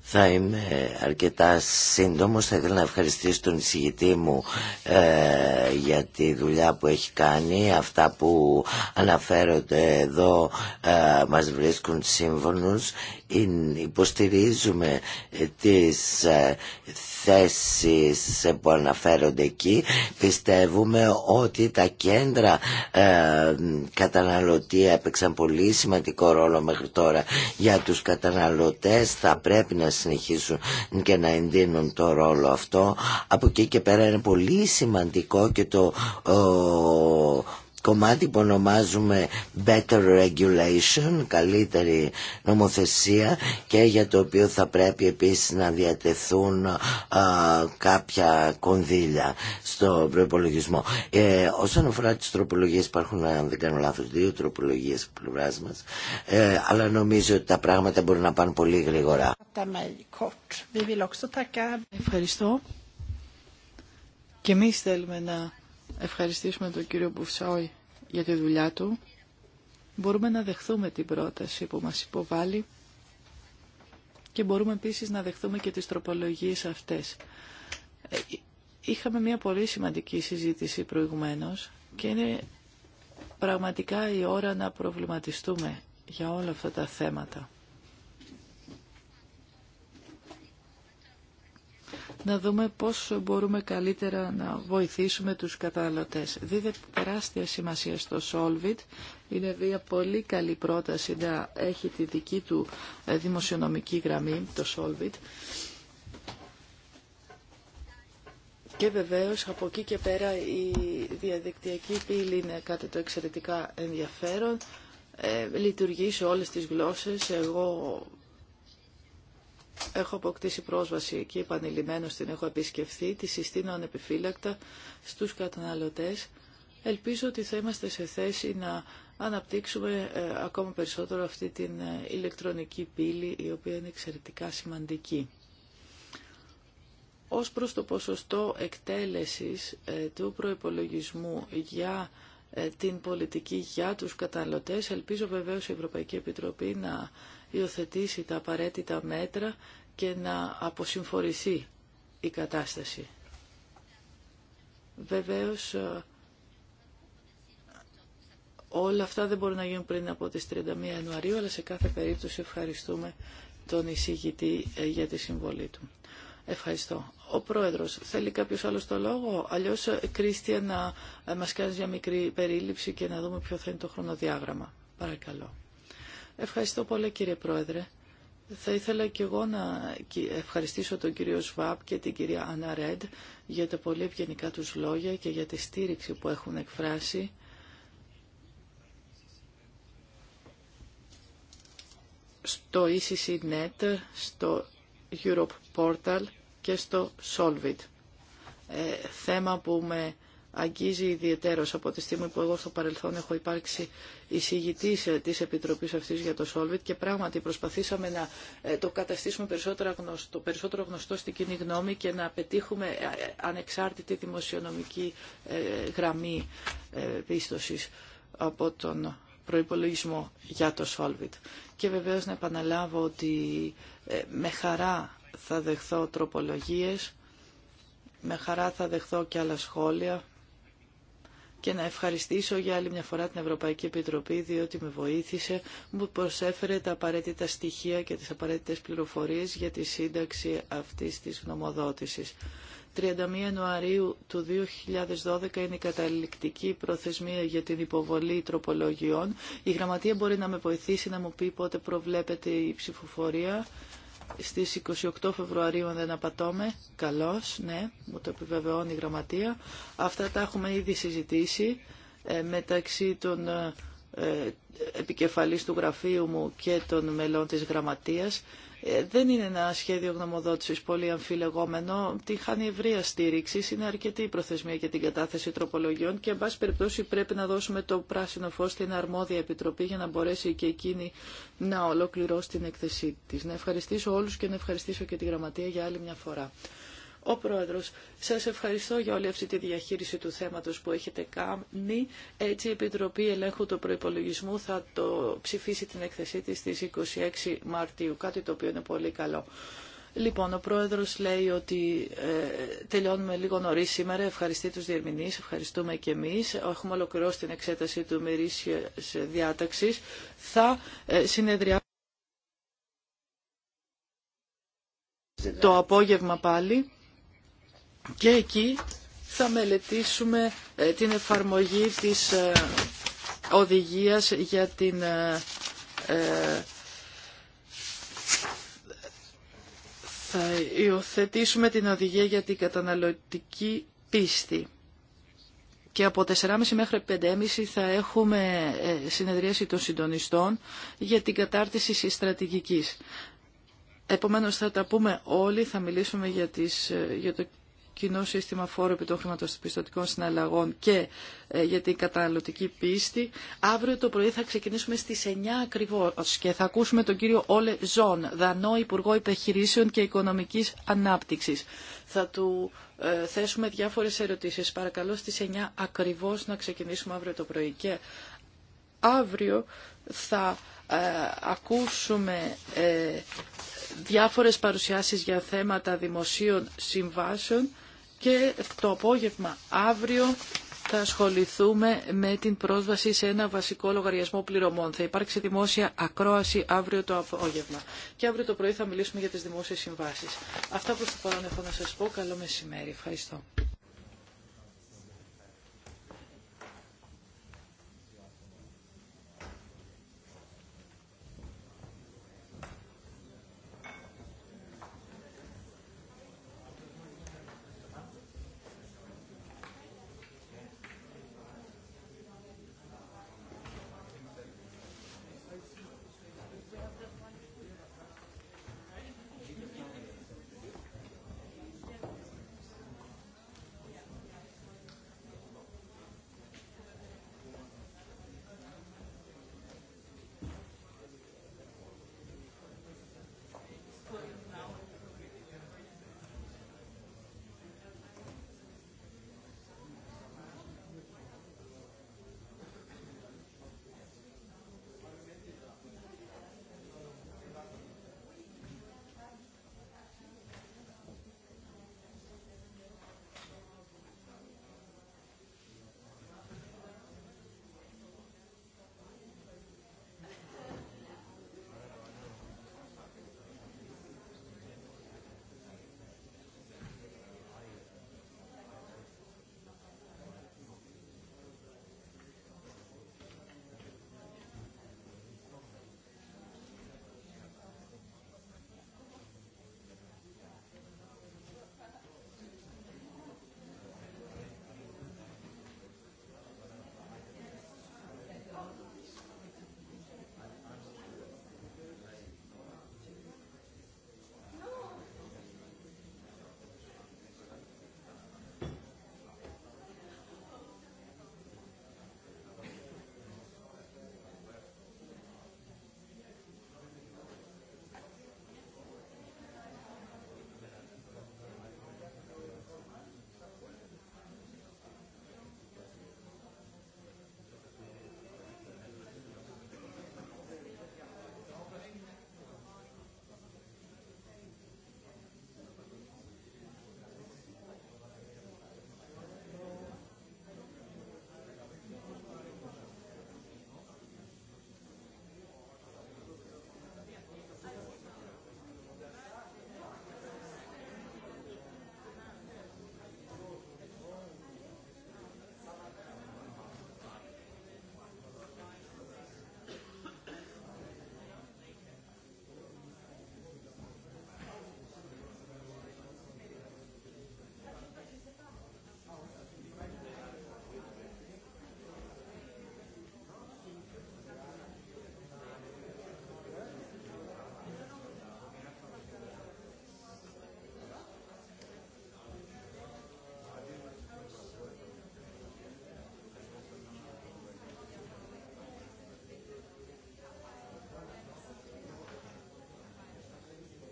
Θα είμαι αρκετά σύντομος. Θα ήθελα να ευχαριστήσω τον εισηγητή μου ε, για τη δουλειά που έχει κάνει. Αυτά που αναφέρονται εδώ ε, μας βρίσκουν σύμφωνους. Υποστηρίζουμε τις ε, θέσεις που αναφέρονται εκεί. Πιστεύουμε ότι τα κέντρα ε, καταναλωτή έπαιξαν πολύ σημαντικό ρόλο μέχρι τώρα για τους καταναλωτές. Θα πρέπει να συνεχίσουν και να ενδύνουν το ρόλο αυτό. Από εκεί και πέρα είναι πολύ σημαντικό και το κομμάτι που ονομάζουμε Better Regulation, καλύτερη νομοθεσία και για το οποίο θα πρέπει επίσης να διατεθούν α, κάποια κονδύλια στο προπολογισμό. Ε, όσον αφορά τις τροπολογίες υπάρχουν, αν δεν κάνω λάθος, δύο τροπολογίες από πλευρά μας, ε, αλλά νομίζω ότι τα πράγματα μπορούν να πάνε πολύ γρήγορα. Ευχαριστώ. Και εμεί θέλουμε να ευχαριστήσουμε τον κύριο Μπουφσόη για τη δουλειά του. Μπορούμε να δεχθούμε την πρόταση που μας υποβάλλει και μπορούμε επίσης να δεχθούμε και τις τροπολογίες αυτές. Ε, είχαμε μια πολύ σημαντική συζήτηση προηγουμένως και είναι πραγματικά η ώρα να προβληματιστούμε για όλα αυτά τα θέματα. να δούμε πώς μπορούμε καλύτερα να βοηθήσουμε τους καταναλωτές. Δίδεται τεράστια σημασία στο Solvit. Είναι μια πολύ καλή πρόταση να έχει τη δική του ε, δημοσιονομική γραμμή, το Solvit. Και βεβαίως από εκεί και πέρα η διαδικτυακή πύλη είναι κάτι το εξαιρετικά ενδιαφέρον. Ε, λειτουργεί σε όλες τις γλώσσες. Εγώ Έχω αποκτήσει πρόσβαση και επανειλημμένως την έχω επισκεφθεί, τη συστήνω ανεπιφύλακτα στους καταναλωτές. Ελπίζω ότι θα είμαστε σε θέση να αναπτύξουμε ε, ακόμα περισσότερο αυτή την ε, ηλεκτρονική πύλη η οποία είναι εξαιρετικά σημαντική. Ως προς το ποσοστό εκτέλεσης ε, του προϋπολογισμού για την πολιτική για τους καταναλωτές, ελπίζω βεβαίως η Ευρωπαϊκή Επιτροπή να υιοθετήσει τα απαραίτητα μέτρα και να αποσυμφορηθεί η κατάσταση. Βεβαίως, ε, όλα αυτά δεν μπορούν να γίνουν πριν από τις 31 Ιανουαρίου, αλλά σε κάθε περίπτωση ευχαριστούμε τον εισηγητή ε, για τη συμβολή του. Ευχαριστώ. Ο Πρόεδρος, θέλει κάποιος άλλος το λόγο, αλλιώς ε, Κρίστια να μας κάνει μια μικρή περίληψη και να δούμε ποιο θα είναι το χρονοδιάγραμμα. Παρακαλώ. Ευχαριστώ πολύ κύριε Πρόεδρε. Θα ήθελα και εγώ να ευχαριστήσω τον κύριο Σβάπ και την κυρία Άννα Ρέντ για τα πολύ ευγενικά τους λόγια και για τη στήριξη που έχουν εκφράσει. στο ECCNet, στο Europe Portal και στο Solvit. Ε, θέμα που με αγγίζει ιδιαιτέρως από τη στιγμή που εγώ στο παρελθόν έχω υπάρξει εισηγητής ε, της Επιτροπής αυτής για το Solvit και πράγματι προσπαθήσαμε να ε, το καταστήσουμε περισσότερο γνωστό, περισσότερο γνωστό στην κοινή γνώμη και να πετύχουμε ε, ανεξάρτητη δημοσιονομική γραμμή πίστοσης από τον προϋπολογισμό για το Solvit. Και βεβαίως να επαναλάβω ότι με χαρά θα δεχθώ τροπολογίες, με χαρά θα δεχθώ και άλλα σχόλια και να ευχαριστήσω για άλλη μια φορά την Ευρωπαϊκή Επιτροπή διότι με βοήθησε, μου προσέφερε τα απαραίτητα στοιχεία και τις απαραίτητες πληροφορίες για τη σύνταξη αυτής της γνωμοδότησης. 31 Ιανουαρίου του 2012 είναι η καταληκτική προθεσμία για την υποβολή τροπολογιών. Η Γραμματεία μπορεί να με βοηθήσει να μου πει πότε προβλέπεται η ψηφοφορία στις 28 Φεβρουαρίου, αν δεν απατώμε, καλώς, ναι, μου το επιβεβαιώνει η Γραμματεία. Αυτά τα έχουμε ήδη συζητήσει ε, μεταξύ των ε, ε, επικεφαλής του γραφείου μου και των μελών της Γραμματείας ε, δεν είναι ένα σχέδιο γνωμοδότησης πολύ αμφιλεγόμενο. Τη χάνει ευρεία στήριξη. Είναι αρκετή η προθεσμία για την κατάθεση τροπολογιών και, εν πάση περιπτώσει, πρέπει να δώσουμε το πράσινο φω στην αρμόδια επιτροπή για να μπορέσει και εκείνη να ολοκληρώσει την έκθεσή τη. Να ευχαριστήσω όλου και να ευχαριστήσω και τη Γραμματεία για άλλη μια φορά. Ο Πρόεδρος, σας ευχαριστώ για όλη αυτή τη διαχείριση του θέματος που έχετε κάνει. Έτσι η Επιτροπή Ελέγχου του Προϋπολογισμού θα το ψηφίσει την έκθεσή της στις 26 Μαρτίου, κάτι το οποίο είναι πολύ καλό. Λοιπόν, ο Πρόεδρος λέει ότι ε, τελειώνουμε λίγο νωρίς σήμερα. Ευχαριστεί τους διερμηνείς, ευχαριστούμε και εμείς. Έχουμε ολοκληρώσει την εξέταση του μερίσιας διάταξης. Θα ε, το απόγευμα πάλι και εκεί θα μελετήσουμε ε, την εφαρμογή της ε, οδηγίας για την ε, θα υιοθετήσουμε την οδηγία για την καταναλωτική πίστη. Και από 4.30 μέχρι 5.30 θα έχουμε συνεδρίαση των συντονιστών για την κατάρτιση της στρατηγικής. Επομένως θα τα πούμε όλοι, θα μιλήσουμε για, τις, για το κοινό σύστημα φόρου επί των χρηματοπιστωτικών συναλλαγών και ε, για την καταναλωτική πίστη. Αύριο το πρωί θα ξεκινήσουμε στις 9 ακριβώς και θα ακούσουμε τον κύριο Όλε Ζων, Δανό Υπουργό Υπεχειρήσεων και Οικονομικής Ανάπτυξης. Θα του ε, θέσουμε διάφορες ερωτήσεις. Παρακαλώ στις 9 ακριβώς να ξεκινήσουμε αύριο το πρωί. Και αύριο θα ε, ακούσουμε ε, διάφορες παρουσιάσεις για θέματα δημοσίων συμβάσεων και το απόγευμα αύριο θα ασχοληθούμε με την πρόσβαση σε ένα βασικό λογαριασμό πληρωμών. Θα υπάρξει δημόσια ακρόαση αύριο το απόγευμα. Και αύριο το πρωί θα μιλήσουμε για τις δημόσιες συμβάσεις. Αυτά προς το παρόν έχω να σας πω. Καλό μεσημέρι. Ευχαριστώ.